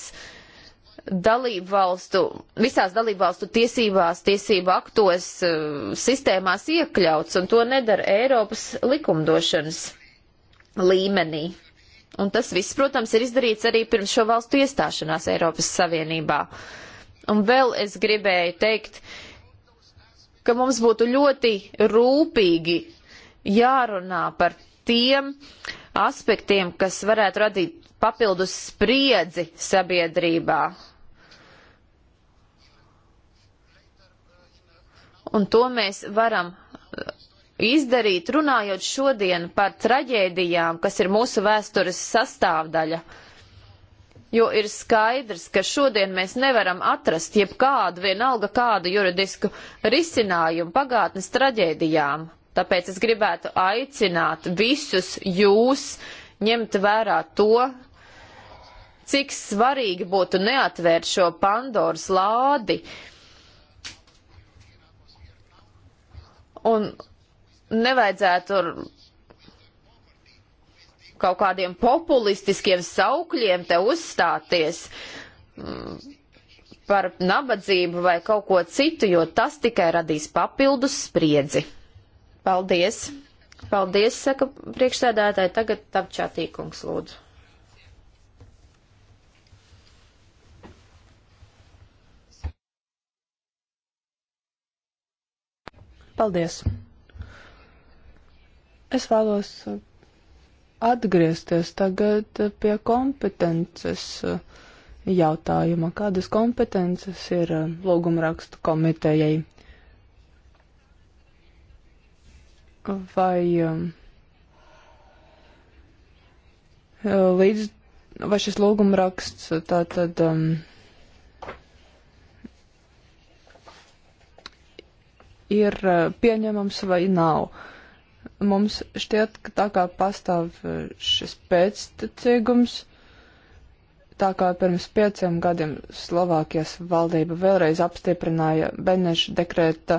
dalību valstu, visās dalību valstu tiesībās, tiesību aktos, uh, sistēmās iekļauts, un to nedara Eiropas likumdošanas līmenī. Un tas viss, protams, ir izdarīts arī pirms šo valstu iestāšanās Eiropas Savienībā. Un vēl es gribēju teikt, ka mums būtu ļoti rūpīgi jārunā par tiem aspektiem, kas varētu radīt papildus spriedzi sabiedrībā. Un to mēs varam izdarīt, runājot šodien par traģēdijām, kas ir mūsu vēstures sastāvdaļa. Jo ir skaidrs, ka šodien mēs nevaram atrast jebkādu, vienalga kādu juridisku risinājumu pagātnes traģēdijām. Tāpēc es gribētu aicināt visus jūs ņemt vērā to, cik svarīgi būtu neatvērt šo Pandoras lādi. Un nevajadzētu kaut kādiem populistiskiem saukļiem te uzstāties mm, par nabadzību vai kaut ko citu, jo tas tikai radīs papildus spriedzi. Paldies! Paldies, saka priekšsēdētāji. Tagad tapčā tīkums lūdzu. Paldies! Es vēlos uh, atgriezties tagad uh, pie kompetences uh, jautājuma. Kādas kompetences ir lūgumrakstu komitejai? Vai, um, līdz, vai šis lūgumraksts tātad um, ir pieņemams vai nav? Uh, Mums šķiet, ka tā kā pastāv e, šis pēctecīgums, tā kā pirms pieciem gadiem Slovākijas valdība vēlreiz apstiprināja Beneša dekrēta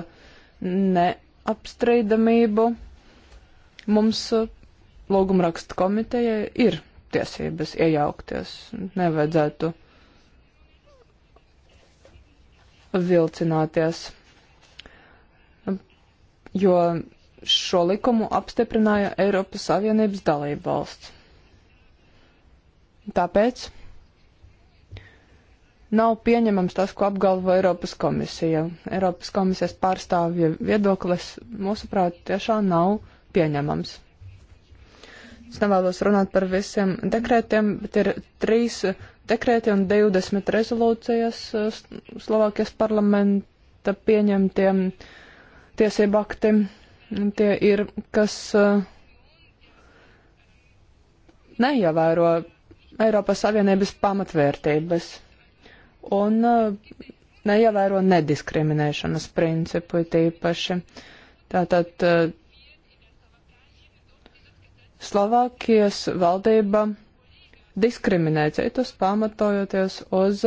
neapstrīdamību, mums e, lūgumraksta komitejai ir tiesības iejaukties. Nevajadzētu vilcināties, jo Šo likumu apstiprināja Eiropas Savienības dalība valsts. Tāpēc nav pieņemams tas, ko apgalvo Eiropas komisija. Eiropas komisijas pārstāvja viedoklis, mūsuprāt, tiešām nav pieņemams. Es nevēlos runāt par visiem dekrētiem, bet ir trīs dekrēti un 20 rezolūcijas uh, Slovākijas parlamenta pieņemtiem tiesību aktiem tie ir, kas eh, neievēro Eiropas Savienības pamatvērtības un eh, neievēro nediskriminēšanas principu tīpaši. Tātad eh, Slovākijas valdība diskriminē citus pamatojoties uz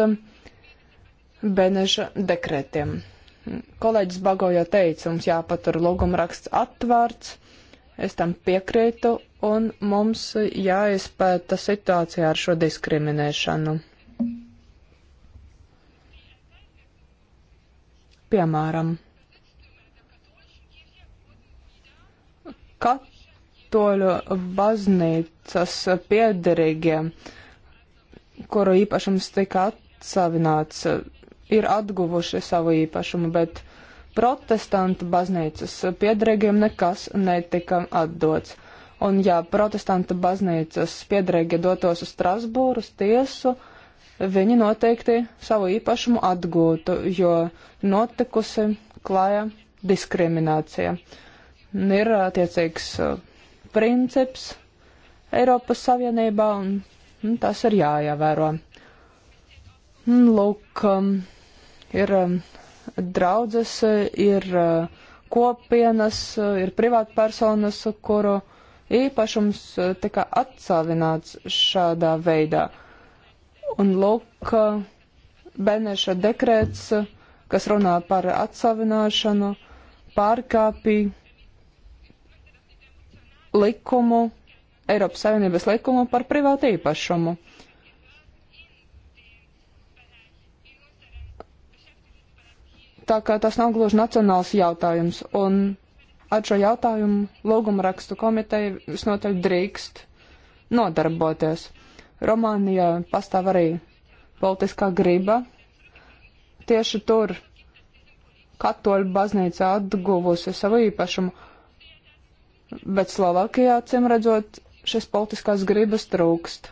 Beneša dekretiem. Kolēģis Bago jau teica, mums jāpatur lūgumraksts atvērts, es tam piekrītu, un mums jāizpēta situācija ar šo diskriminēšanu. Piemēram, katoļu baznīcas piederīgiem, kuru īpašums tika atsavināts ir atguvuši savu īpašumu, bet protestantu baznīcas piedrēgiem nekas netika atdots. Un ja protestanta baznīcas piedrēgi dotos uz Strasbūru, uz tiesu, viņi noteikti savu īpašumu atgūtu, jo notikusi klāja diskriminācija. Un ir attiecīgs uh, princips Eiropas Savienībā, un, un tas ir jāievēro. Lūk, um, Ir um, draudzes, ir uh, kopienas, uh, ir privātpersonas, kuru īpašums uh, tika atcēlināts šādā veidā. Un lūk, Beneša dekrets, kas runā par atsavināšanu, pārkāpī likumu, Eiropas Savienības likumu par privātu īpašumu. Tā kā tas nav gluži nacionāls jautājums. Un ar šo jautājumu lūguma rakstu komiteja visnotaļ drīkst nodarboties. Romānijā pastāv arī politiskā griba. Tieši tur katoļu baznīca atguvusi savu īpašumu, bet Slovākijā, cim redzot, šis politiskās gribas trūkst.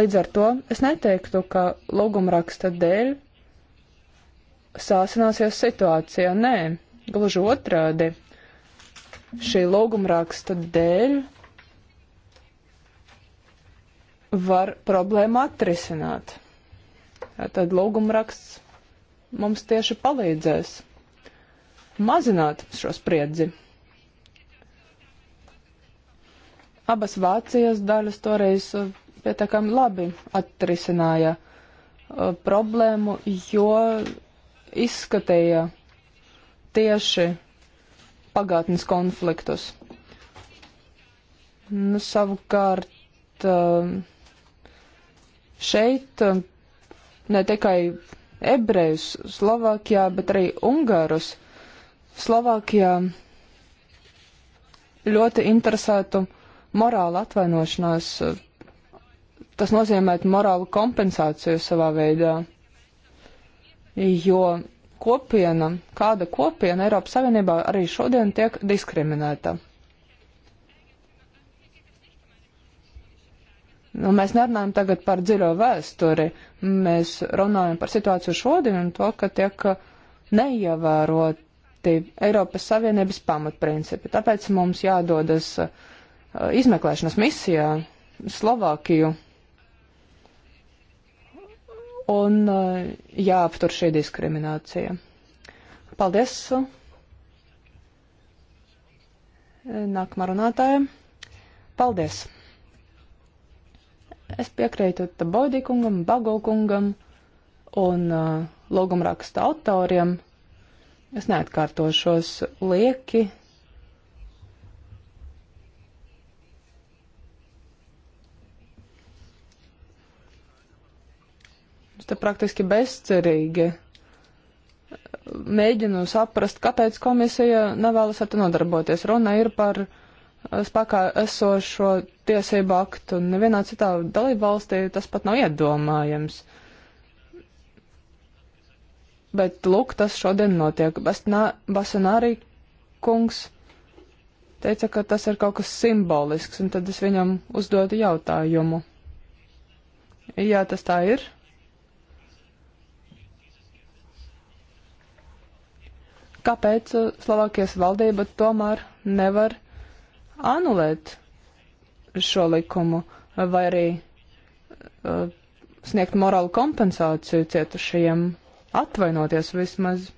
Līdz ar to es neteiktu, ka lūgumraksta dēļ sāsināsies situācija. Nē, gluži otrādi. Šī lūgumraksta dēļ var problēmu atrisināt. Tad lūgumraksts mums tieši palīdzēs mazināt šo spriedzi. Abas Vācijas daļas toreiz uh, pietiekami labi atrisināja uh, problēmu, jo izskatīja tieši pagātnes konfliktus. Nu, savukārt eh, šeit eh, ne tikai ebrejus Slovākijā, bet arī ungārus Slovākijā ļoti interesētu morāla atvainošanās. Tas nozīmē morālu kompensāciju savā veidā jo kopiena, kāda kopiena Eiropas Savienībā arī šodien tiek diskriminēta. Nu, mēs nerunājam tagad par dziļo vēsturi, mēs runājam par situāciju šodien un to, ka tiek neievēroti Eiropas Savienības pamatprincipi. Tāpēc mums jādodas uh, izmeklēšanas misijā Slovākiju un eh, jāaptur šī diskriminācija. Paldies! Nākamā runātāja. Paldies! Es piekrītu Boidīkungam, Bagulkungam un uh, eh, logumraksta autoriem. Es neatkārtošos lieki te praktiski bezcerīgi mēģinu saprast, kāpēc komisija nevēlas ar to nodarboties. Runa ir par eh, spēkā esošo tiesību aktu, un nevienā citā dalību valstī tas pat nav iedomājams. Bet, lūk, tas šodien notiek. Basanārī kungs teica, ka tas ir kaut kas simbolisks, un tad es viņam uzdodu jautājumu. Jā, tas tā ir. kāpēc uh, Slovākijas valdība tomēr nevar anulēt šo likumu vai arī uh, sniegt morālu kompensāciju cietušajiem, atvainoties vismaz.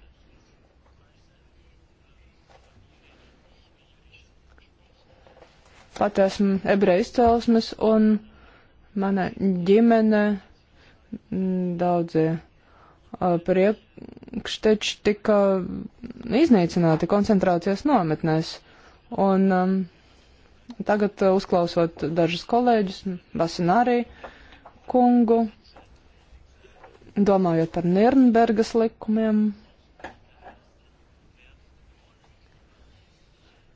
Pat esmu ebreja izcelsmes un mana ģimene daudzie priekšteči tika iznīcināti koncentrācijas nometnēs. Un um, tagad uzklausot dažus kolēģus, Basinārī kungu, domājot par Nirnbergas likumiem,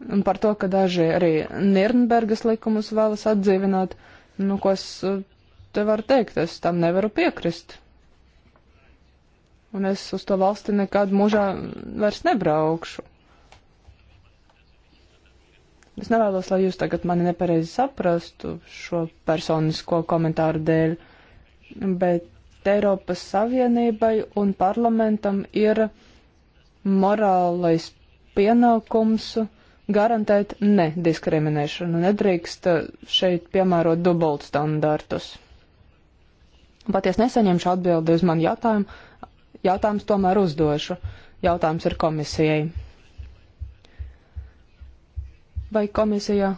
un par to, ka daži arī Nirnbergas likumus vēlas atdzīvināt, nu, ko es te varu teikt, es tam nevaru piekrist un es uz to valsti nekad mūžā vairs nebraukšu. Es nevēlos, lai jūs tagad mani nepareizi saprastu šo personisko komentāru dēļ, bet Eiropas Savienībai un parlamentam ir morālais pienākums garantēt nediskriminēšanu. Nedrīkst šeit piemērot dubultstandartus. Pat ja es nesaņemšu atbildi uz manu jautājumu, jautājums tomēr uzdošu. Jautājums ir komisijai. Vai komisija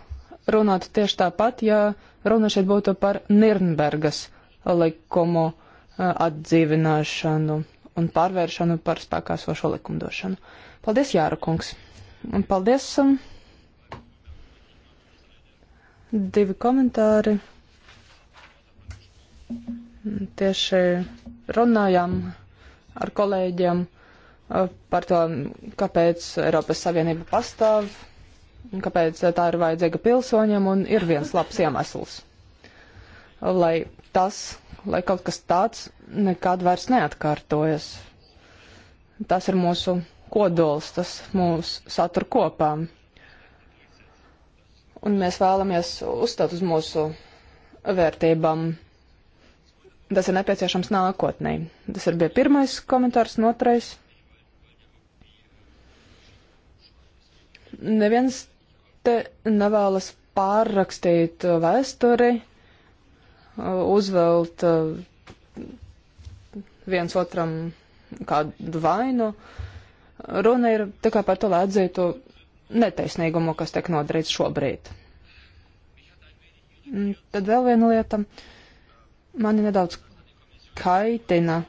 runātu tieši tāpat, ja runa šeit būtu par Nirnbergas likumu eh, atdzīvināšanu un pārvēršanu par spēkā sošo likumdošanu? Paldies, Jāra kungs! Un paldies! Um, divi komentāri. Tieši runājām ar kolēģiem par to, kāpēc Eiropas Savienība pastāv, kāpēc tā ir vajadzīga pilsoņiem, un ir viens labs iemesls, lai tas, lai kaut kas tāds nekad vairs neatkārtojas. Tas ir mūsu kodols, tas mūs satur kopā. Un mēs vēlamies uzstāt uz mūsu vērtībām tas ir nepieciešams nākotnē. Tas ir bija pirmais komentārs, un otrais. Neviens te nevēlas pārrakstīt vēsturi, uzvelt uh, viens otram kādu vainu. Runa ir tikai par to, lai atzītu netaisnīgumu, kas tiek nodarīts šobrīd. Tad vēl viena lieta. Uh, mani nedaudz kaitina.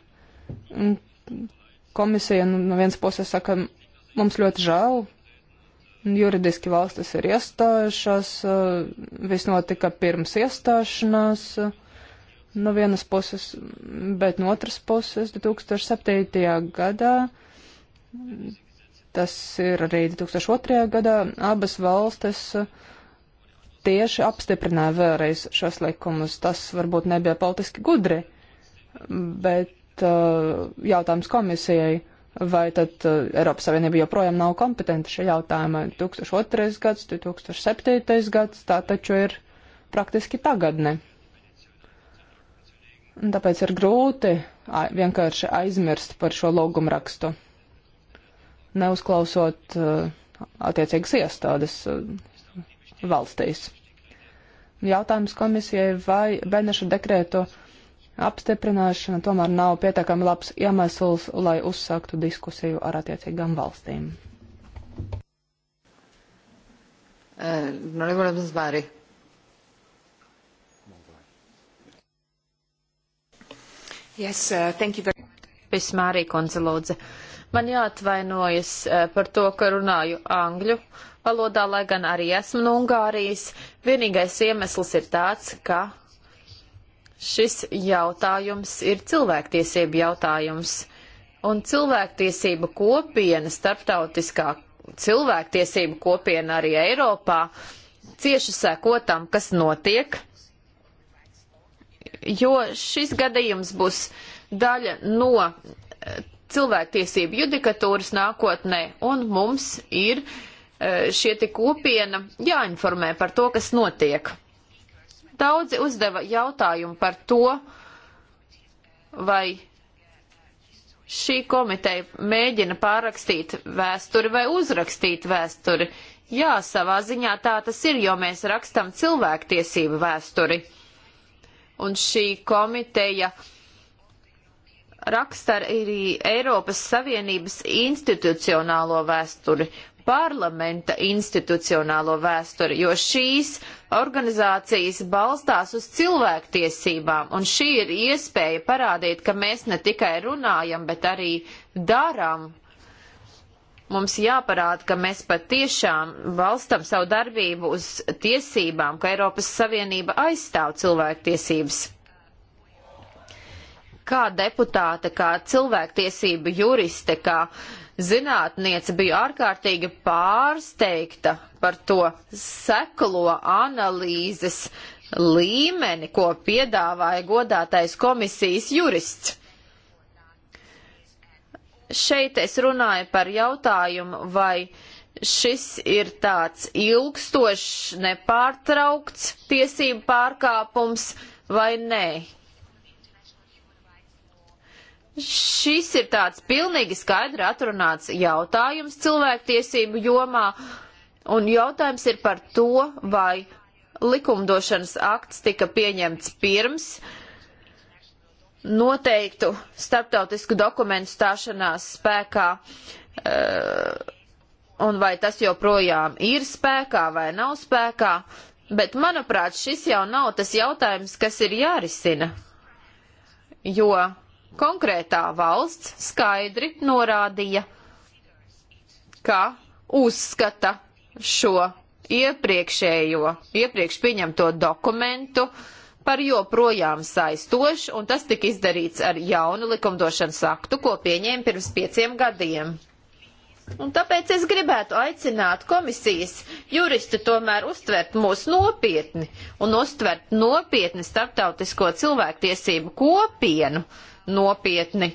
Komisija nu, no vienas puses saka, mums ļoti žēl, juridiski valstis ir iestājušās, eh, viss notika pirms iestāšanās eh, no vienas puses, bet no otras puses 2007. gadā, tas ir arī 2002. gadā, abas valstis uh, tieši apstiprināja vēlreiz šos likumus. Tas varbūt nebija politiski gudri, bet uh, jautājums komisijai, vai tad uh, Eiropas Savienība joprojām nav kompetenta šajā jautājumā. 2002. gads, 2007. gads, tā taču ir praktiski tagadne. Un tāpēc ir grūti vienkārši aizmirst par šo logumrakstu, neuzklausot uh, attiecīgas iestādes uh, valstīs. Jautājums komisijai, vai Beneša dekrēto apstiprināšana tomēr nav pietiekami labs iemesls, lai uzsāktu diskusiju ar attiecīgām valstīm. Uh, yes, uh, eh, Bismārī koncelūdze. Uh, Man jāatvainojas eh, par to, ka runāju angļu valodā, lai gan arī esmu no Ungārijas. Vienīgais iemesls ir tāds, ka šis jautājums ir cilvēktiesību jautājums. Un cilvēktiesība kopiena, starptautiskā cilvēktiesība kopiena arī Eiropā, cieši sekotam, kas notiek, jo šis gadījums būs daļa no eh, cilvēktiesību judikatūras nākotnē, un mums ir e, šie tik kopiena jāinformē par to, kas notiek. Daudzi uzdeva jautājumu par to, vai šī komiteja mēģina pārrakstīt vēsturi vai uzrakstīt vēsturi. Jā, savā ziņā tā tas ir, jo mēs rakstam cilvēktiesību vēsturi. Un šī komiteja uh, rakstara arī Eiropas Savienības institucionālo vēsturi, parlamenta institucionālo vēsturi, jo šīs organizācijas balstās uz cilvēktiesībām, un šī ir iespēja parādīt, ka mēs ne tikai runājam, bet arī darām. Mums jāparāda, ka mēs patiešām balstam savu darbību uz tiesībām, ka Eiropas Savienība aizstāv cilvēktiesības kā deputāte, kā cilvēktiesība juriste, kā zinātniece biju ārkārtīgi pārsteigta par to seklo analīzes līmeni, ko piedāvāja godātais komisijas jurists. Šeit es runāju par jautājumu, vai šis ir tāds ilgstošs, nepārtraukts tiesību pārkāpums vai nē. Šis ir tāds pilnīgi skaidri atrunāts jautājums cilvēktiesību jomā, un jautājums ir par to, vai likumdošanas akts tika pieņemts pirms noteiktu starptautisku dokumentu stāšanās spēkā, eh, un vai tas joprojām ir spēkā vai nav spēkā, bet manuprāt, šis jau nav tas jautājums, kas ir jārisina, jo konkrētā valsts skaidri norādīja, ka uzskata šo iepriekšējo, iepriekš pieņemto dokumentu par joprojām saistošu, un tas tika izdarīts ar jaunu likumdošanas aktu, ko pieņēma pirms pieciem gadiem. Un tāpēc es gribētu aicināt komisijas juristu tomēr uztvert mūs nopietni un uztvert nopietni starptautisko cilvēktiesību kopienu, uh, nopietni.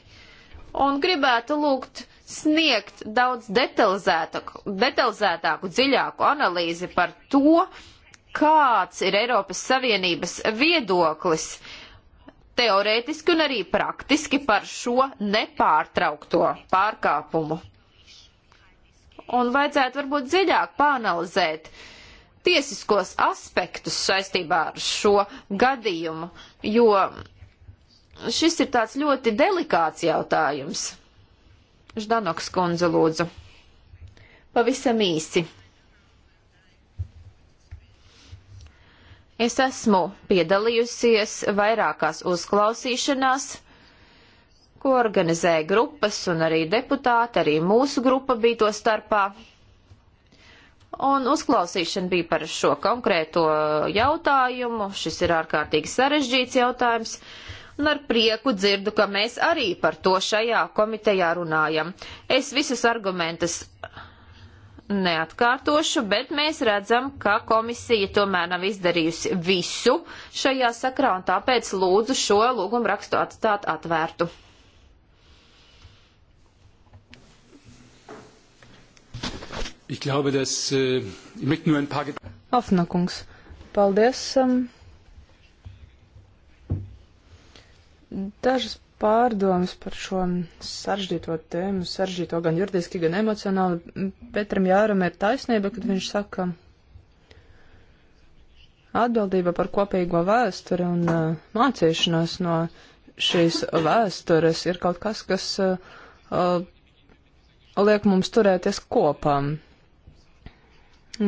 Un gribētu lūgt sniegt daudz detalizētāku, detalizētāku dziļāku analīzi par to, kāds ir Eiropas Savienības viedoklis teorētiski un arī praktiski par šo nepārtraukto pārkāpumu. Un vajadzētu varbūt dziļāk pāanalizēt tiesiskos aspektus saistībā ar šo gadījumu, jo šis ir tāds ļoti delikāts jautājums. Ždanoks kundze lūdzu. Pavisam īsi. Es esmu piedalījusies vairākās uzklausīšanās, ko organizēja grupas un arī deputāti, arī mūsu grupa bija to starpā. Un uzklausīšana bija par šo konkrēto jautājumu. Šis ir ārkārtīgi sarežģīts jautājums. Uh, un ar prieku dzirdu, ka mēs arī par to šajā komitejā runājam. Es visus argumentus neatkārtošu, bet mēs redzam, ka komisija tomēr nav izdarījusi visu šajā sakrā, un tāpēc lūdzu šo lūgumu rakstu atstāt atvērtu. Ich glaube, dass, äh, ich möchte nur ein paar Hafnakungs, paldies. Um, Dažas pārdomas par šo saržģīto tēmu, saržģīto gan juridiski, gan emocionāli. Petram Jāram ir taisnība, kad viņš saka, atbildība par kopīgo vēsturi un uh, mācīšanos no šīs vēstures ir kaut kas, kas uh, uh liek mums turēties kopā,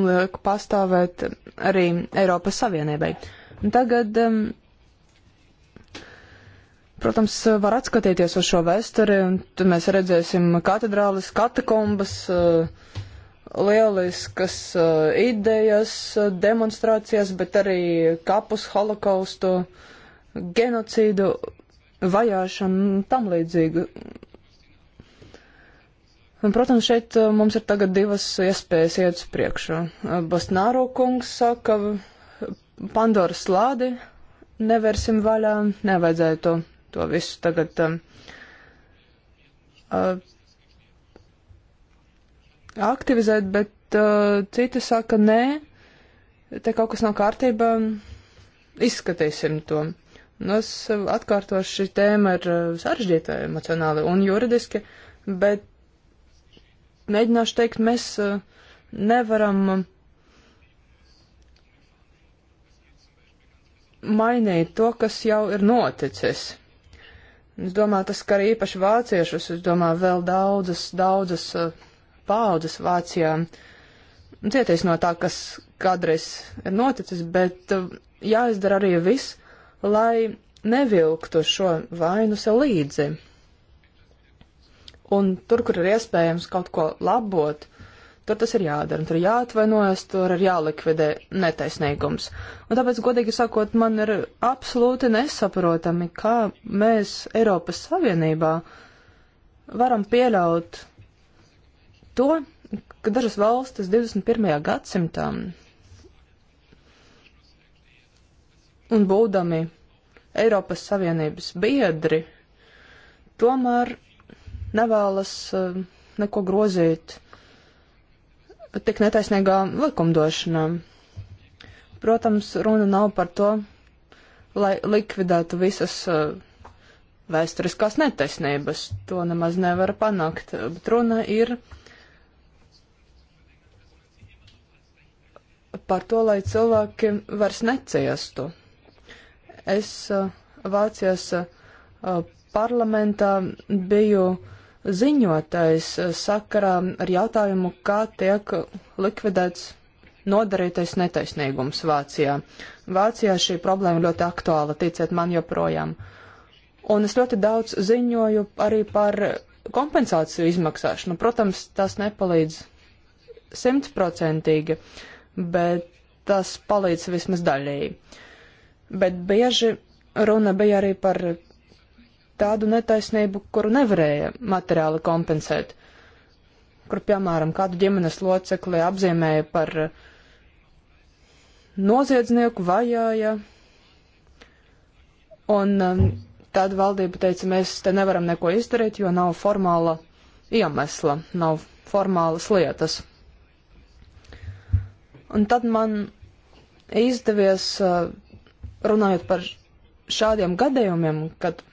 liek pastāvēt arī Eiropas Savienībai. Un tagad um, protams, var atskatīties uz šo vēsturi, un tad mēs redzēsim katedrālis, katakombas, eh, lieliskas eh, idejas, eh, demonstrācijas, bet arī kapus, holokaustu, genocīdu, vajāšanu un tam līdzīgu. Un, protams, šeit mums ir tagad divas iespējas iet uz priekšu. Bastnāro kungs saka, Pandoras slādi neversim vaļā, nevajadzēja to to visu tagad um, uh, aktivizēt, bet uh, citi saka, nē, te kaut kas nav kārtībā, izskatīsim to. Nu, es uh, atkārtošu, šī tēma ir uh, sarežģīta emocionāli un juridiski, bet mēģināšu teikt, mēs uh, nevaram um, mainīt to, kas jau ir noticis. Es domāju, tas skar īpaši vāciešus, es domāju, vēl daudzas, daudzas eh, paudzes Vācijā cieties no tā, kas kādreiz ir noticis, bet eh, jāizdara arī viss, lai nevilktu šo vainu sev līdzi. Un tur, kur ir iespējams kaut ko labot, Tad tas ir jādara, tur ir jāatvainojas, tur ir jālikvidē netaisnīgums. Un tāpēc, godīgi sakot, man ir absolūti nesaprotami, kā mēs Eiropas Savienībā varam pieļaut to, ka dažas valstis 21. gadsimtā un būdami Eiropas Savienības biedri tomēr nevēlas eh, neko grozīt tik netaisnīgā likumdošanā. Protams, runa nav par to, lai likvidētu visas uh, vēsturiskās netaisnības. To nemaz nevar panākt, bet runa ir par to, lai cilvēki vairs neciestu. Es uh, Vācijas uh, parlamentā biju uh, ziņotais eh, sakarā ar jautājumu, kā tiek likvidēts nodarītais netaisnīgums Vācijā. Vācijā šī problēma ļoti aktuāla, ticiet man joprojām. Un es ļoti daudz ziņoju arī par kompensāciju izmaksāšanu. Protams, tas nepalīdz simtprocentīgi, bet tas palīdz vismaz daļēji. Bet bieži runa bija arī par tādu netaisnību, kuru nevarēja materiāli kompensēt, kur, piemēram, kādu ģimenes locekli apzīmēja par eh, noziedznieku, vajāja, un um, tad valdība teica, mēs te nevaram neko izdarīt, jo nav formāla iemesla, nav formālas lietas. Un tad man izdevies, eh, runājot par šādiem gadījumiem, kad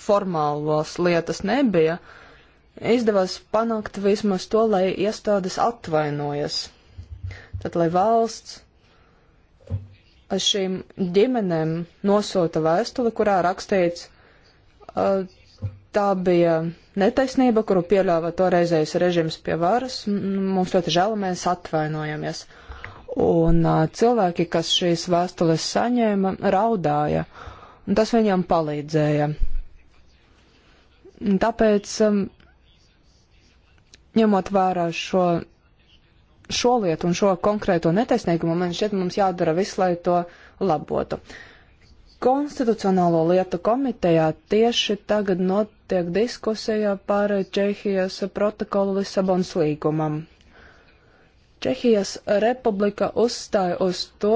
formālās lietas nebija, izdevās panākt vismaz to, lai iestādes atvainojas. Tad, lai valsts šīm ģimenēm nosūta vēstuli, kurā rakstīts, tā bija netaisnība, kuru pieļāva toreizējais režims pie varas, mums ļoti žēl, mēs atvainojamies. Un cilvēki, kas šīs vēstules saņēma, raudāja, un tas viņam palīdzēja Tāpēc, um, ņemot vērā šo, šo lietu un šo konkrēto netaisnīgumu, man šķiet, mums jādara viss, lai to labotu. Konstitucionālo lietu komitejā tieši tagad notiek diskusija par Čehijas protokolu Lisabonas līgumam. Čehijas republika uzstāja uz to,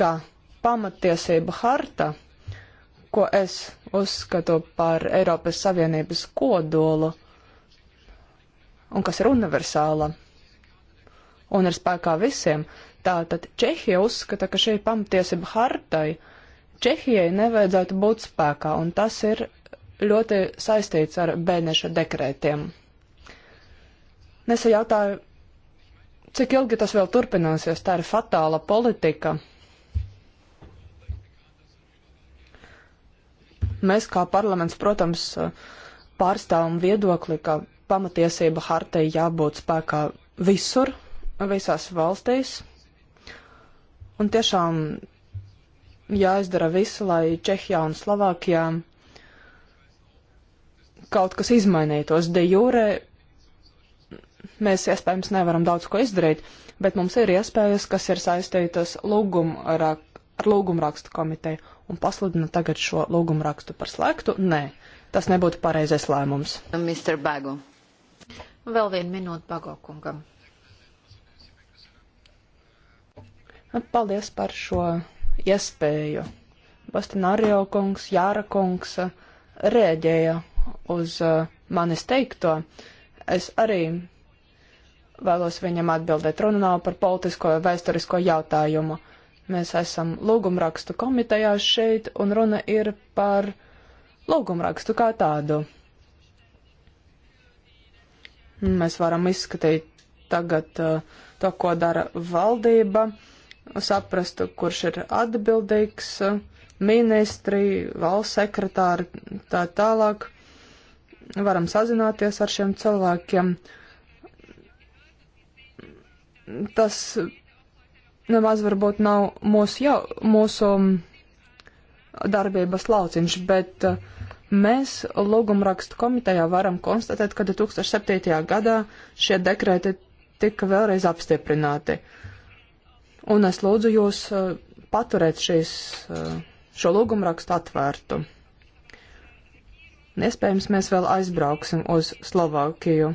ka pamatiesība harta ko es uzskatu par Eiropas Savienības kodolu un kas ir universāla un ir spēkā visiem. Tātad Čehija uzskata, ka šī pamatiesība hartai Čehijai nevajadzētu būt spēkā, un tas ir ļoti saistīts ar Bēneša dekrētiem. Nesa jautāju, cik ilgi tas vēl turpināsies, tā ir fatāla politika, Mēs kā parlaments, protams, pārstāvam viedokli, ka pamatiesība hartai jābūt spēkā visur, visās valstīs. Un tiešām jāizdara visu, lai Čehijā un Slovākijā kaut kas izmainītos. De jūrē mēs iespējams nevaram daudz ko izdarīt, bet mums ir iespējas, kas ir saistītas lūgum, ar lūgumrakstu komiteju un pasludina tagad šo lūgumu rakstu par slēgtu. Nē, tas nebūtu pareizais lēmums. Mr. Bago. Vēl vienu minūtu Bago kungam. Paldies par šo iespēju. Bastinārija kungs, Jāra kungs uh, rēģēja uz uh, manis teikto. Es arī vēlos viņam atbildēt. Runa nav par politisko vai vēsturisko jautājumu. Mēs esam lūgumrakstu komitejā šeit, un runa ir par lūgumrakstu kā tādu. Mēs varam izskatīt tagad uh, to, ko dara valdība, saprastu, kurš ir atbildīgs, uh, ministri, valsts sekretāri, tā tālāk. Varam sazināties ar šiem cilvēkiem. Tas nemaz varbūt nav mūsu, jau, mūsu darbības lauciņš, bet eh, mēs lūgumrakstu komitejā varam konstatēt, ka 2007. gadā šie dekrēti tika vēlreiz apstiprināti. Un es lūdzu jūs eh, paturēt šīs, eh, šo lūgumrakstu atvērtu. Iespējams, mēs vēl aizbrauksim uz Slovākiju.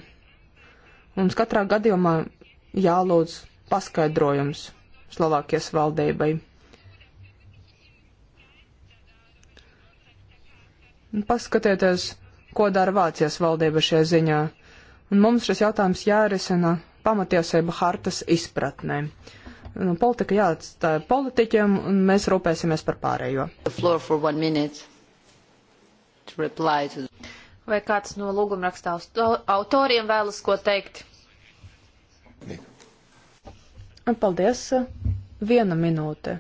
Mums katrā gadījumā jālūdz paskaidrojums Slovākijas valdībai. Paskatieties, ko dara Vācijas valdība šajā ziņā. Un mums šis jautājums jārisina pamatiesība hartas izpratnē. Nu, politika jāatstāja politiķiem, un mēs rūpēsimies par pārējo. Vai kāds no lūgumrakstā autoriem vēlas ko teikt? Paldies. Viena minūte.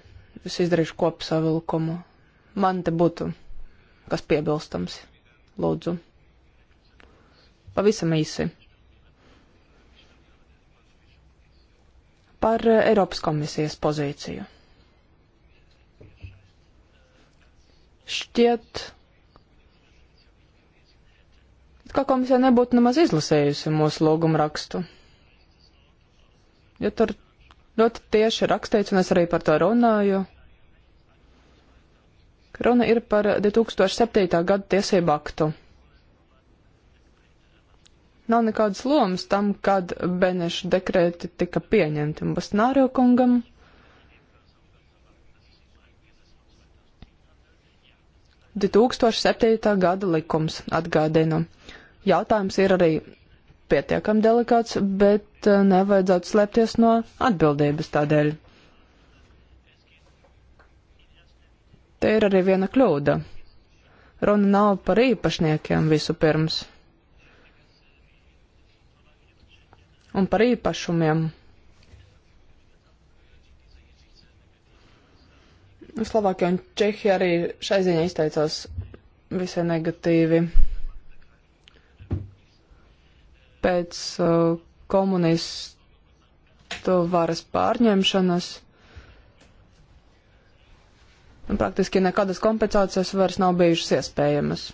Es izdarīšu kopsavilkumu. Man te būtu kas piebilstams. Lūdzu. Pavisam īsi. Par Eiropas komisijas pozīciju. Šķiet, ka komisija nebūtu nemaz izlasējusi mūsu lūgumu rakstu. Jo tur ļoti nu, tieši rakstīts, un es arī par to runāju. Runa ir par 2007. gada tiesību aktu. Nav nekādas lomas tam, kad Beneša dekrēti tika pieņemti un Basnārio kungam. - 2007. gada likums atgādina. Jautājums ir arī, pietiekam delikāts, bet eh, nevajadzētu slēpties no atbildības tādēļ. Te ir arī viena kļūda. Runa nav par īpašniekiem visu pirms. Un par īpašumiem. Slovākija un Čehija arī šai ziņā izteicās visai negatīvi pēc uh, komunistu varas pārņemšanas praktiski nekādas kompensācijas vairs nav bijušas iespējamas.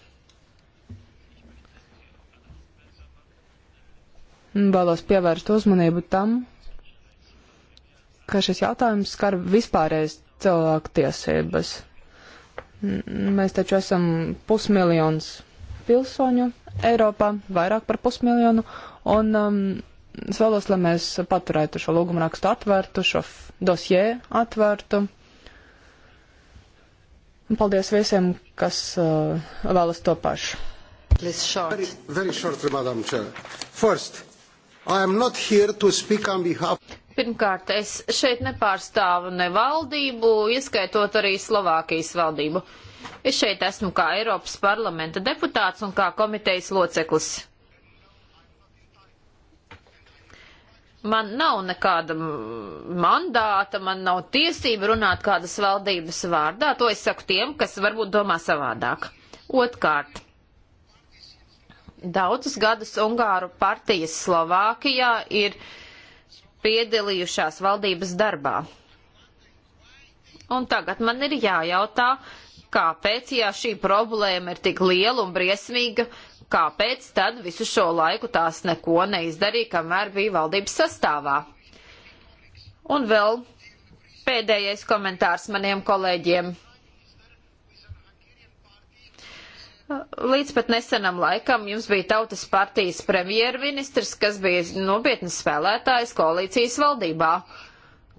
Vēlos pievērst uzmanību tam, ka šis jautājums skar vispārējais cilvēku tiesības. Mēs taču esam pusmiljons pilsoņu Eiropā, vairāk par pusmiljonu, un um, es vēlos, lai mēs paturētu šo lūgumu rakstu atvērtu, šo dosjē atvērtu. Un paldies visiem, kas uh, vēlas to pašu. Very, very short, Madam Chair. First, I am not here to speak on behalf. Pirmkārt, es šeit nepārstāvu ne valdību, ieskaitot arī Slovākijas valdību. Uh, Es šeit esmu kā Eiropas parlamenta deputāts un kā komitejas loceklis. Man nav nekāda mandāta, man nav tiesība runāt kādas valdības vārdā. To es saku tiem, kas varbūt domā savādāk. Otkārt, daudzus gadus Ungāru partijas Slovākijā ir piedalījušās valdības darbā. Un tagad man ir jājautā, kāpēc, ja šī problēma ir tik liela un briesmīga, kāpēc tad visu šo laiku tās neko neizdarīja, kamēr bija valdības sastāvā. Un vēl pēdējais komentārs maniem kolēģiem. Līdz pat nesenam laikam jums bija Tautas partijas premjerministrs, kas bija nopietnas spēlētājs koalīcijas valdībā. Uh,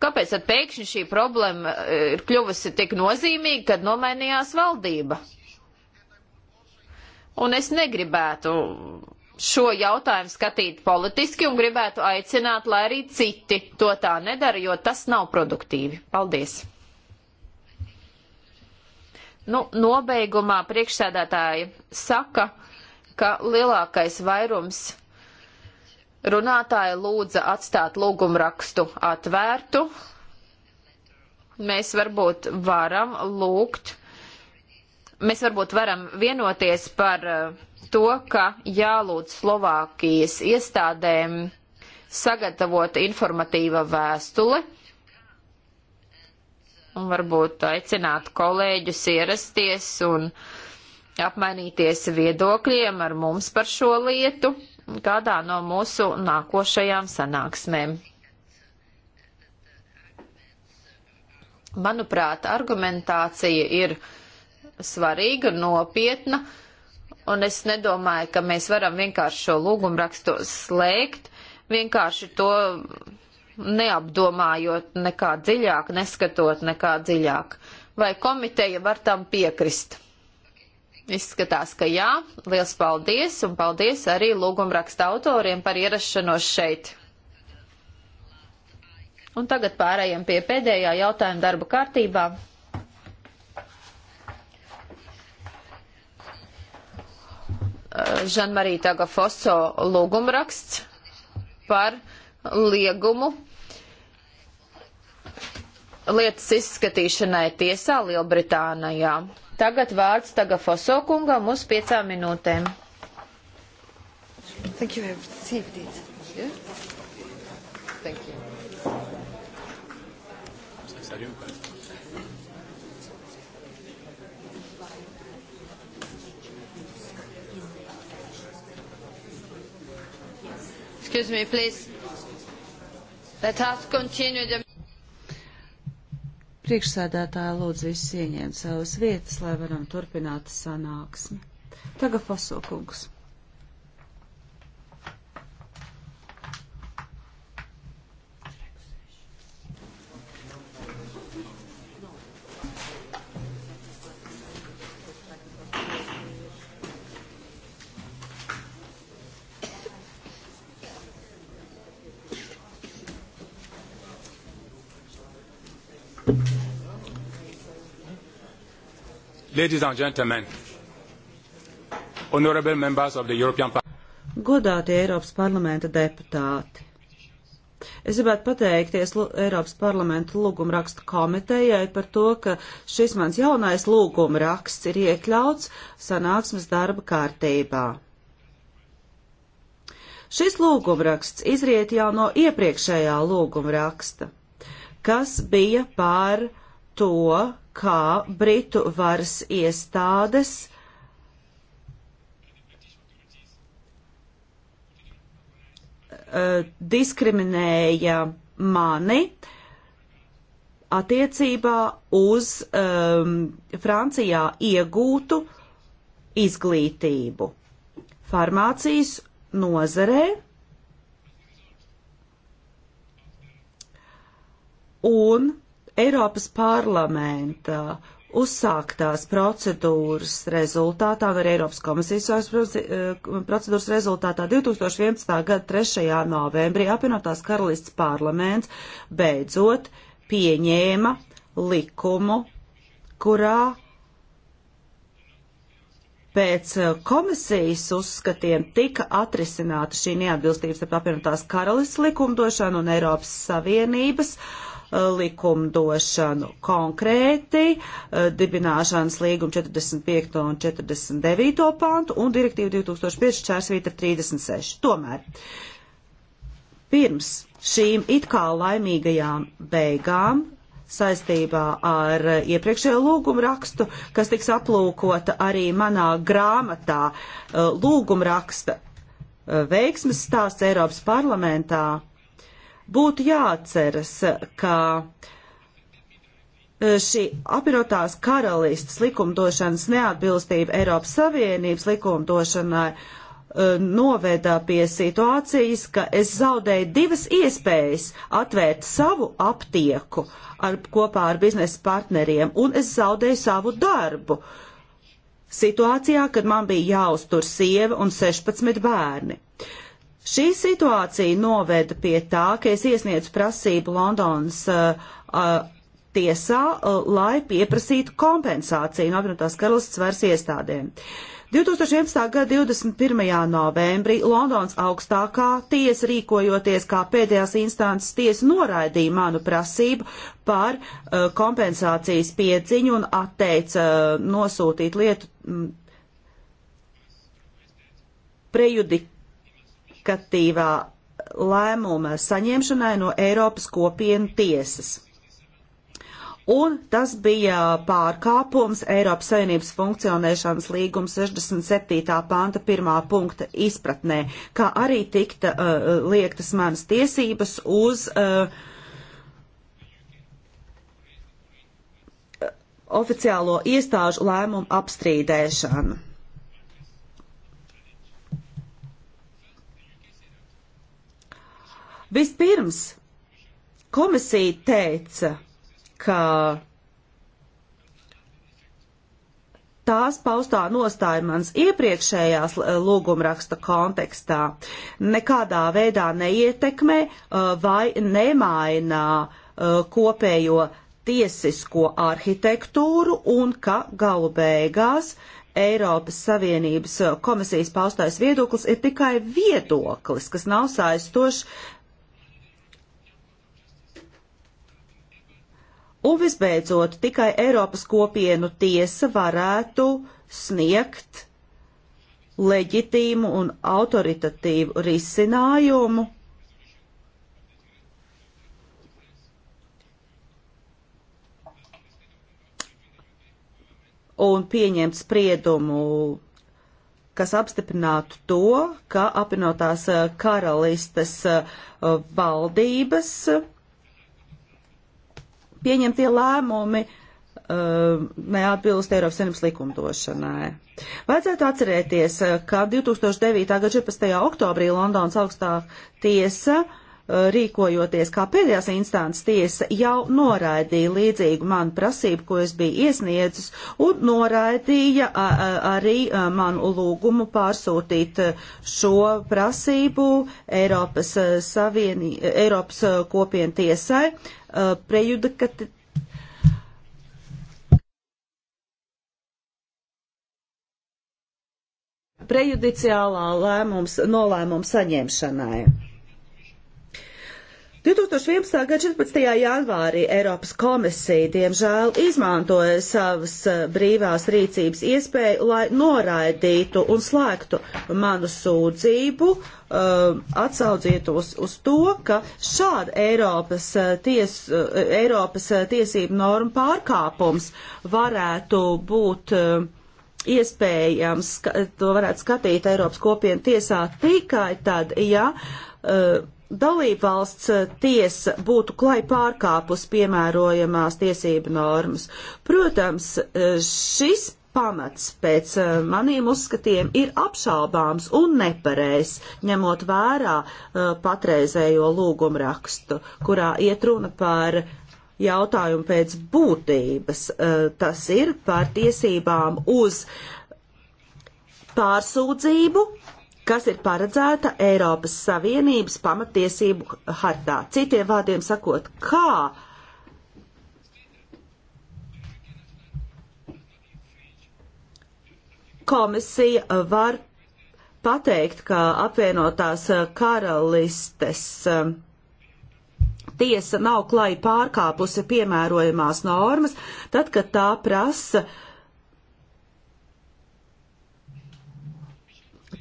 Kāpēc tad pēkšņi šī problēma e, ir kļuvusi tik nozīmīga, kad nomainījās valdība? Un es negribētu šo jautājumu skatīt politiski un gribētu aicināt, lai arī citi to tā nedara, jo tas nav produktīvi. Paldies! Nu, nobeigumā priekšsēdētāji saka, ka lielākais vairums Runātāja lūdza atstāt lūgumrakstu atvērtu. Mēs varbūt varam lūgt, mēs varbūt varam vienoties par eh, to, ka jālūdz Slovākijas iestādēm sagatavot informatīva vēstule un varbūt aicināt kolēģus ierasties un apmainīties viedokļiem ar mums par šo lietu kādā no mūsu nākošajām sanāksmēm. Manuprāt, argumentācija ir svarīga, nopietna, un es nedomāju, ka mēs varam vienkārši šo lūgumu rakstu slēgt, vienkārši to neapdomājot nekā dziļāk, neskatot nekā dziļāk. Vai komiteja var tam piekrist? Izskatās, ka jā. Liels paldies un paldies arī lūgumraksta autoriem par ierašanos šeit. Un tagad pārējiem pie pēdējā jautājuma darba kārtībā. Žanmarija Tagafoso lūgumraksts par liegumu lietas izskatīšanai tiesā Lielbritānijā. Tagad vārds tagad Fosokungam uz piecām minūtēm. Thank you, I have received it. Yeah? Thank you. Salut ou pas Excuse me, please. Let us continue the Priekšsēdētāja lūdzu visus ieņemt savas vietas, lai varam turpināt sanāksmi. Tagad Fasokungs. Ladies and gentlemen, honorable members of the European Parliament. Godātie Eiropas parlamenta deputāti. Es gribētu pateikties Eiropas parlamenta lūgumrakstu komitejai par to, ka šis mans jaunais lūgumraksts ir iekļauts sanāksmes darba kārtībā. Šis lūgumraksts izriet jau no iepriekšējā lūgumraksta, kas bija pār uh, to, kā Britu varas iestādes uh, diskriminēja mani attiecībā uz um, Francijā iegūtu izglītību farmācijas nozarē un Eiropas parlamenta uzsāktās procedūras rezultātā vai Eiropas komisijas eh, procedūras rezultātā 2011. gada 3. novembrī apvienotās karalists parlaments beidzot pieņēma likumu, kurā Pēc eh, komisijas uzskatiem tika atrisināta šī neatbilstības starp apvienotās karalists likumdošanu un Eiropas Savienības uh, likumdošanu. Konkrēti eh, dibināšanas līguma 45. un 49. pantu un direktīvu 2005.436. Tomēr pirms šīm it kā laimīgajām beigām saistībā ar iepriekšējo lūgumu rakstu, kas tiks aplūkota arī manā grāmatā eh, lūgumu raksta eh, veiksmes stāsts Eiropas parlamentā Būtu jāatceras, ka e, šī apvienotās karalistas likumdošanas neatbilstība Eiropas Savienības likumdošanai e, noveda pie situācijas, ka es zaudēju divas iespējas atvērt savu aptieku ar, kopā ar biznesa partneriem, un es zaudēju savu darbu. Situācijā, kad man bija jāuztur sieva un 16 bērni. Uh, Šī situācija noveda pie tā, ka es iesniedzu prasību Londonas uh, uh, tiesā, uh, lai pieprasītu kompensāciju no apvienotās karalists vairs iestādēm. 2011. gada 21. novembrī Londonas augstākā tiesa rīkojoties kā pēdējās instances tiesa noraidīja manu prasību par uh, kompensācijas piedziņu un atteica uh, nosūtīt lietu mm, prejudik indikatīvā lēmuma saņemšanai no Eiropas kopienu tiesas. Un tas bija pārkāpums Eiropas Savienības funkcionēšanas līguma 67. panta 1. punkta izpratnē, kā arī tikta uh, liektas manas tiesības uz uh, oficiālo iestāžu lēmumu apstrīdēšanu. Vispirms komisija teica, ka tās paustā nostāja mans iepriekšējās eh, lūgumraksta kontekstā nekādā veidā neietekmē eh, vai nemainā eh, kopējo tiesisko arhitektūru un ka galu beigās Eiropas Savienības komisijas paustais viedoklis ir tikai viedoklis, kas nav saistošs Un visbeidzot, tikai Eiropas kopienu tiesa varētu sniegt leģitīmu un autoritatīvu risinājumu un pieņemt spriedumu, kas apstiprinātu to, ka apvienotās karalistes eh, valdības uh, pieņemtie lēmumi uh, neatbilst Eiropas Savienības likumdošanai. Vajadzētu atcerēties, uh, ka 2009. gada 14. oktobrī Londonas augstā tiesa uh, rīkojoties kā pēdējās instants tiesa jau noraidīja līdzīgu manu prasību, ko es biju iesniedzis, un noraidīja arī manu lūgumu pārsūtīt šo prasību Eiropas, Savieni, Eiropas kopienu tiesai преюда uh, кате... prejudiciālā lēmums, nolēmuma saņemšanai. 2011. gada 14. janvārī Eiropas komisija, diemžēl, izmantoja savas eh, brīvās rīcības iespēju, lai noraidītu un slēgtu manu sūdzību, uh, eh, atsaudzietos uz to, ka šāda Eiropas, eh, ties, Eiropas tiesību norma pārkāpums varētu būt uh, iespējams, to varētu skatīt Eiropas kopienu tiesā tikai tad, ja uh, dalībvalsts eh, tiesa būtu klai pārkāpus piemērojamās tiesību normas. Protams, eh, šis pamats pēc eh, maniem uzskatiem ir apšaubāms un nepareizs, ņemot vērā patreizējo lūgumu rakstu, kurā iet runa par jautājumu pēc būtības. Tas ir par tiesībām uz pārsūdzību kas ir paredzēta Eiropas Savienības pamatiesību hartā. Citiem vārdiem sakot, kā komisija var pateikt, ka apvienotās karalistes um, tiesa nav klai pārkāpusi piemērojumās normas, tad, kad tā prasa uh,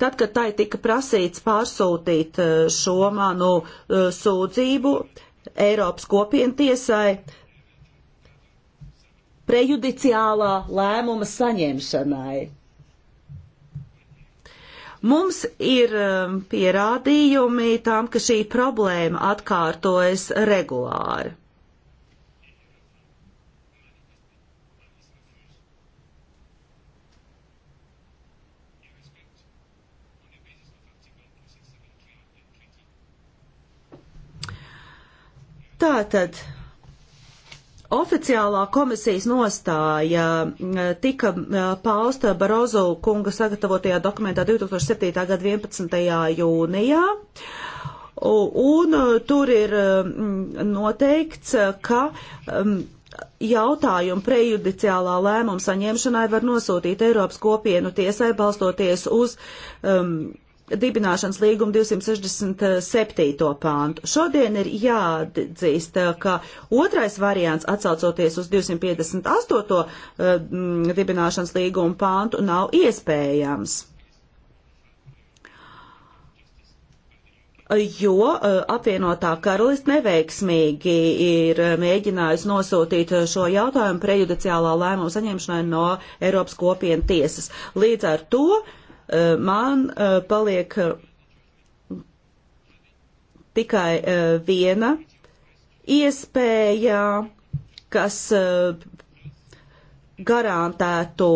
Tad, kad tai tika prasīts pārsūtīt eh, šo manu eh, sūdzību Eiropas kopientiesai, prejudiciālā lēmuma saņemšanai. Mums ir eh, pierādījumi tam, ka šī problēma atkārtojas regulāri. Tātad oficiālā komisijas nostāja tika pausta Barozo kunga sagatavotajā dokumentā 2007. gada 11. jūnijā. Un e, tur ir noteikts, ka jautājumu prejudiciālā lēmuma saņemšanai var nosūtīt Eiropas kopienu tiesai balstoties uz um, dibināšanas līguma 267. pāntu. Šodien ir jāatdzīst, eh, ka otrais variants, atsaucoties uz 258. Eh, dibināšanas līguma pāntu, nav iespējams. jo eh, apvienotā karalist neveiksmīgi ir mēģinājusi nosūtīt šo jautājumu prejudiciālā lēmuma saņemšanai no Eiropas kopienu tiesas. Līdz ar to uh, Eh, man eh, paliek eh, tikai viena iespēja, kas garantētu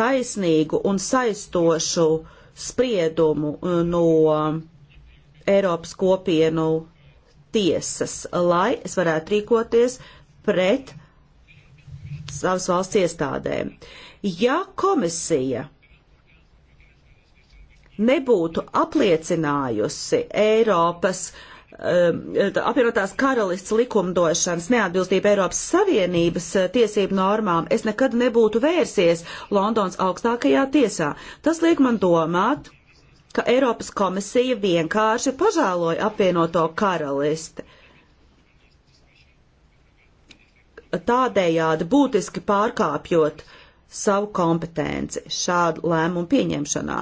taisnīgu un saistošu spriedumu no Eiropas kopienu tiesas, lai es varētu rīkoties pret savas valsts iestādēm. Ja komisija nebūtu apliecinājusi Eiropas um, apvienotās karalists likumdošanas neatbilstība Eiropas Savienības uh, tiesību normām, es nekad nebūtu vērsies Londons augstākajā tiesā. Tas liek man domāt, ka Eiropas komisija vienkārši pažāloja apvienoto karalisti tādējādi būtiski pārkāpjot savu kompetenci šādu lēmumu pieņemšanā.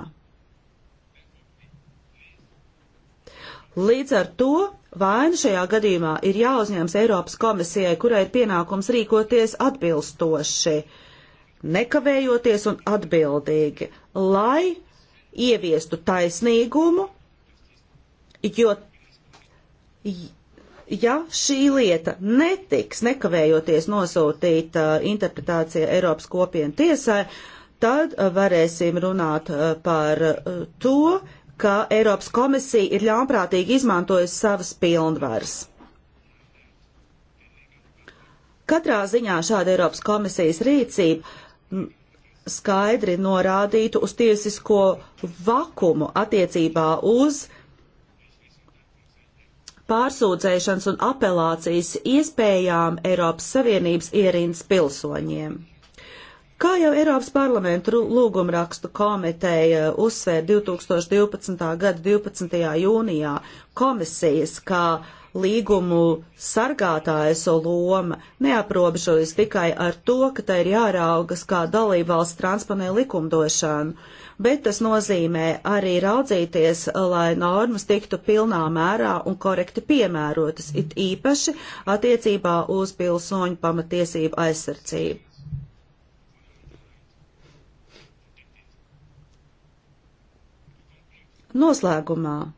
Līdz ar to vainu šajā gadījumā ir jāuzņems Eiropas komisijai, kurai ir pienākums rīkoties atbilstoši, nekavējoties un atbildīgi, lai ieviestu taisnīgumu, jo, ja šī lieta netiks nekavējoties nosūtīta uh, interpretācija Eiropas kopienu tiesai, tad uh, varēsim runāt uh, par to, ka Eiropas komisija ir ļaunprātīgi izmantojusi savas pilnvaras. Katrā ziņā šāda Eiropas komisijas rīcība skaidri norādītu uz tiesisko vakumu attiecībā uz pārsūdzēšanas un apelācijas iespējām Eiropas Savienības ierindas pilsoņiem. Kā jau Eiropas parlamenta lūgumrakstu komiteja uzsvēra 2012. gada 12. jūnijā komisijas, kā līgumu sargātājas loma neaprobežojas tikai ar to, ka tai ir jāraugas, kā dalībvalsts transponē likumdošanu, bet tas nozīmē arī raudzīties, lai normas tiktu pilnā mērā un korekti piemērotas, it īpaši attiecībā uz pilsoņu pamatiesību aizsardzību. Noslēgumā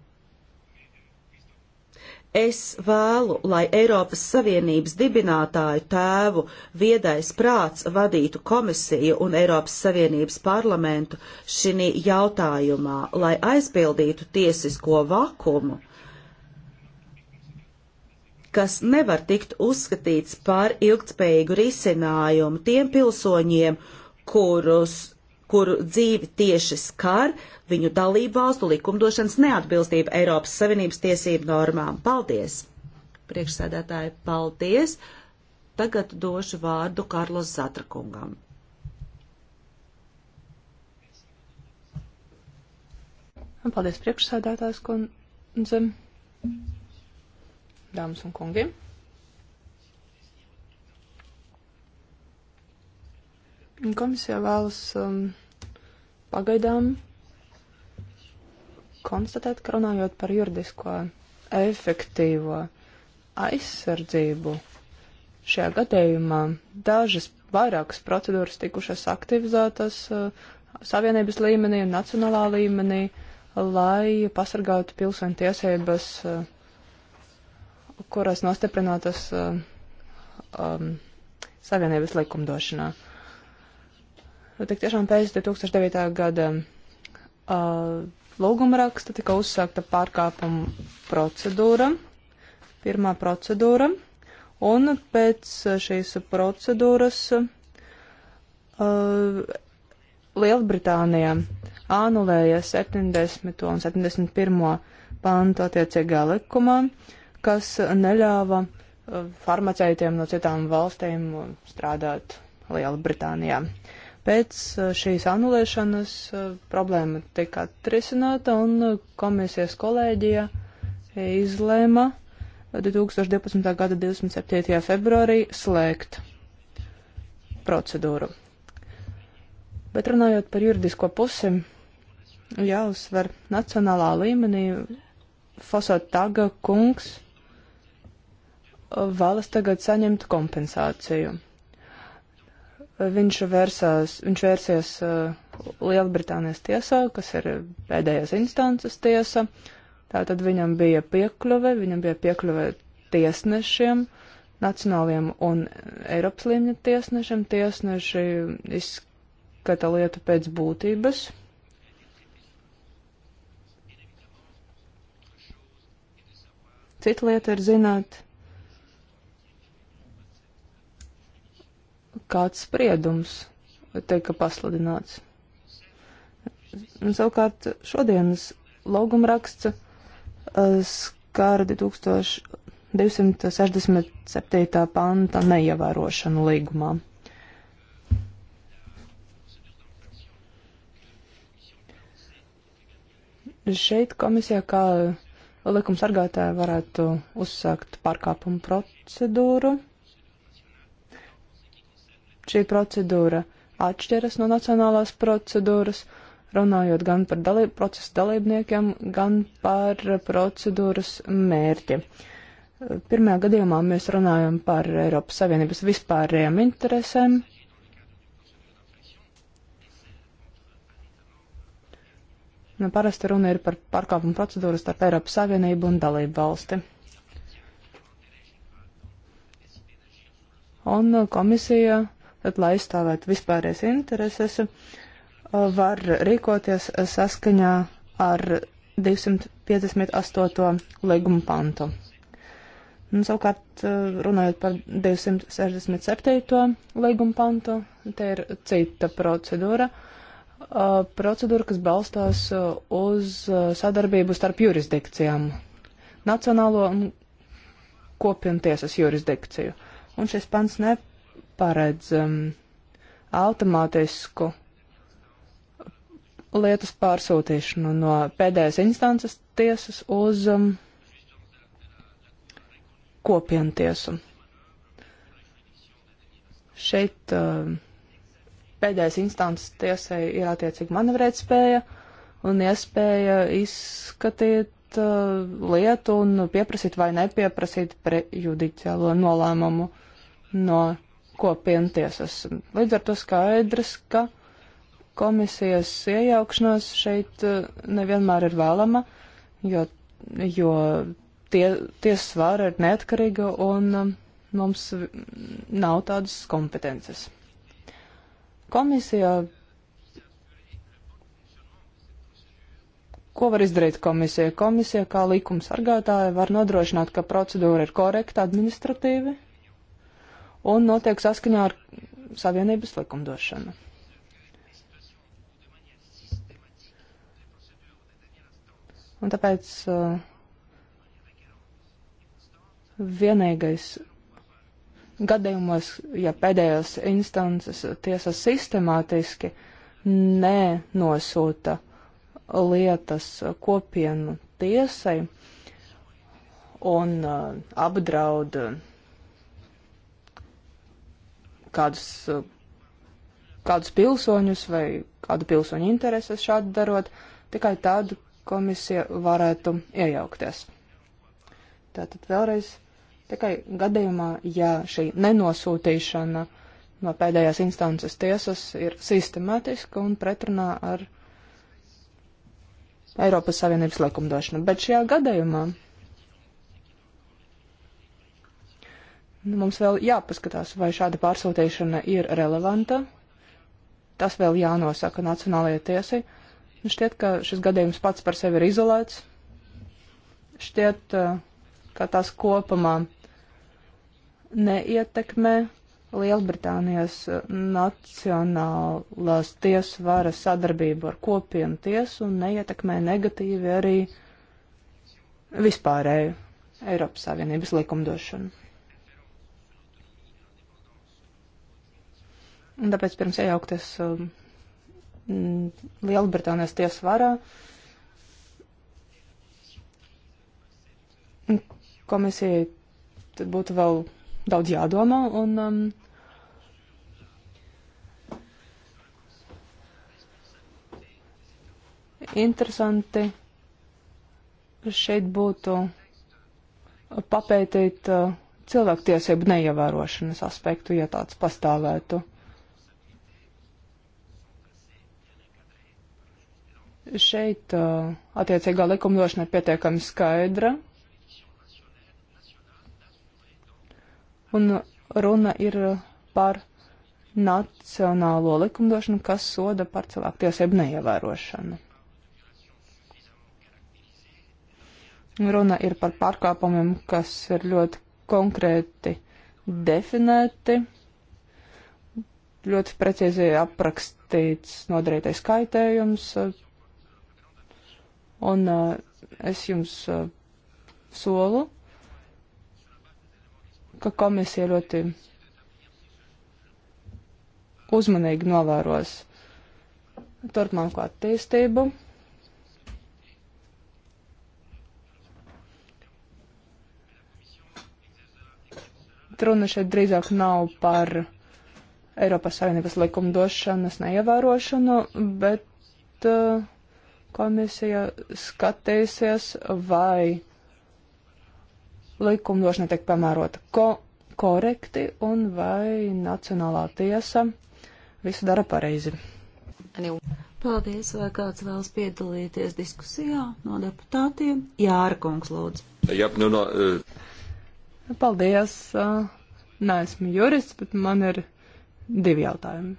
es vēlu, lai Eiropas Savienības dibinātāju tēvu viedais prāts vadītu komisiju un Eiropas Savienības parlamentu šī jautājumā, lai aizpildītu tiesisko vakumu kas nevar tikt uzskatīts par ilgtspējīgu risinājumu tiem pilsoņiem, kurus, kuru dzīvi tieši skar viņu dalību valstu likumdošanas neatbilstība Eiropas Savienības tiesību normām. Paldies! Priekšsēdētāji, paldies! Tagad došu vārdu Karlos Zatrakungam. Paldies priekšsēdētājs kundze, dāmas un kungi. Komisija vēlas um, pagaidām konstatēt, ka runājot par juridisko efektīvo aizsardzību, šajā gadījumā dažas vairākas procedūras tikušas aktivizētas uh, savienības līmenī un nacionālā līmenī, lai pasargātu pilsoņu tiesības, uh, kuras nostiprinātas uh, um, savienības likumdošanā. Tik tiešām pēc 2009. gada uh, lūguma raksta tika uzsākta pārkāpuma procedūra, pirmā procedūra, un pēc šīs procedūras uh, Lielbritānijā anulēja 70. un 71. pantu attiecīgā likumā, kas neļāva uh, farmaceitiem no citām valstīm uh, strādāt Lielbritānijā. Uh, Pēc eh, šīs anulēšanas eh, problēma tika atrisināta un eh, komisijas kolēģija izlēma 2012. gada 27. februārī slēgt procedūru. Bet runājot par juridisko pusi, jāuzsver nacionālā līmenī Fosotaga kungs vēlas tagad saņemt kompensāciju. Viņš, vērsās, viņš vērsies uh, Lielbritānijas tiesā, kas ir pēdējās instances tiesa. Tātad viņam bija piekļuve, viņam bija piekļuve tiesnešiem, nacionāliem un Eiropas līmeņa tiesnešiem. Tiesneši izskata lietu pēc būtības. Cita lieta ir zināt, kāds spriedums tika pasludināts. Un, savukārt šodienas logumraksts eh, skāra 2267. panta neievērošanu līgumā. Šeit komisija kā likumsargātāja varētu uzsākt pārkāpumu procedūru Šī procedūra atšķiras no nacionālās procedūras, runājot gan par dalību, procesu dalībniekiem, gan par procedūras mērķi. Pirmajā gadījumā mēs runājam par Eiropas Savienības vispārējām interesēm. Nu, parasti runa ir par pārkāpumu procedūru starp Eiropas Savienību un dalību valsti. Un komisija tad, lai aizstāvētu vispārējais intereses, uh, var rīkoties saskaņā ar 258. līguma pantu. Un, nu, savukārt, uh, runājot par 267. līguma pantu, te ir cita procedūra. Uh, procedūra, kas balstās uz sadarbību starp jurisdikcijām, nacionālo un kopienu tiesas jurisdikciju. Un šis pants ne paredz um, automātisku lietas pārsūtīšanu no pēdējās instances tiesas uz um, kopienu tiesu. Šeit um, pēdējais instances tiesai ir attiecīgi manevrētspēja un iespēja izskatīt uh, lietu un pieprasīt vai nepieprasīt prejudiciālo nolēmumu no kopienu tiesas. Līdz ar to skaidrs, ka komisijas iejaukšanās šeit eh, nevienmēr ir vēlama, jo, jo tie, tiesas vāra ir neatkarīga un eh, mums nav tādas kompetences. Komisija. Ko var izdarīt komisija? Komisija kā likuma sargātāja var nodrošināt, ka procedūra ir korekta administratīvi un notiek saskaņā ar Savienības likumdošanu. Un tāpēc uh, vienīgais gadījumos, ja pēdējās instances tiesas sistemātiski nenosūta lietas kopienu tiesai un uh, apdraud kādus, kādus pilsoņus vai kādu pilsoņu intereses šādi darot, tikai tad komisija varētu iejaukties. Tātad vēlreiz tikai gadījumā, ja šī nenosūtīšana no pēdējās instances tiesas ir sistemātiska un pretrunā ar Eiropas Savienības likumdošanu. Bet šajā gadījumā Nu, mums vēl jāpaskatās, vai šāda pārsūtīšana ir relevanta. Tas vēl jānosaka Nacionālajai tiesai. Nu, šķiet, ka šis gadījums pats par sevi ir izolēts. Šķiet, eh, ka tas kopumā neietekmē Lielbritānijas eh, nacionālās tiesvaras sadarbību ar kopienu tiesu un neietekmē negatīvi arī vispārēju Eiropas Savienības likumdošanu. Un tāpēc pirms iejaukties um, mm, Lielbritānijas tiesvarā mm, komisijai tad būtu vēl daudz jādomā un um, interesanti šeit būtu papētīt uh, cilvēktiesību neievērošanas aspektu, ja tāds pastāvētu. Šeit uh, attiecīgā likumdošana ir pietiekami skaidra. Un runa ir uh, par nacionālo likumdošanu, kas soda par cilvēktiesību neievērošanu. Runa ir par pārkāpumiem, kas ir ļoti konkrēti definēti, ļoti precīzi aprakstīts nodarītais kaitējums, Un uh, es jums uh, solu, ka komisija ļoti uzmanīgi novēros turpmāko attīstību. Runa šeit drīzāk nav par Eiropas Savienības likumdošanas neievērošanu, bet uh, komisija skatīsies, vai likumdošana tiek pamērota ko korekti un vai Nacionālā tiesa visu dara pareizi. Paldies, vai kāds vēlas piedalīties diskusijā no deputātiem? Jāra kungs, lūdzu. Jā, nu, no, uh... Paldies. Nē, esmu jurists, bet man ir divi jautājumi.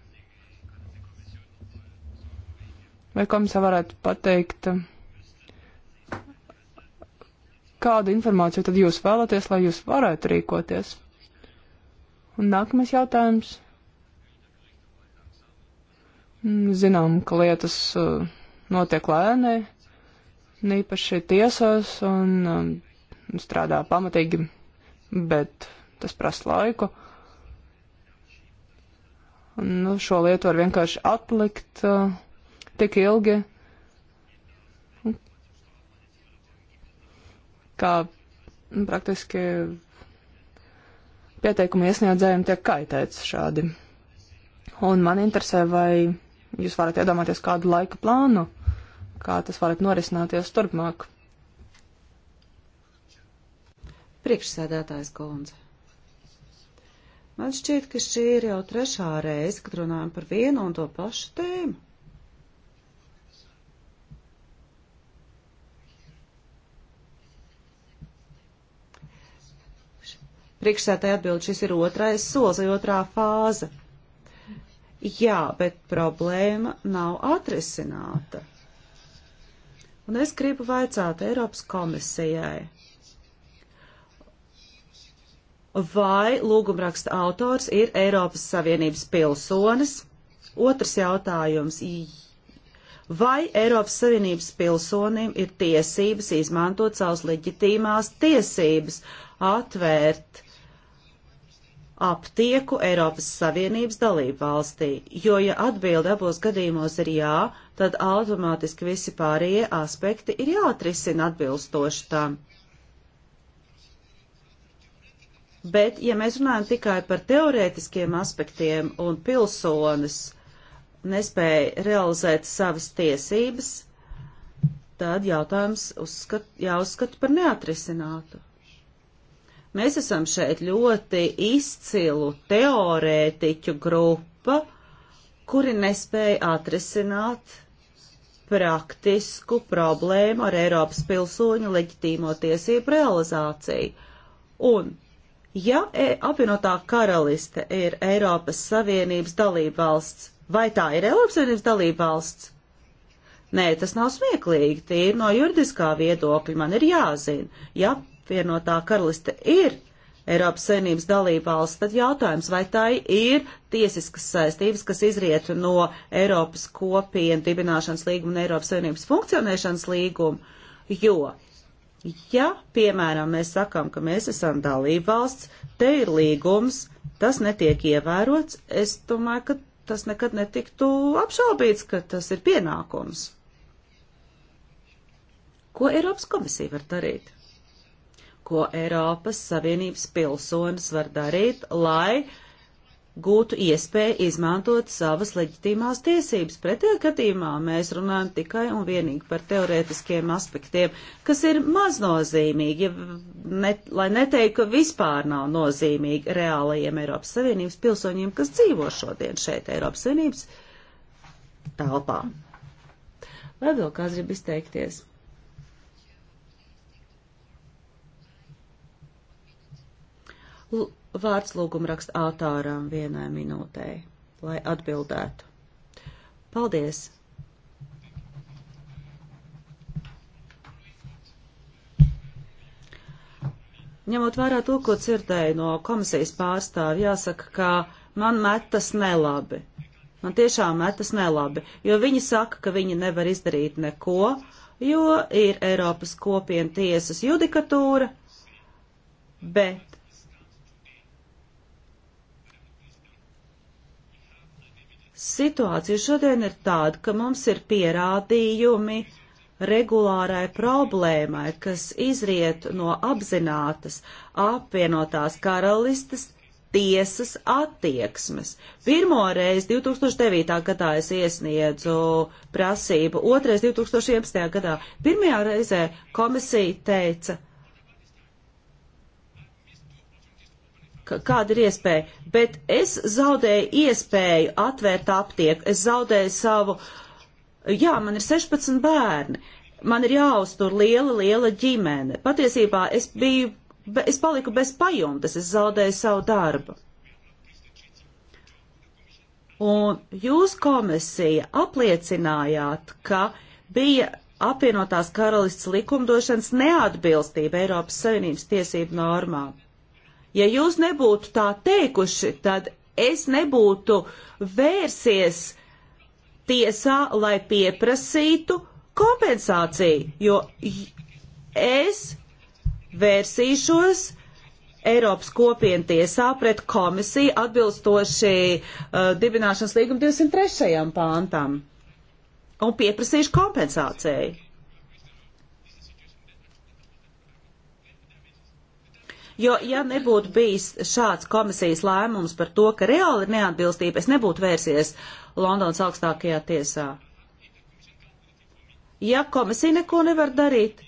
Vai komisija varētu pateikt, kādu informāciju tad jūs vēlaties, lai jūs varētu rīkoties? Un nākamais jautājums. Zinām, ka lietas uh, notiek lēnē, īpaši tiesās un um, strādā pamatīgi, bet tas prasa laiku. Un, nu, šo lietu var vienkārši atlikt. Uh, tik ilgi, kā praktiski pieteikumu iesniedzējiem tiek kaitēts šādi. Un man interesē, vai jūs varat iedomāties kādu laika plānu, kā tas varat norisināties turpmāk. Priekšsēdētājs Kolundze. Man šķiet, ka šī ir jau trešā reize, kad runājam par vienu un to pašu tēmu. Priekšsētāji atbild, šis ir otrais solis vai otrā fāze. Jā, bet problēma nav atrisināta. Un es gribu vaicāt Eiropas komisijai, vai lūgumraksta autors ir Eiropas Savienības pilsonis? Otrs jautājums. Vai Eiropas Savienības pilsonim ir tiesības izmantot savas leģitīmās tiesības, atvērt aptieku Eiropas Savienības dalību valstī, jo ja atbilde abos gadījumos ir jā, tad automātiski visi pārējie aspekti ir jāatrisina atbilstoši tam. Bet, ja mēs runājam tikai par teorētiskiem aspektiem un pilsonis nespēja realizēt savas tiesības, tad jautājums uzskat, jāuzskata par neatrisinātu. Mēs esam šeit ļoti izcilu teorētiķu grupa, kuri nespēja atrisināt praktisku problēmu ar Eiropas pilsoņu leģitīmo tiesību realizāciju. Un Ja e, apvienotā karaliste ir Eiropas Savienības dalība valsts, vai tā ir Eiropas Savienības dalība valsts? Nē, tas nav smieklīgi, tīri no juridiskā viedokļa man ir jāzina. Ja apvienotā karaliste ir Eiropas saimnības dalībvalsts, tad jautājums, vai tā ir tiesiskas saistības, kas izriet no Eiropas kopienu dibināšanas līguma un Eiropas saimnības funkcionēšanas līguma, jo, ja, piemēram, mēs sakam, ka mēs esam dalībvalsts, te ir līgums, tas netiek ievērots, es domāju, ka tas nekad netiktu apšaubīts, ka tas ir pienākums. Ko Eiropas komisija var darīt? ko Eiropas Savienības pilsonis var darīt, lai gūtu iespēju izmantot savas leģitīmās tiesības. Pretējā gadījumā mēs runājam tikai un vienīgi par teorētiskiem aspektiem, kas ir maznozīmīgi, ja net, lai neteiktu, ka vispār nav nozīmīgi reālajiem Eiropas Savienības pilsoņiem, kas dzīvo šodien šeit Eiropas Savienības telpā. Vai vēl kāds grib izteikties? L vārds lūgumrakst ātārām vienai minūtei, lai atbildētu. Paldies! Ņemot vērā to, ko dzirdēju no komisijas pārstāvja, jāsaka, ka man metas nelabi. Man tiešām metas nelabi, jo viņi saka, ka viņi nevar izdarīt neko, jo ir Eiropas kopienu tiesas judikatūra, bet Situācija šodien ir tāda, ka mums ir pierādījumi regulārai problēmai, kas izriet no apzinātas apvienotās karalistes tiesas attieksmes. Pirmoreiz 2009. gadā es iesniedzu prasību, otrais 2011. gadā. Pirmajā reizē komisija teica, kāda ir iespēja, bet es zaudēju iespēju atvērt aptieku, es zaudēju savu, jā, man ir 16 bērni, man ir jāuztur liela, liela ģimene. Patiesībā es biju, es paliku bez pajumtes, es zaudēju savu darbu. Un jūs komisija apliecinājāt, ka bija apvienotās karalists likumdošanas neatbilstība Eiropas Savienības tiesību normām. Ja jūs nebūtu tā teikuši, tad es nebūtu vērsies tiesā, lai pieprasītu kompensāciju, jo es vērsīšos Eiropas kopienu tiesā pret komisiju atbilstoši uh, dibināšanas līguma 203. pāntam un pieprasīšu kompensāciju. jo ja nebūtu bijis šāds komisijas lēmums par to, ka reāli ir neatbilstība, es nebūtu vērsies Londonas augstākajā tiesā. Ja komisija neko nevar darīt,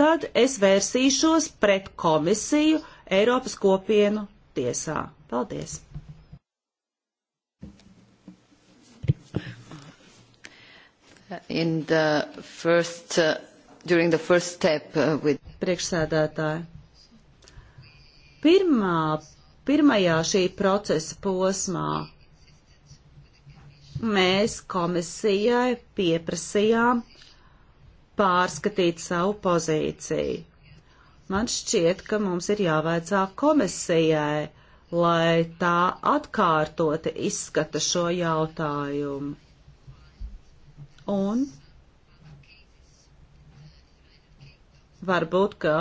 tad es vērsīšos pret komisiju Eiropas kopienu tiesā. Paldies! in the first uh, during the first step uh, with. Priekšsēdētāji. Pirmā, pirmajā šī procesa posmā mēs komisijai pieprasījām pārskatīt savu pozīciju. Man šķiet, ka mums ir jāvaicā komisijai, lai tā atkārtoti izskata šo jautājumu. Un varbūt kā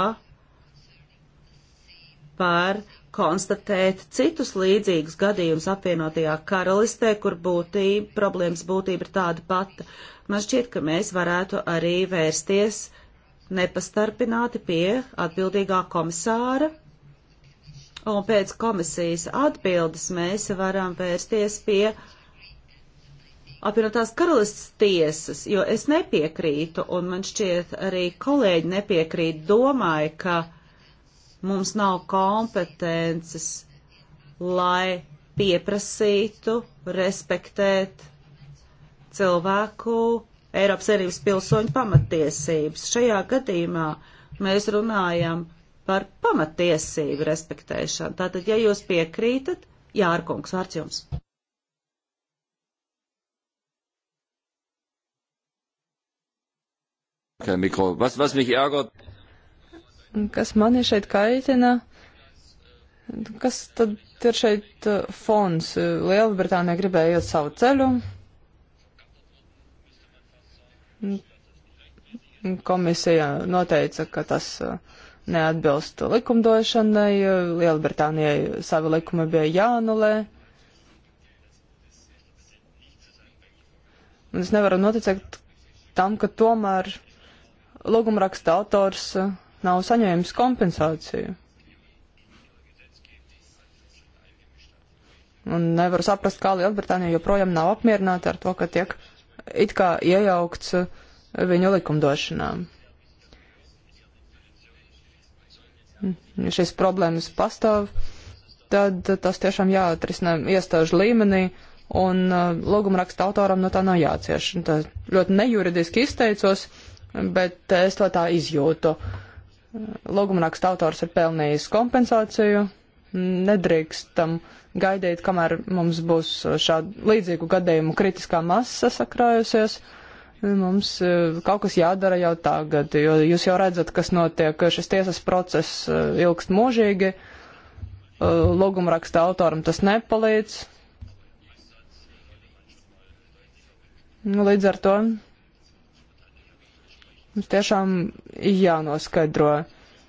var konstatēt citus līdzīgus gadījumus apvienotajā karalistē, kur būtība, problēmas būtība ir tāda pata. Man šķiet, ka mēs varētu arī vērsties nepastarpināti pie atbildīgā komisāra, un pēc komisijas atbildes mēs varam vērsties pie uh, apvienotās karalistas tiesas, jo es nepiekrītu, un man šķiet arī kolēģi nepiekrīt, domāju, ka mums nav kompetences, lai pieprasītu, respektēt cilvēku Eiropas Savienības pilsoņu pamatiesības. Šajā gadījumā mēs runājam par pamatiesību respektēšanu. Tātad, ja jūs piekrītat, Jārkungs, vārds jums. Kein Mikro. Was, was mich ärgert? Kas mani šeit kaitina? Kas tad ir šeit uh, fons? Lielbritānija gribēja iet savu ceļu. Komisija noteica, ka tas uh, neatbilst likumdošanai. Lielbritānijai savi likumi bija jāanulē. Un es nevaru noticēt tam, ka tomēr logumraksta autors eh, nav saņēmis kompensāciju. Un nevaru saprast, kā Lielbritānija joprojām nav apmierināta ar to, ka tiek it kā iejaukts eh, viņu likumdošanā. Mm, ja šīs problēmas pastāv, tad tas tiešām jāatrisina iestāžu līmenī, un uh, logumraksta autoram no tā nav jācieš. Tā ļoti nejuridiski izteicos. Uh, bet es to tā izjūtu. Lūgumraksta autors ir pelnījis kompensāciju. Nedrīkstam gaidīt, kamēr mums būs šādu līdzīgu gadījumu kritiskā masa sakrājusies. Mums e, kaut kas jādara jau tagad, jo jūs jau redzat, kas notiek. Šis tiesas process e, ilgst mūžīgi. E, lūgumraksta autoram tas nepalīdz. Nu, līdz ar to Mums tiešām jānoskaidro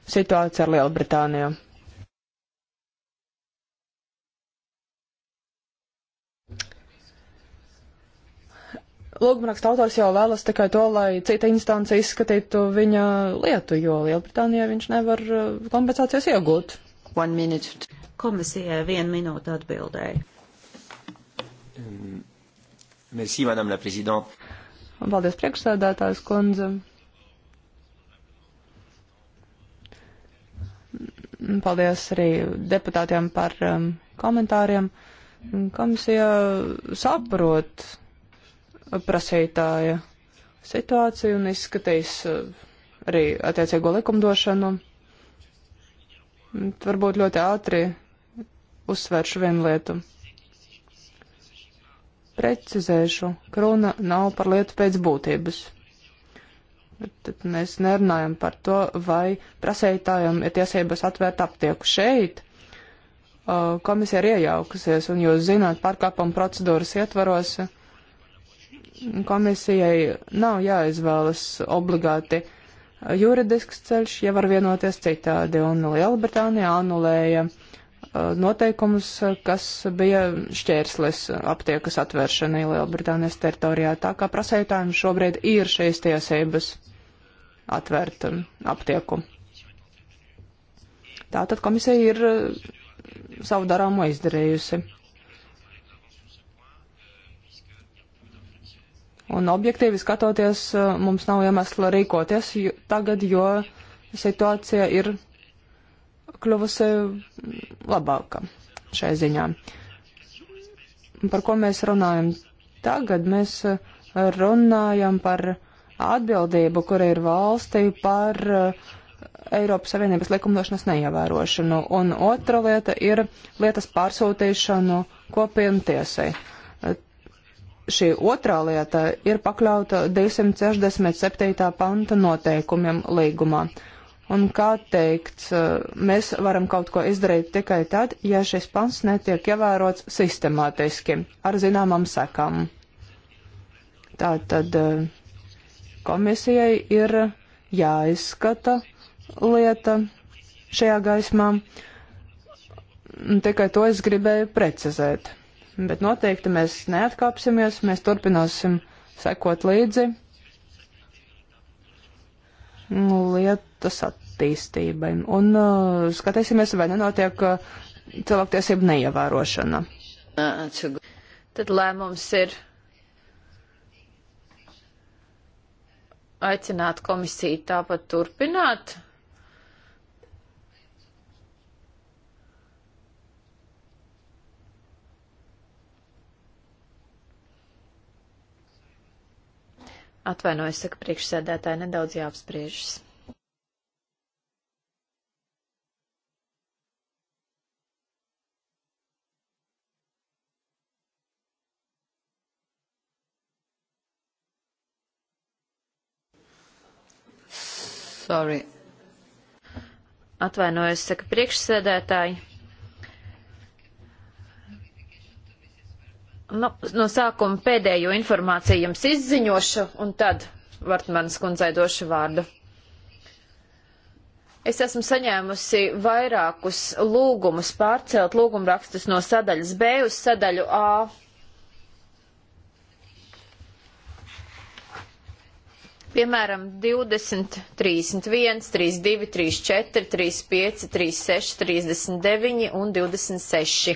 situācija ar Lielbritāniju. Lūgumraksta autors jau vēlas tikai to, lai cita instance izskatītu viņa lietu, jo Lielbritānijā viņš nevar uh, kompensācijas iegūt. Komisijai vienu minūtu atbildēja. Merci, madame la présidente. Paldies, priekšsēdētājs kundze. Paldies arī deputātiem par um, komentāriem. Komisija saprot prasītāja situāciju un izskatīs uh, arī attiecīgo likumdošanu. Varbūt ļoti ātri uzsvēršu vienu lietu. Precizēšu, ka runa nav par lietu pēc būtības. Tad mēs nerunājam par to, vai prasētājiem ir tiesības atvērt aptieku šeit. Komisija ir iejaukusies, un jūs zināt, pārkāpuma procedūras ietvaros komisijai nav jāizvēlas obligāti juridisks ceļš, ja var vienoties citādi, un Lielbritānija anulēja noteikumus, kas bija šķērslis aptiekas atvēršanai Lielbritānijas teritorijā. Tā kā prasētājiem šobrīd ir šīs tiesības atvērt um, aptieku. Tātad komisija ir uh, savu darāmo izdarījusi. Un objektīvi skatoties, uh, mums nav iemesla rīkoties jo, tagad, jo situācija ir kļuvusi mm, labāka šai ziņā. Par ko mēs runājam tagad? Mēs uh, runājam par atbildību, kur ir valstī par uh, Eiropas Savienības likumdošanas neievērošanu, un otra lieta ir lietas pārsūtīšanu kopienu tiesai. Uh, šī otrā lieta ir pakļauta 267. panta noteikumiem līgumā. Un kā teikts, uh, mēs varam kaut ko izdarīt tikai tad, ja šis pants netiek ievērots sistemātiski, ar zināmām sekām. Tā tad. Uh, Komisijai ir jāizskata lieta šajā gaismā. Tikai to es gribēju precizēt. Bet noteikti mēs neatkāpsimies, mēs turpināsim sekot līdzi lietas attīstībai. Un uh, skatīsimies, vai nenotiek uh, cilvēktiesību neievērošana. Tad lēmums ir aicināt komisiju tāpat turpināt? Atvainojos, saka priekšsēdētāji, nedaudz jāapspriežas. Sorry. Atvainojos, saka priekšsēdētāji. Nu, no sākuma pēdējo informāciju jums izziņošu, un tad Vartmanas kundzei došu vārdu. Es esmu saņēmusi vairākus lūgumus pārcelt lūgumrakstus no sadaļas B uz sadaļu A. Piemēram, 20, 31, 32, 34, 35, 36, 39 un 26.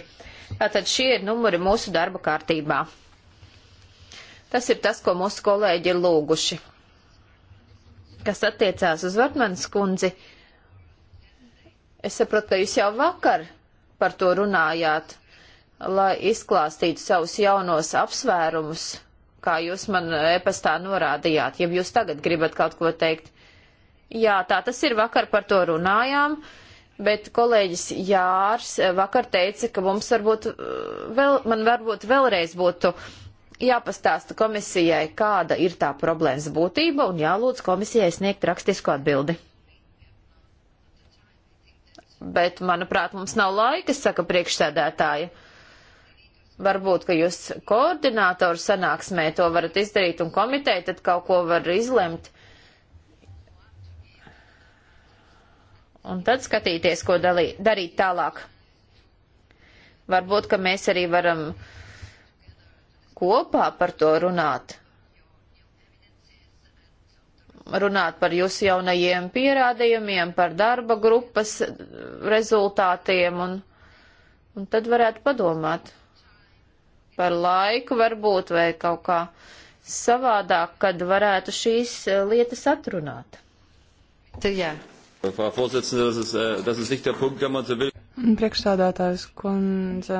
Tātad šie ir numuri mūsu darba kārtībā. Tas ir tas, ko mūsu kolēģi ir lūguši. Kas attiecās uz Vartmanas kundzi, es saprotu, ka jūs jau vakar par to runājāt, lai izklāstītu savus jaunos apsvērumus kā jūs man e-pastā norādījāt, ja jūs tagad gribat kaut ko teikt. Jā, tā tas ir, vakar par to runājām, bet kolēģis Jārs eh, vakar teica, ka mums varbūt eh, vēl, man varbūt vēlreiz būtu jāpastāsta komisijai, kāda ir tā problēmas būtība un jālūdz komisijai sniegt rakstisku atbildi. Bet, manuprāt, mums nav laika, saka priekšsēdētāja. Varbūt, ka jūs koordinātoru sanāksmē to varat izdarīt un komiteja tad kaut ko var izlemt. Un tad skatīties, ko dalī, darīt tālāk. Varbūt, ka mēs arī varam kopā par to runāt. Runāt par jūsu jaunajiem pierādījumiem, par darba grupas rezultātiem, un, un tad varētu padomāt par laiku varbūt vai kaut kā savādāk, kad varētu šīs eh, lietas atrunāt. Jā. Äh, Priekšsādātājs kundze,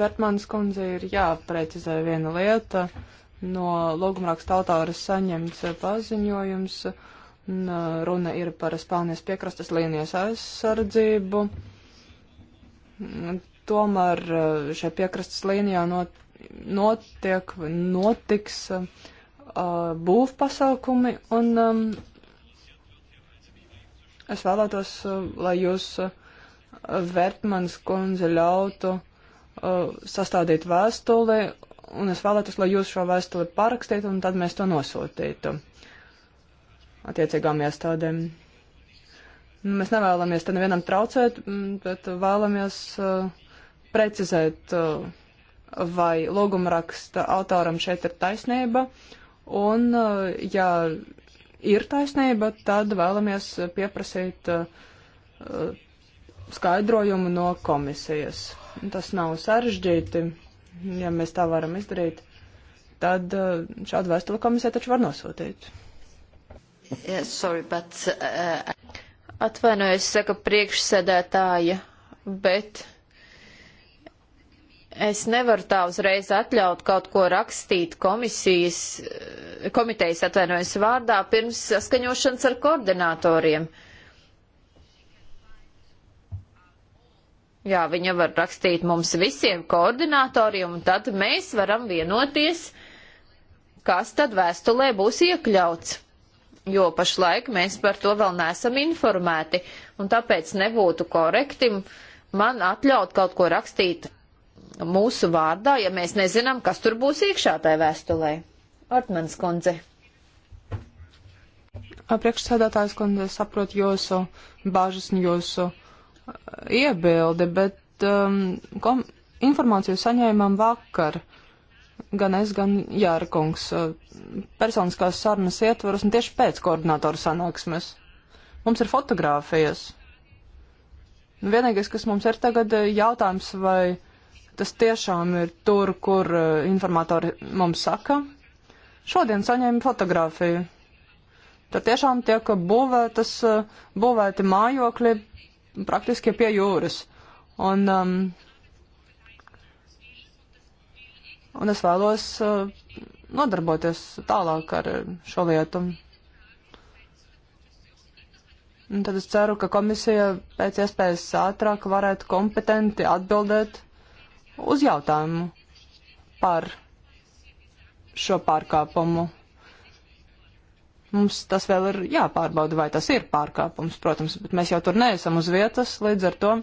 Vertmanas kundze ir jāprecizē viena lieta. No logumraksta autora saņemts eh, paziņojums, eh, runa ir par Spānijas piekrastes līnijas aizsardzību. Tomēr šai piekrastes līnijā not notiek, notiks uh, būvpasaukumi, un um, es vēlētos, uh, lai jūs uh, Vertmans kundze ļautu uh, sastādīt vēstuli, un es vēlētos, lai jūs šo vēstuli parakstītu, un tad mēs to nosūtītu attiecīgām iestādēm. Nu, mēs nevēlamies te nevienam traucēt, mm, bet vēlamies uh, precizēt. Uh, vai logumraksta autoram šeit ir taisnība, un eh, ja ir taisnība, tad vēlamies pieprasīt eh, skaidrojumu no komisijas. Tas nav sarežģīti, ja mēs tā varam izdarīt, tad eh, šādu vēstuli komisija taču var nosūtīt. Yeah, sorry, but, uh, uh Atvainojos, saka priekšsēdētāja, bet Es nevaru tā uzreiz atļaut kaut ko rakstīt komisijas, komitejas atvainojas vārdā pirms saskaņošanas ar koordinatoriem. Jā, viņa var rakstīt mums visiem koordinatoriem, un tad mēs varam vienoties, kas tad vēstulē būs iekļauts. Jo pašlaik mēs par to vēl neesam informēti, un tāpēc nebūtu korekti man atļaut kaut ko rakstīt mūsu vārdā, ja mēs nezinām, kas tur būs iekšā tajā vēstulē. Ortmans kundze. Priekšsēdētājs kundze saprot jūsu bāžas un jūsu uh, iebildi, bet um, kom, informāciju saņēmām vakar. Gan es, gan Jārkungs uh, personiskās sarunas ietvaros un tieši pēc koordinātoru sanāksmes. Mums ir fotogrāfijas. Vienīgais, kas mums ir tagad uh, jautājums, vai Tas tiešām ir tur, kur eh, informatori mums saka. Šodien saņēmu fotografiju. Tad tiešām tiek būvētas, eh, būvēti mājokļi praktiski pie jūras. Un, um, un es vēlos uh, nodarboties tālāk ar šo lietu. Un tad es ceru, ka komisija pēc iespējas ātrāk varētu kompetenti atbildēt uz jautājumu par šo pārkāpumu. Mums tas vēl ir jāpārbauda, vai tas ir pārkāpums, protams, bet mēs jau tur neesam uz vietas, līdz ar to uh,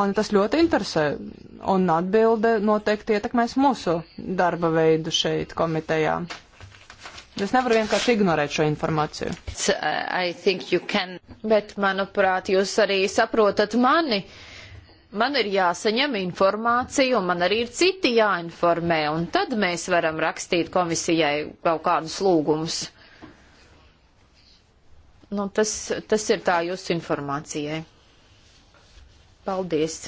mani tas ļoti interesē, un atbilde noteikti ietekmēs mūsu darba veidu šeit komitejā. Es nevaru vienkārši ignorēt šo informāciju. Uh, can... Bet, manuprāt, jūs arī saprotat mani. Uh, man ir jāsaņem informācija, un man arī ir citi jāinformē, un tad mēs varam rakstīt komisijai kaut kādus lūgumus. Nu, tas, tas ir tā jūsu informācijai. Paldies!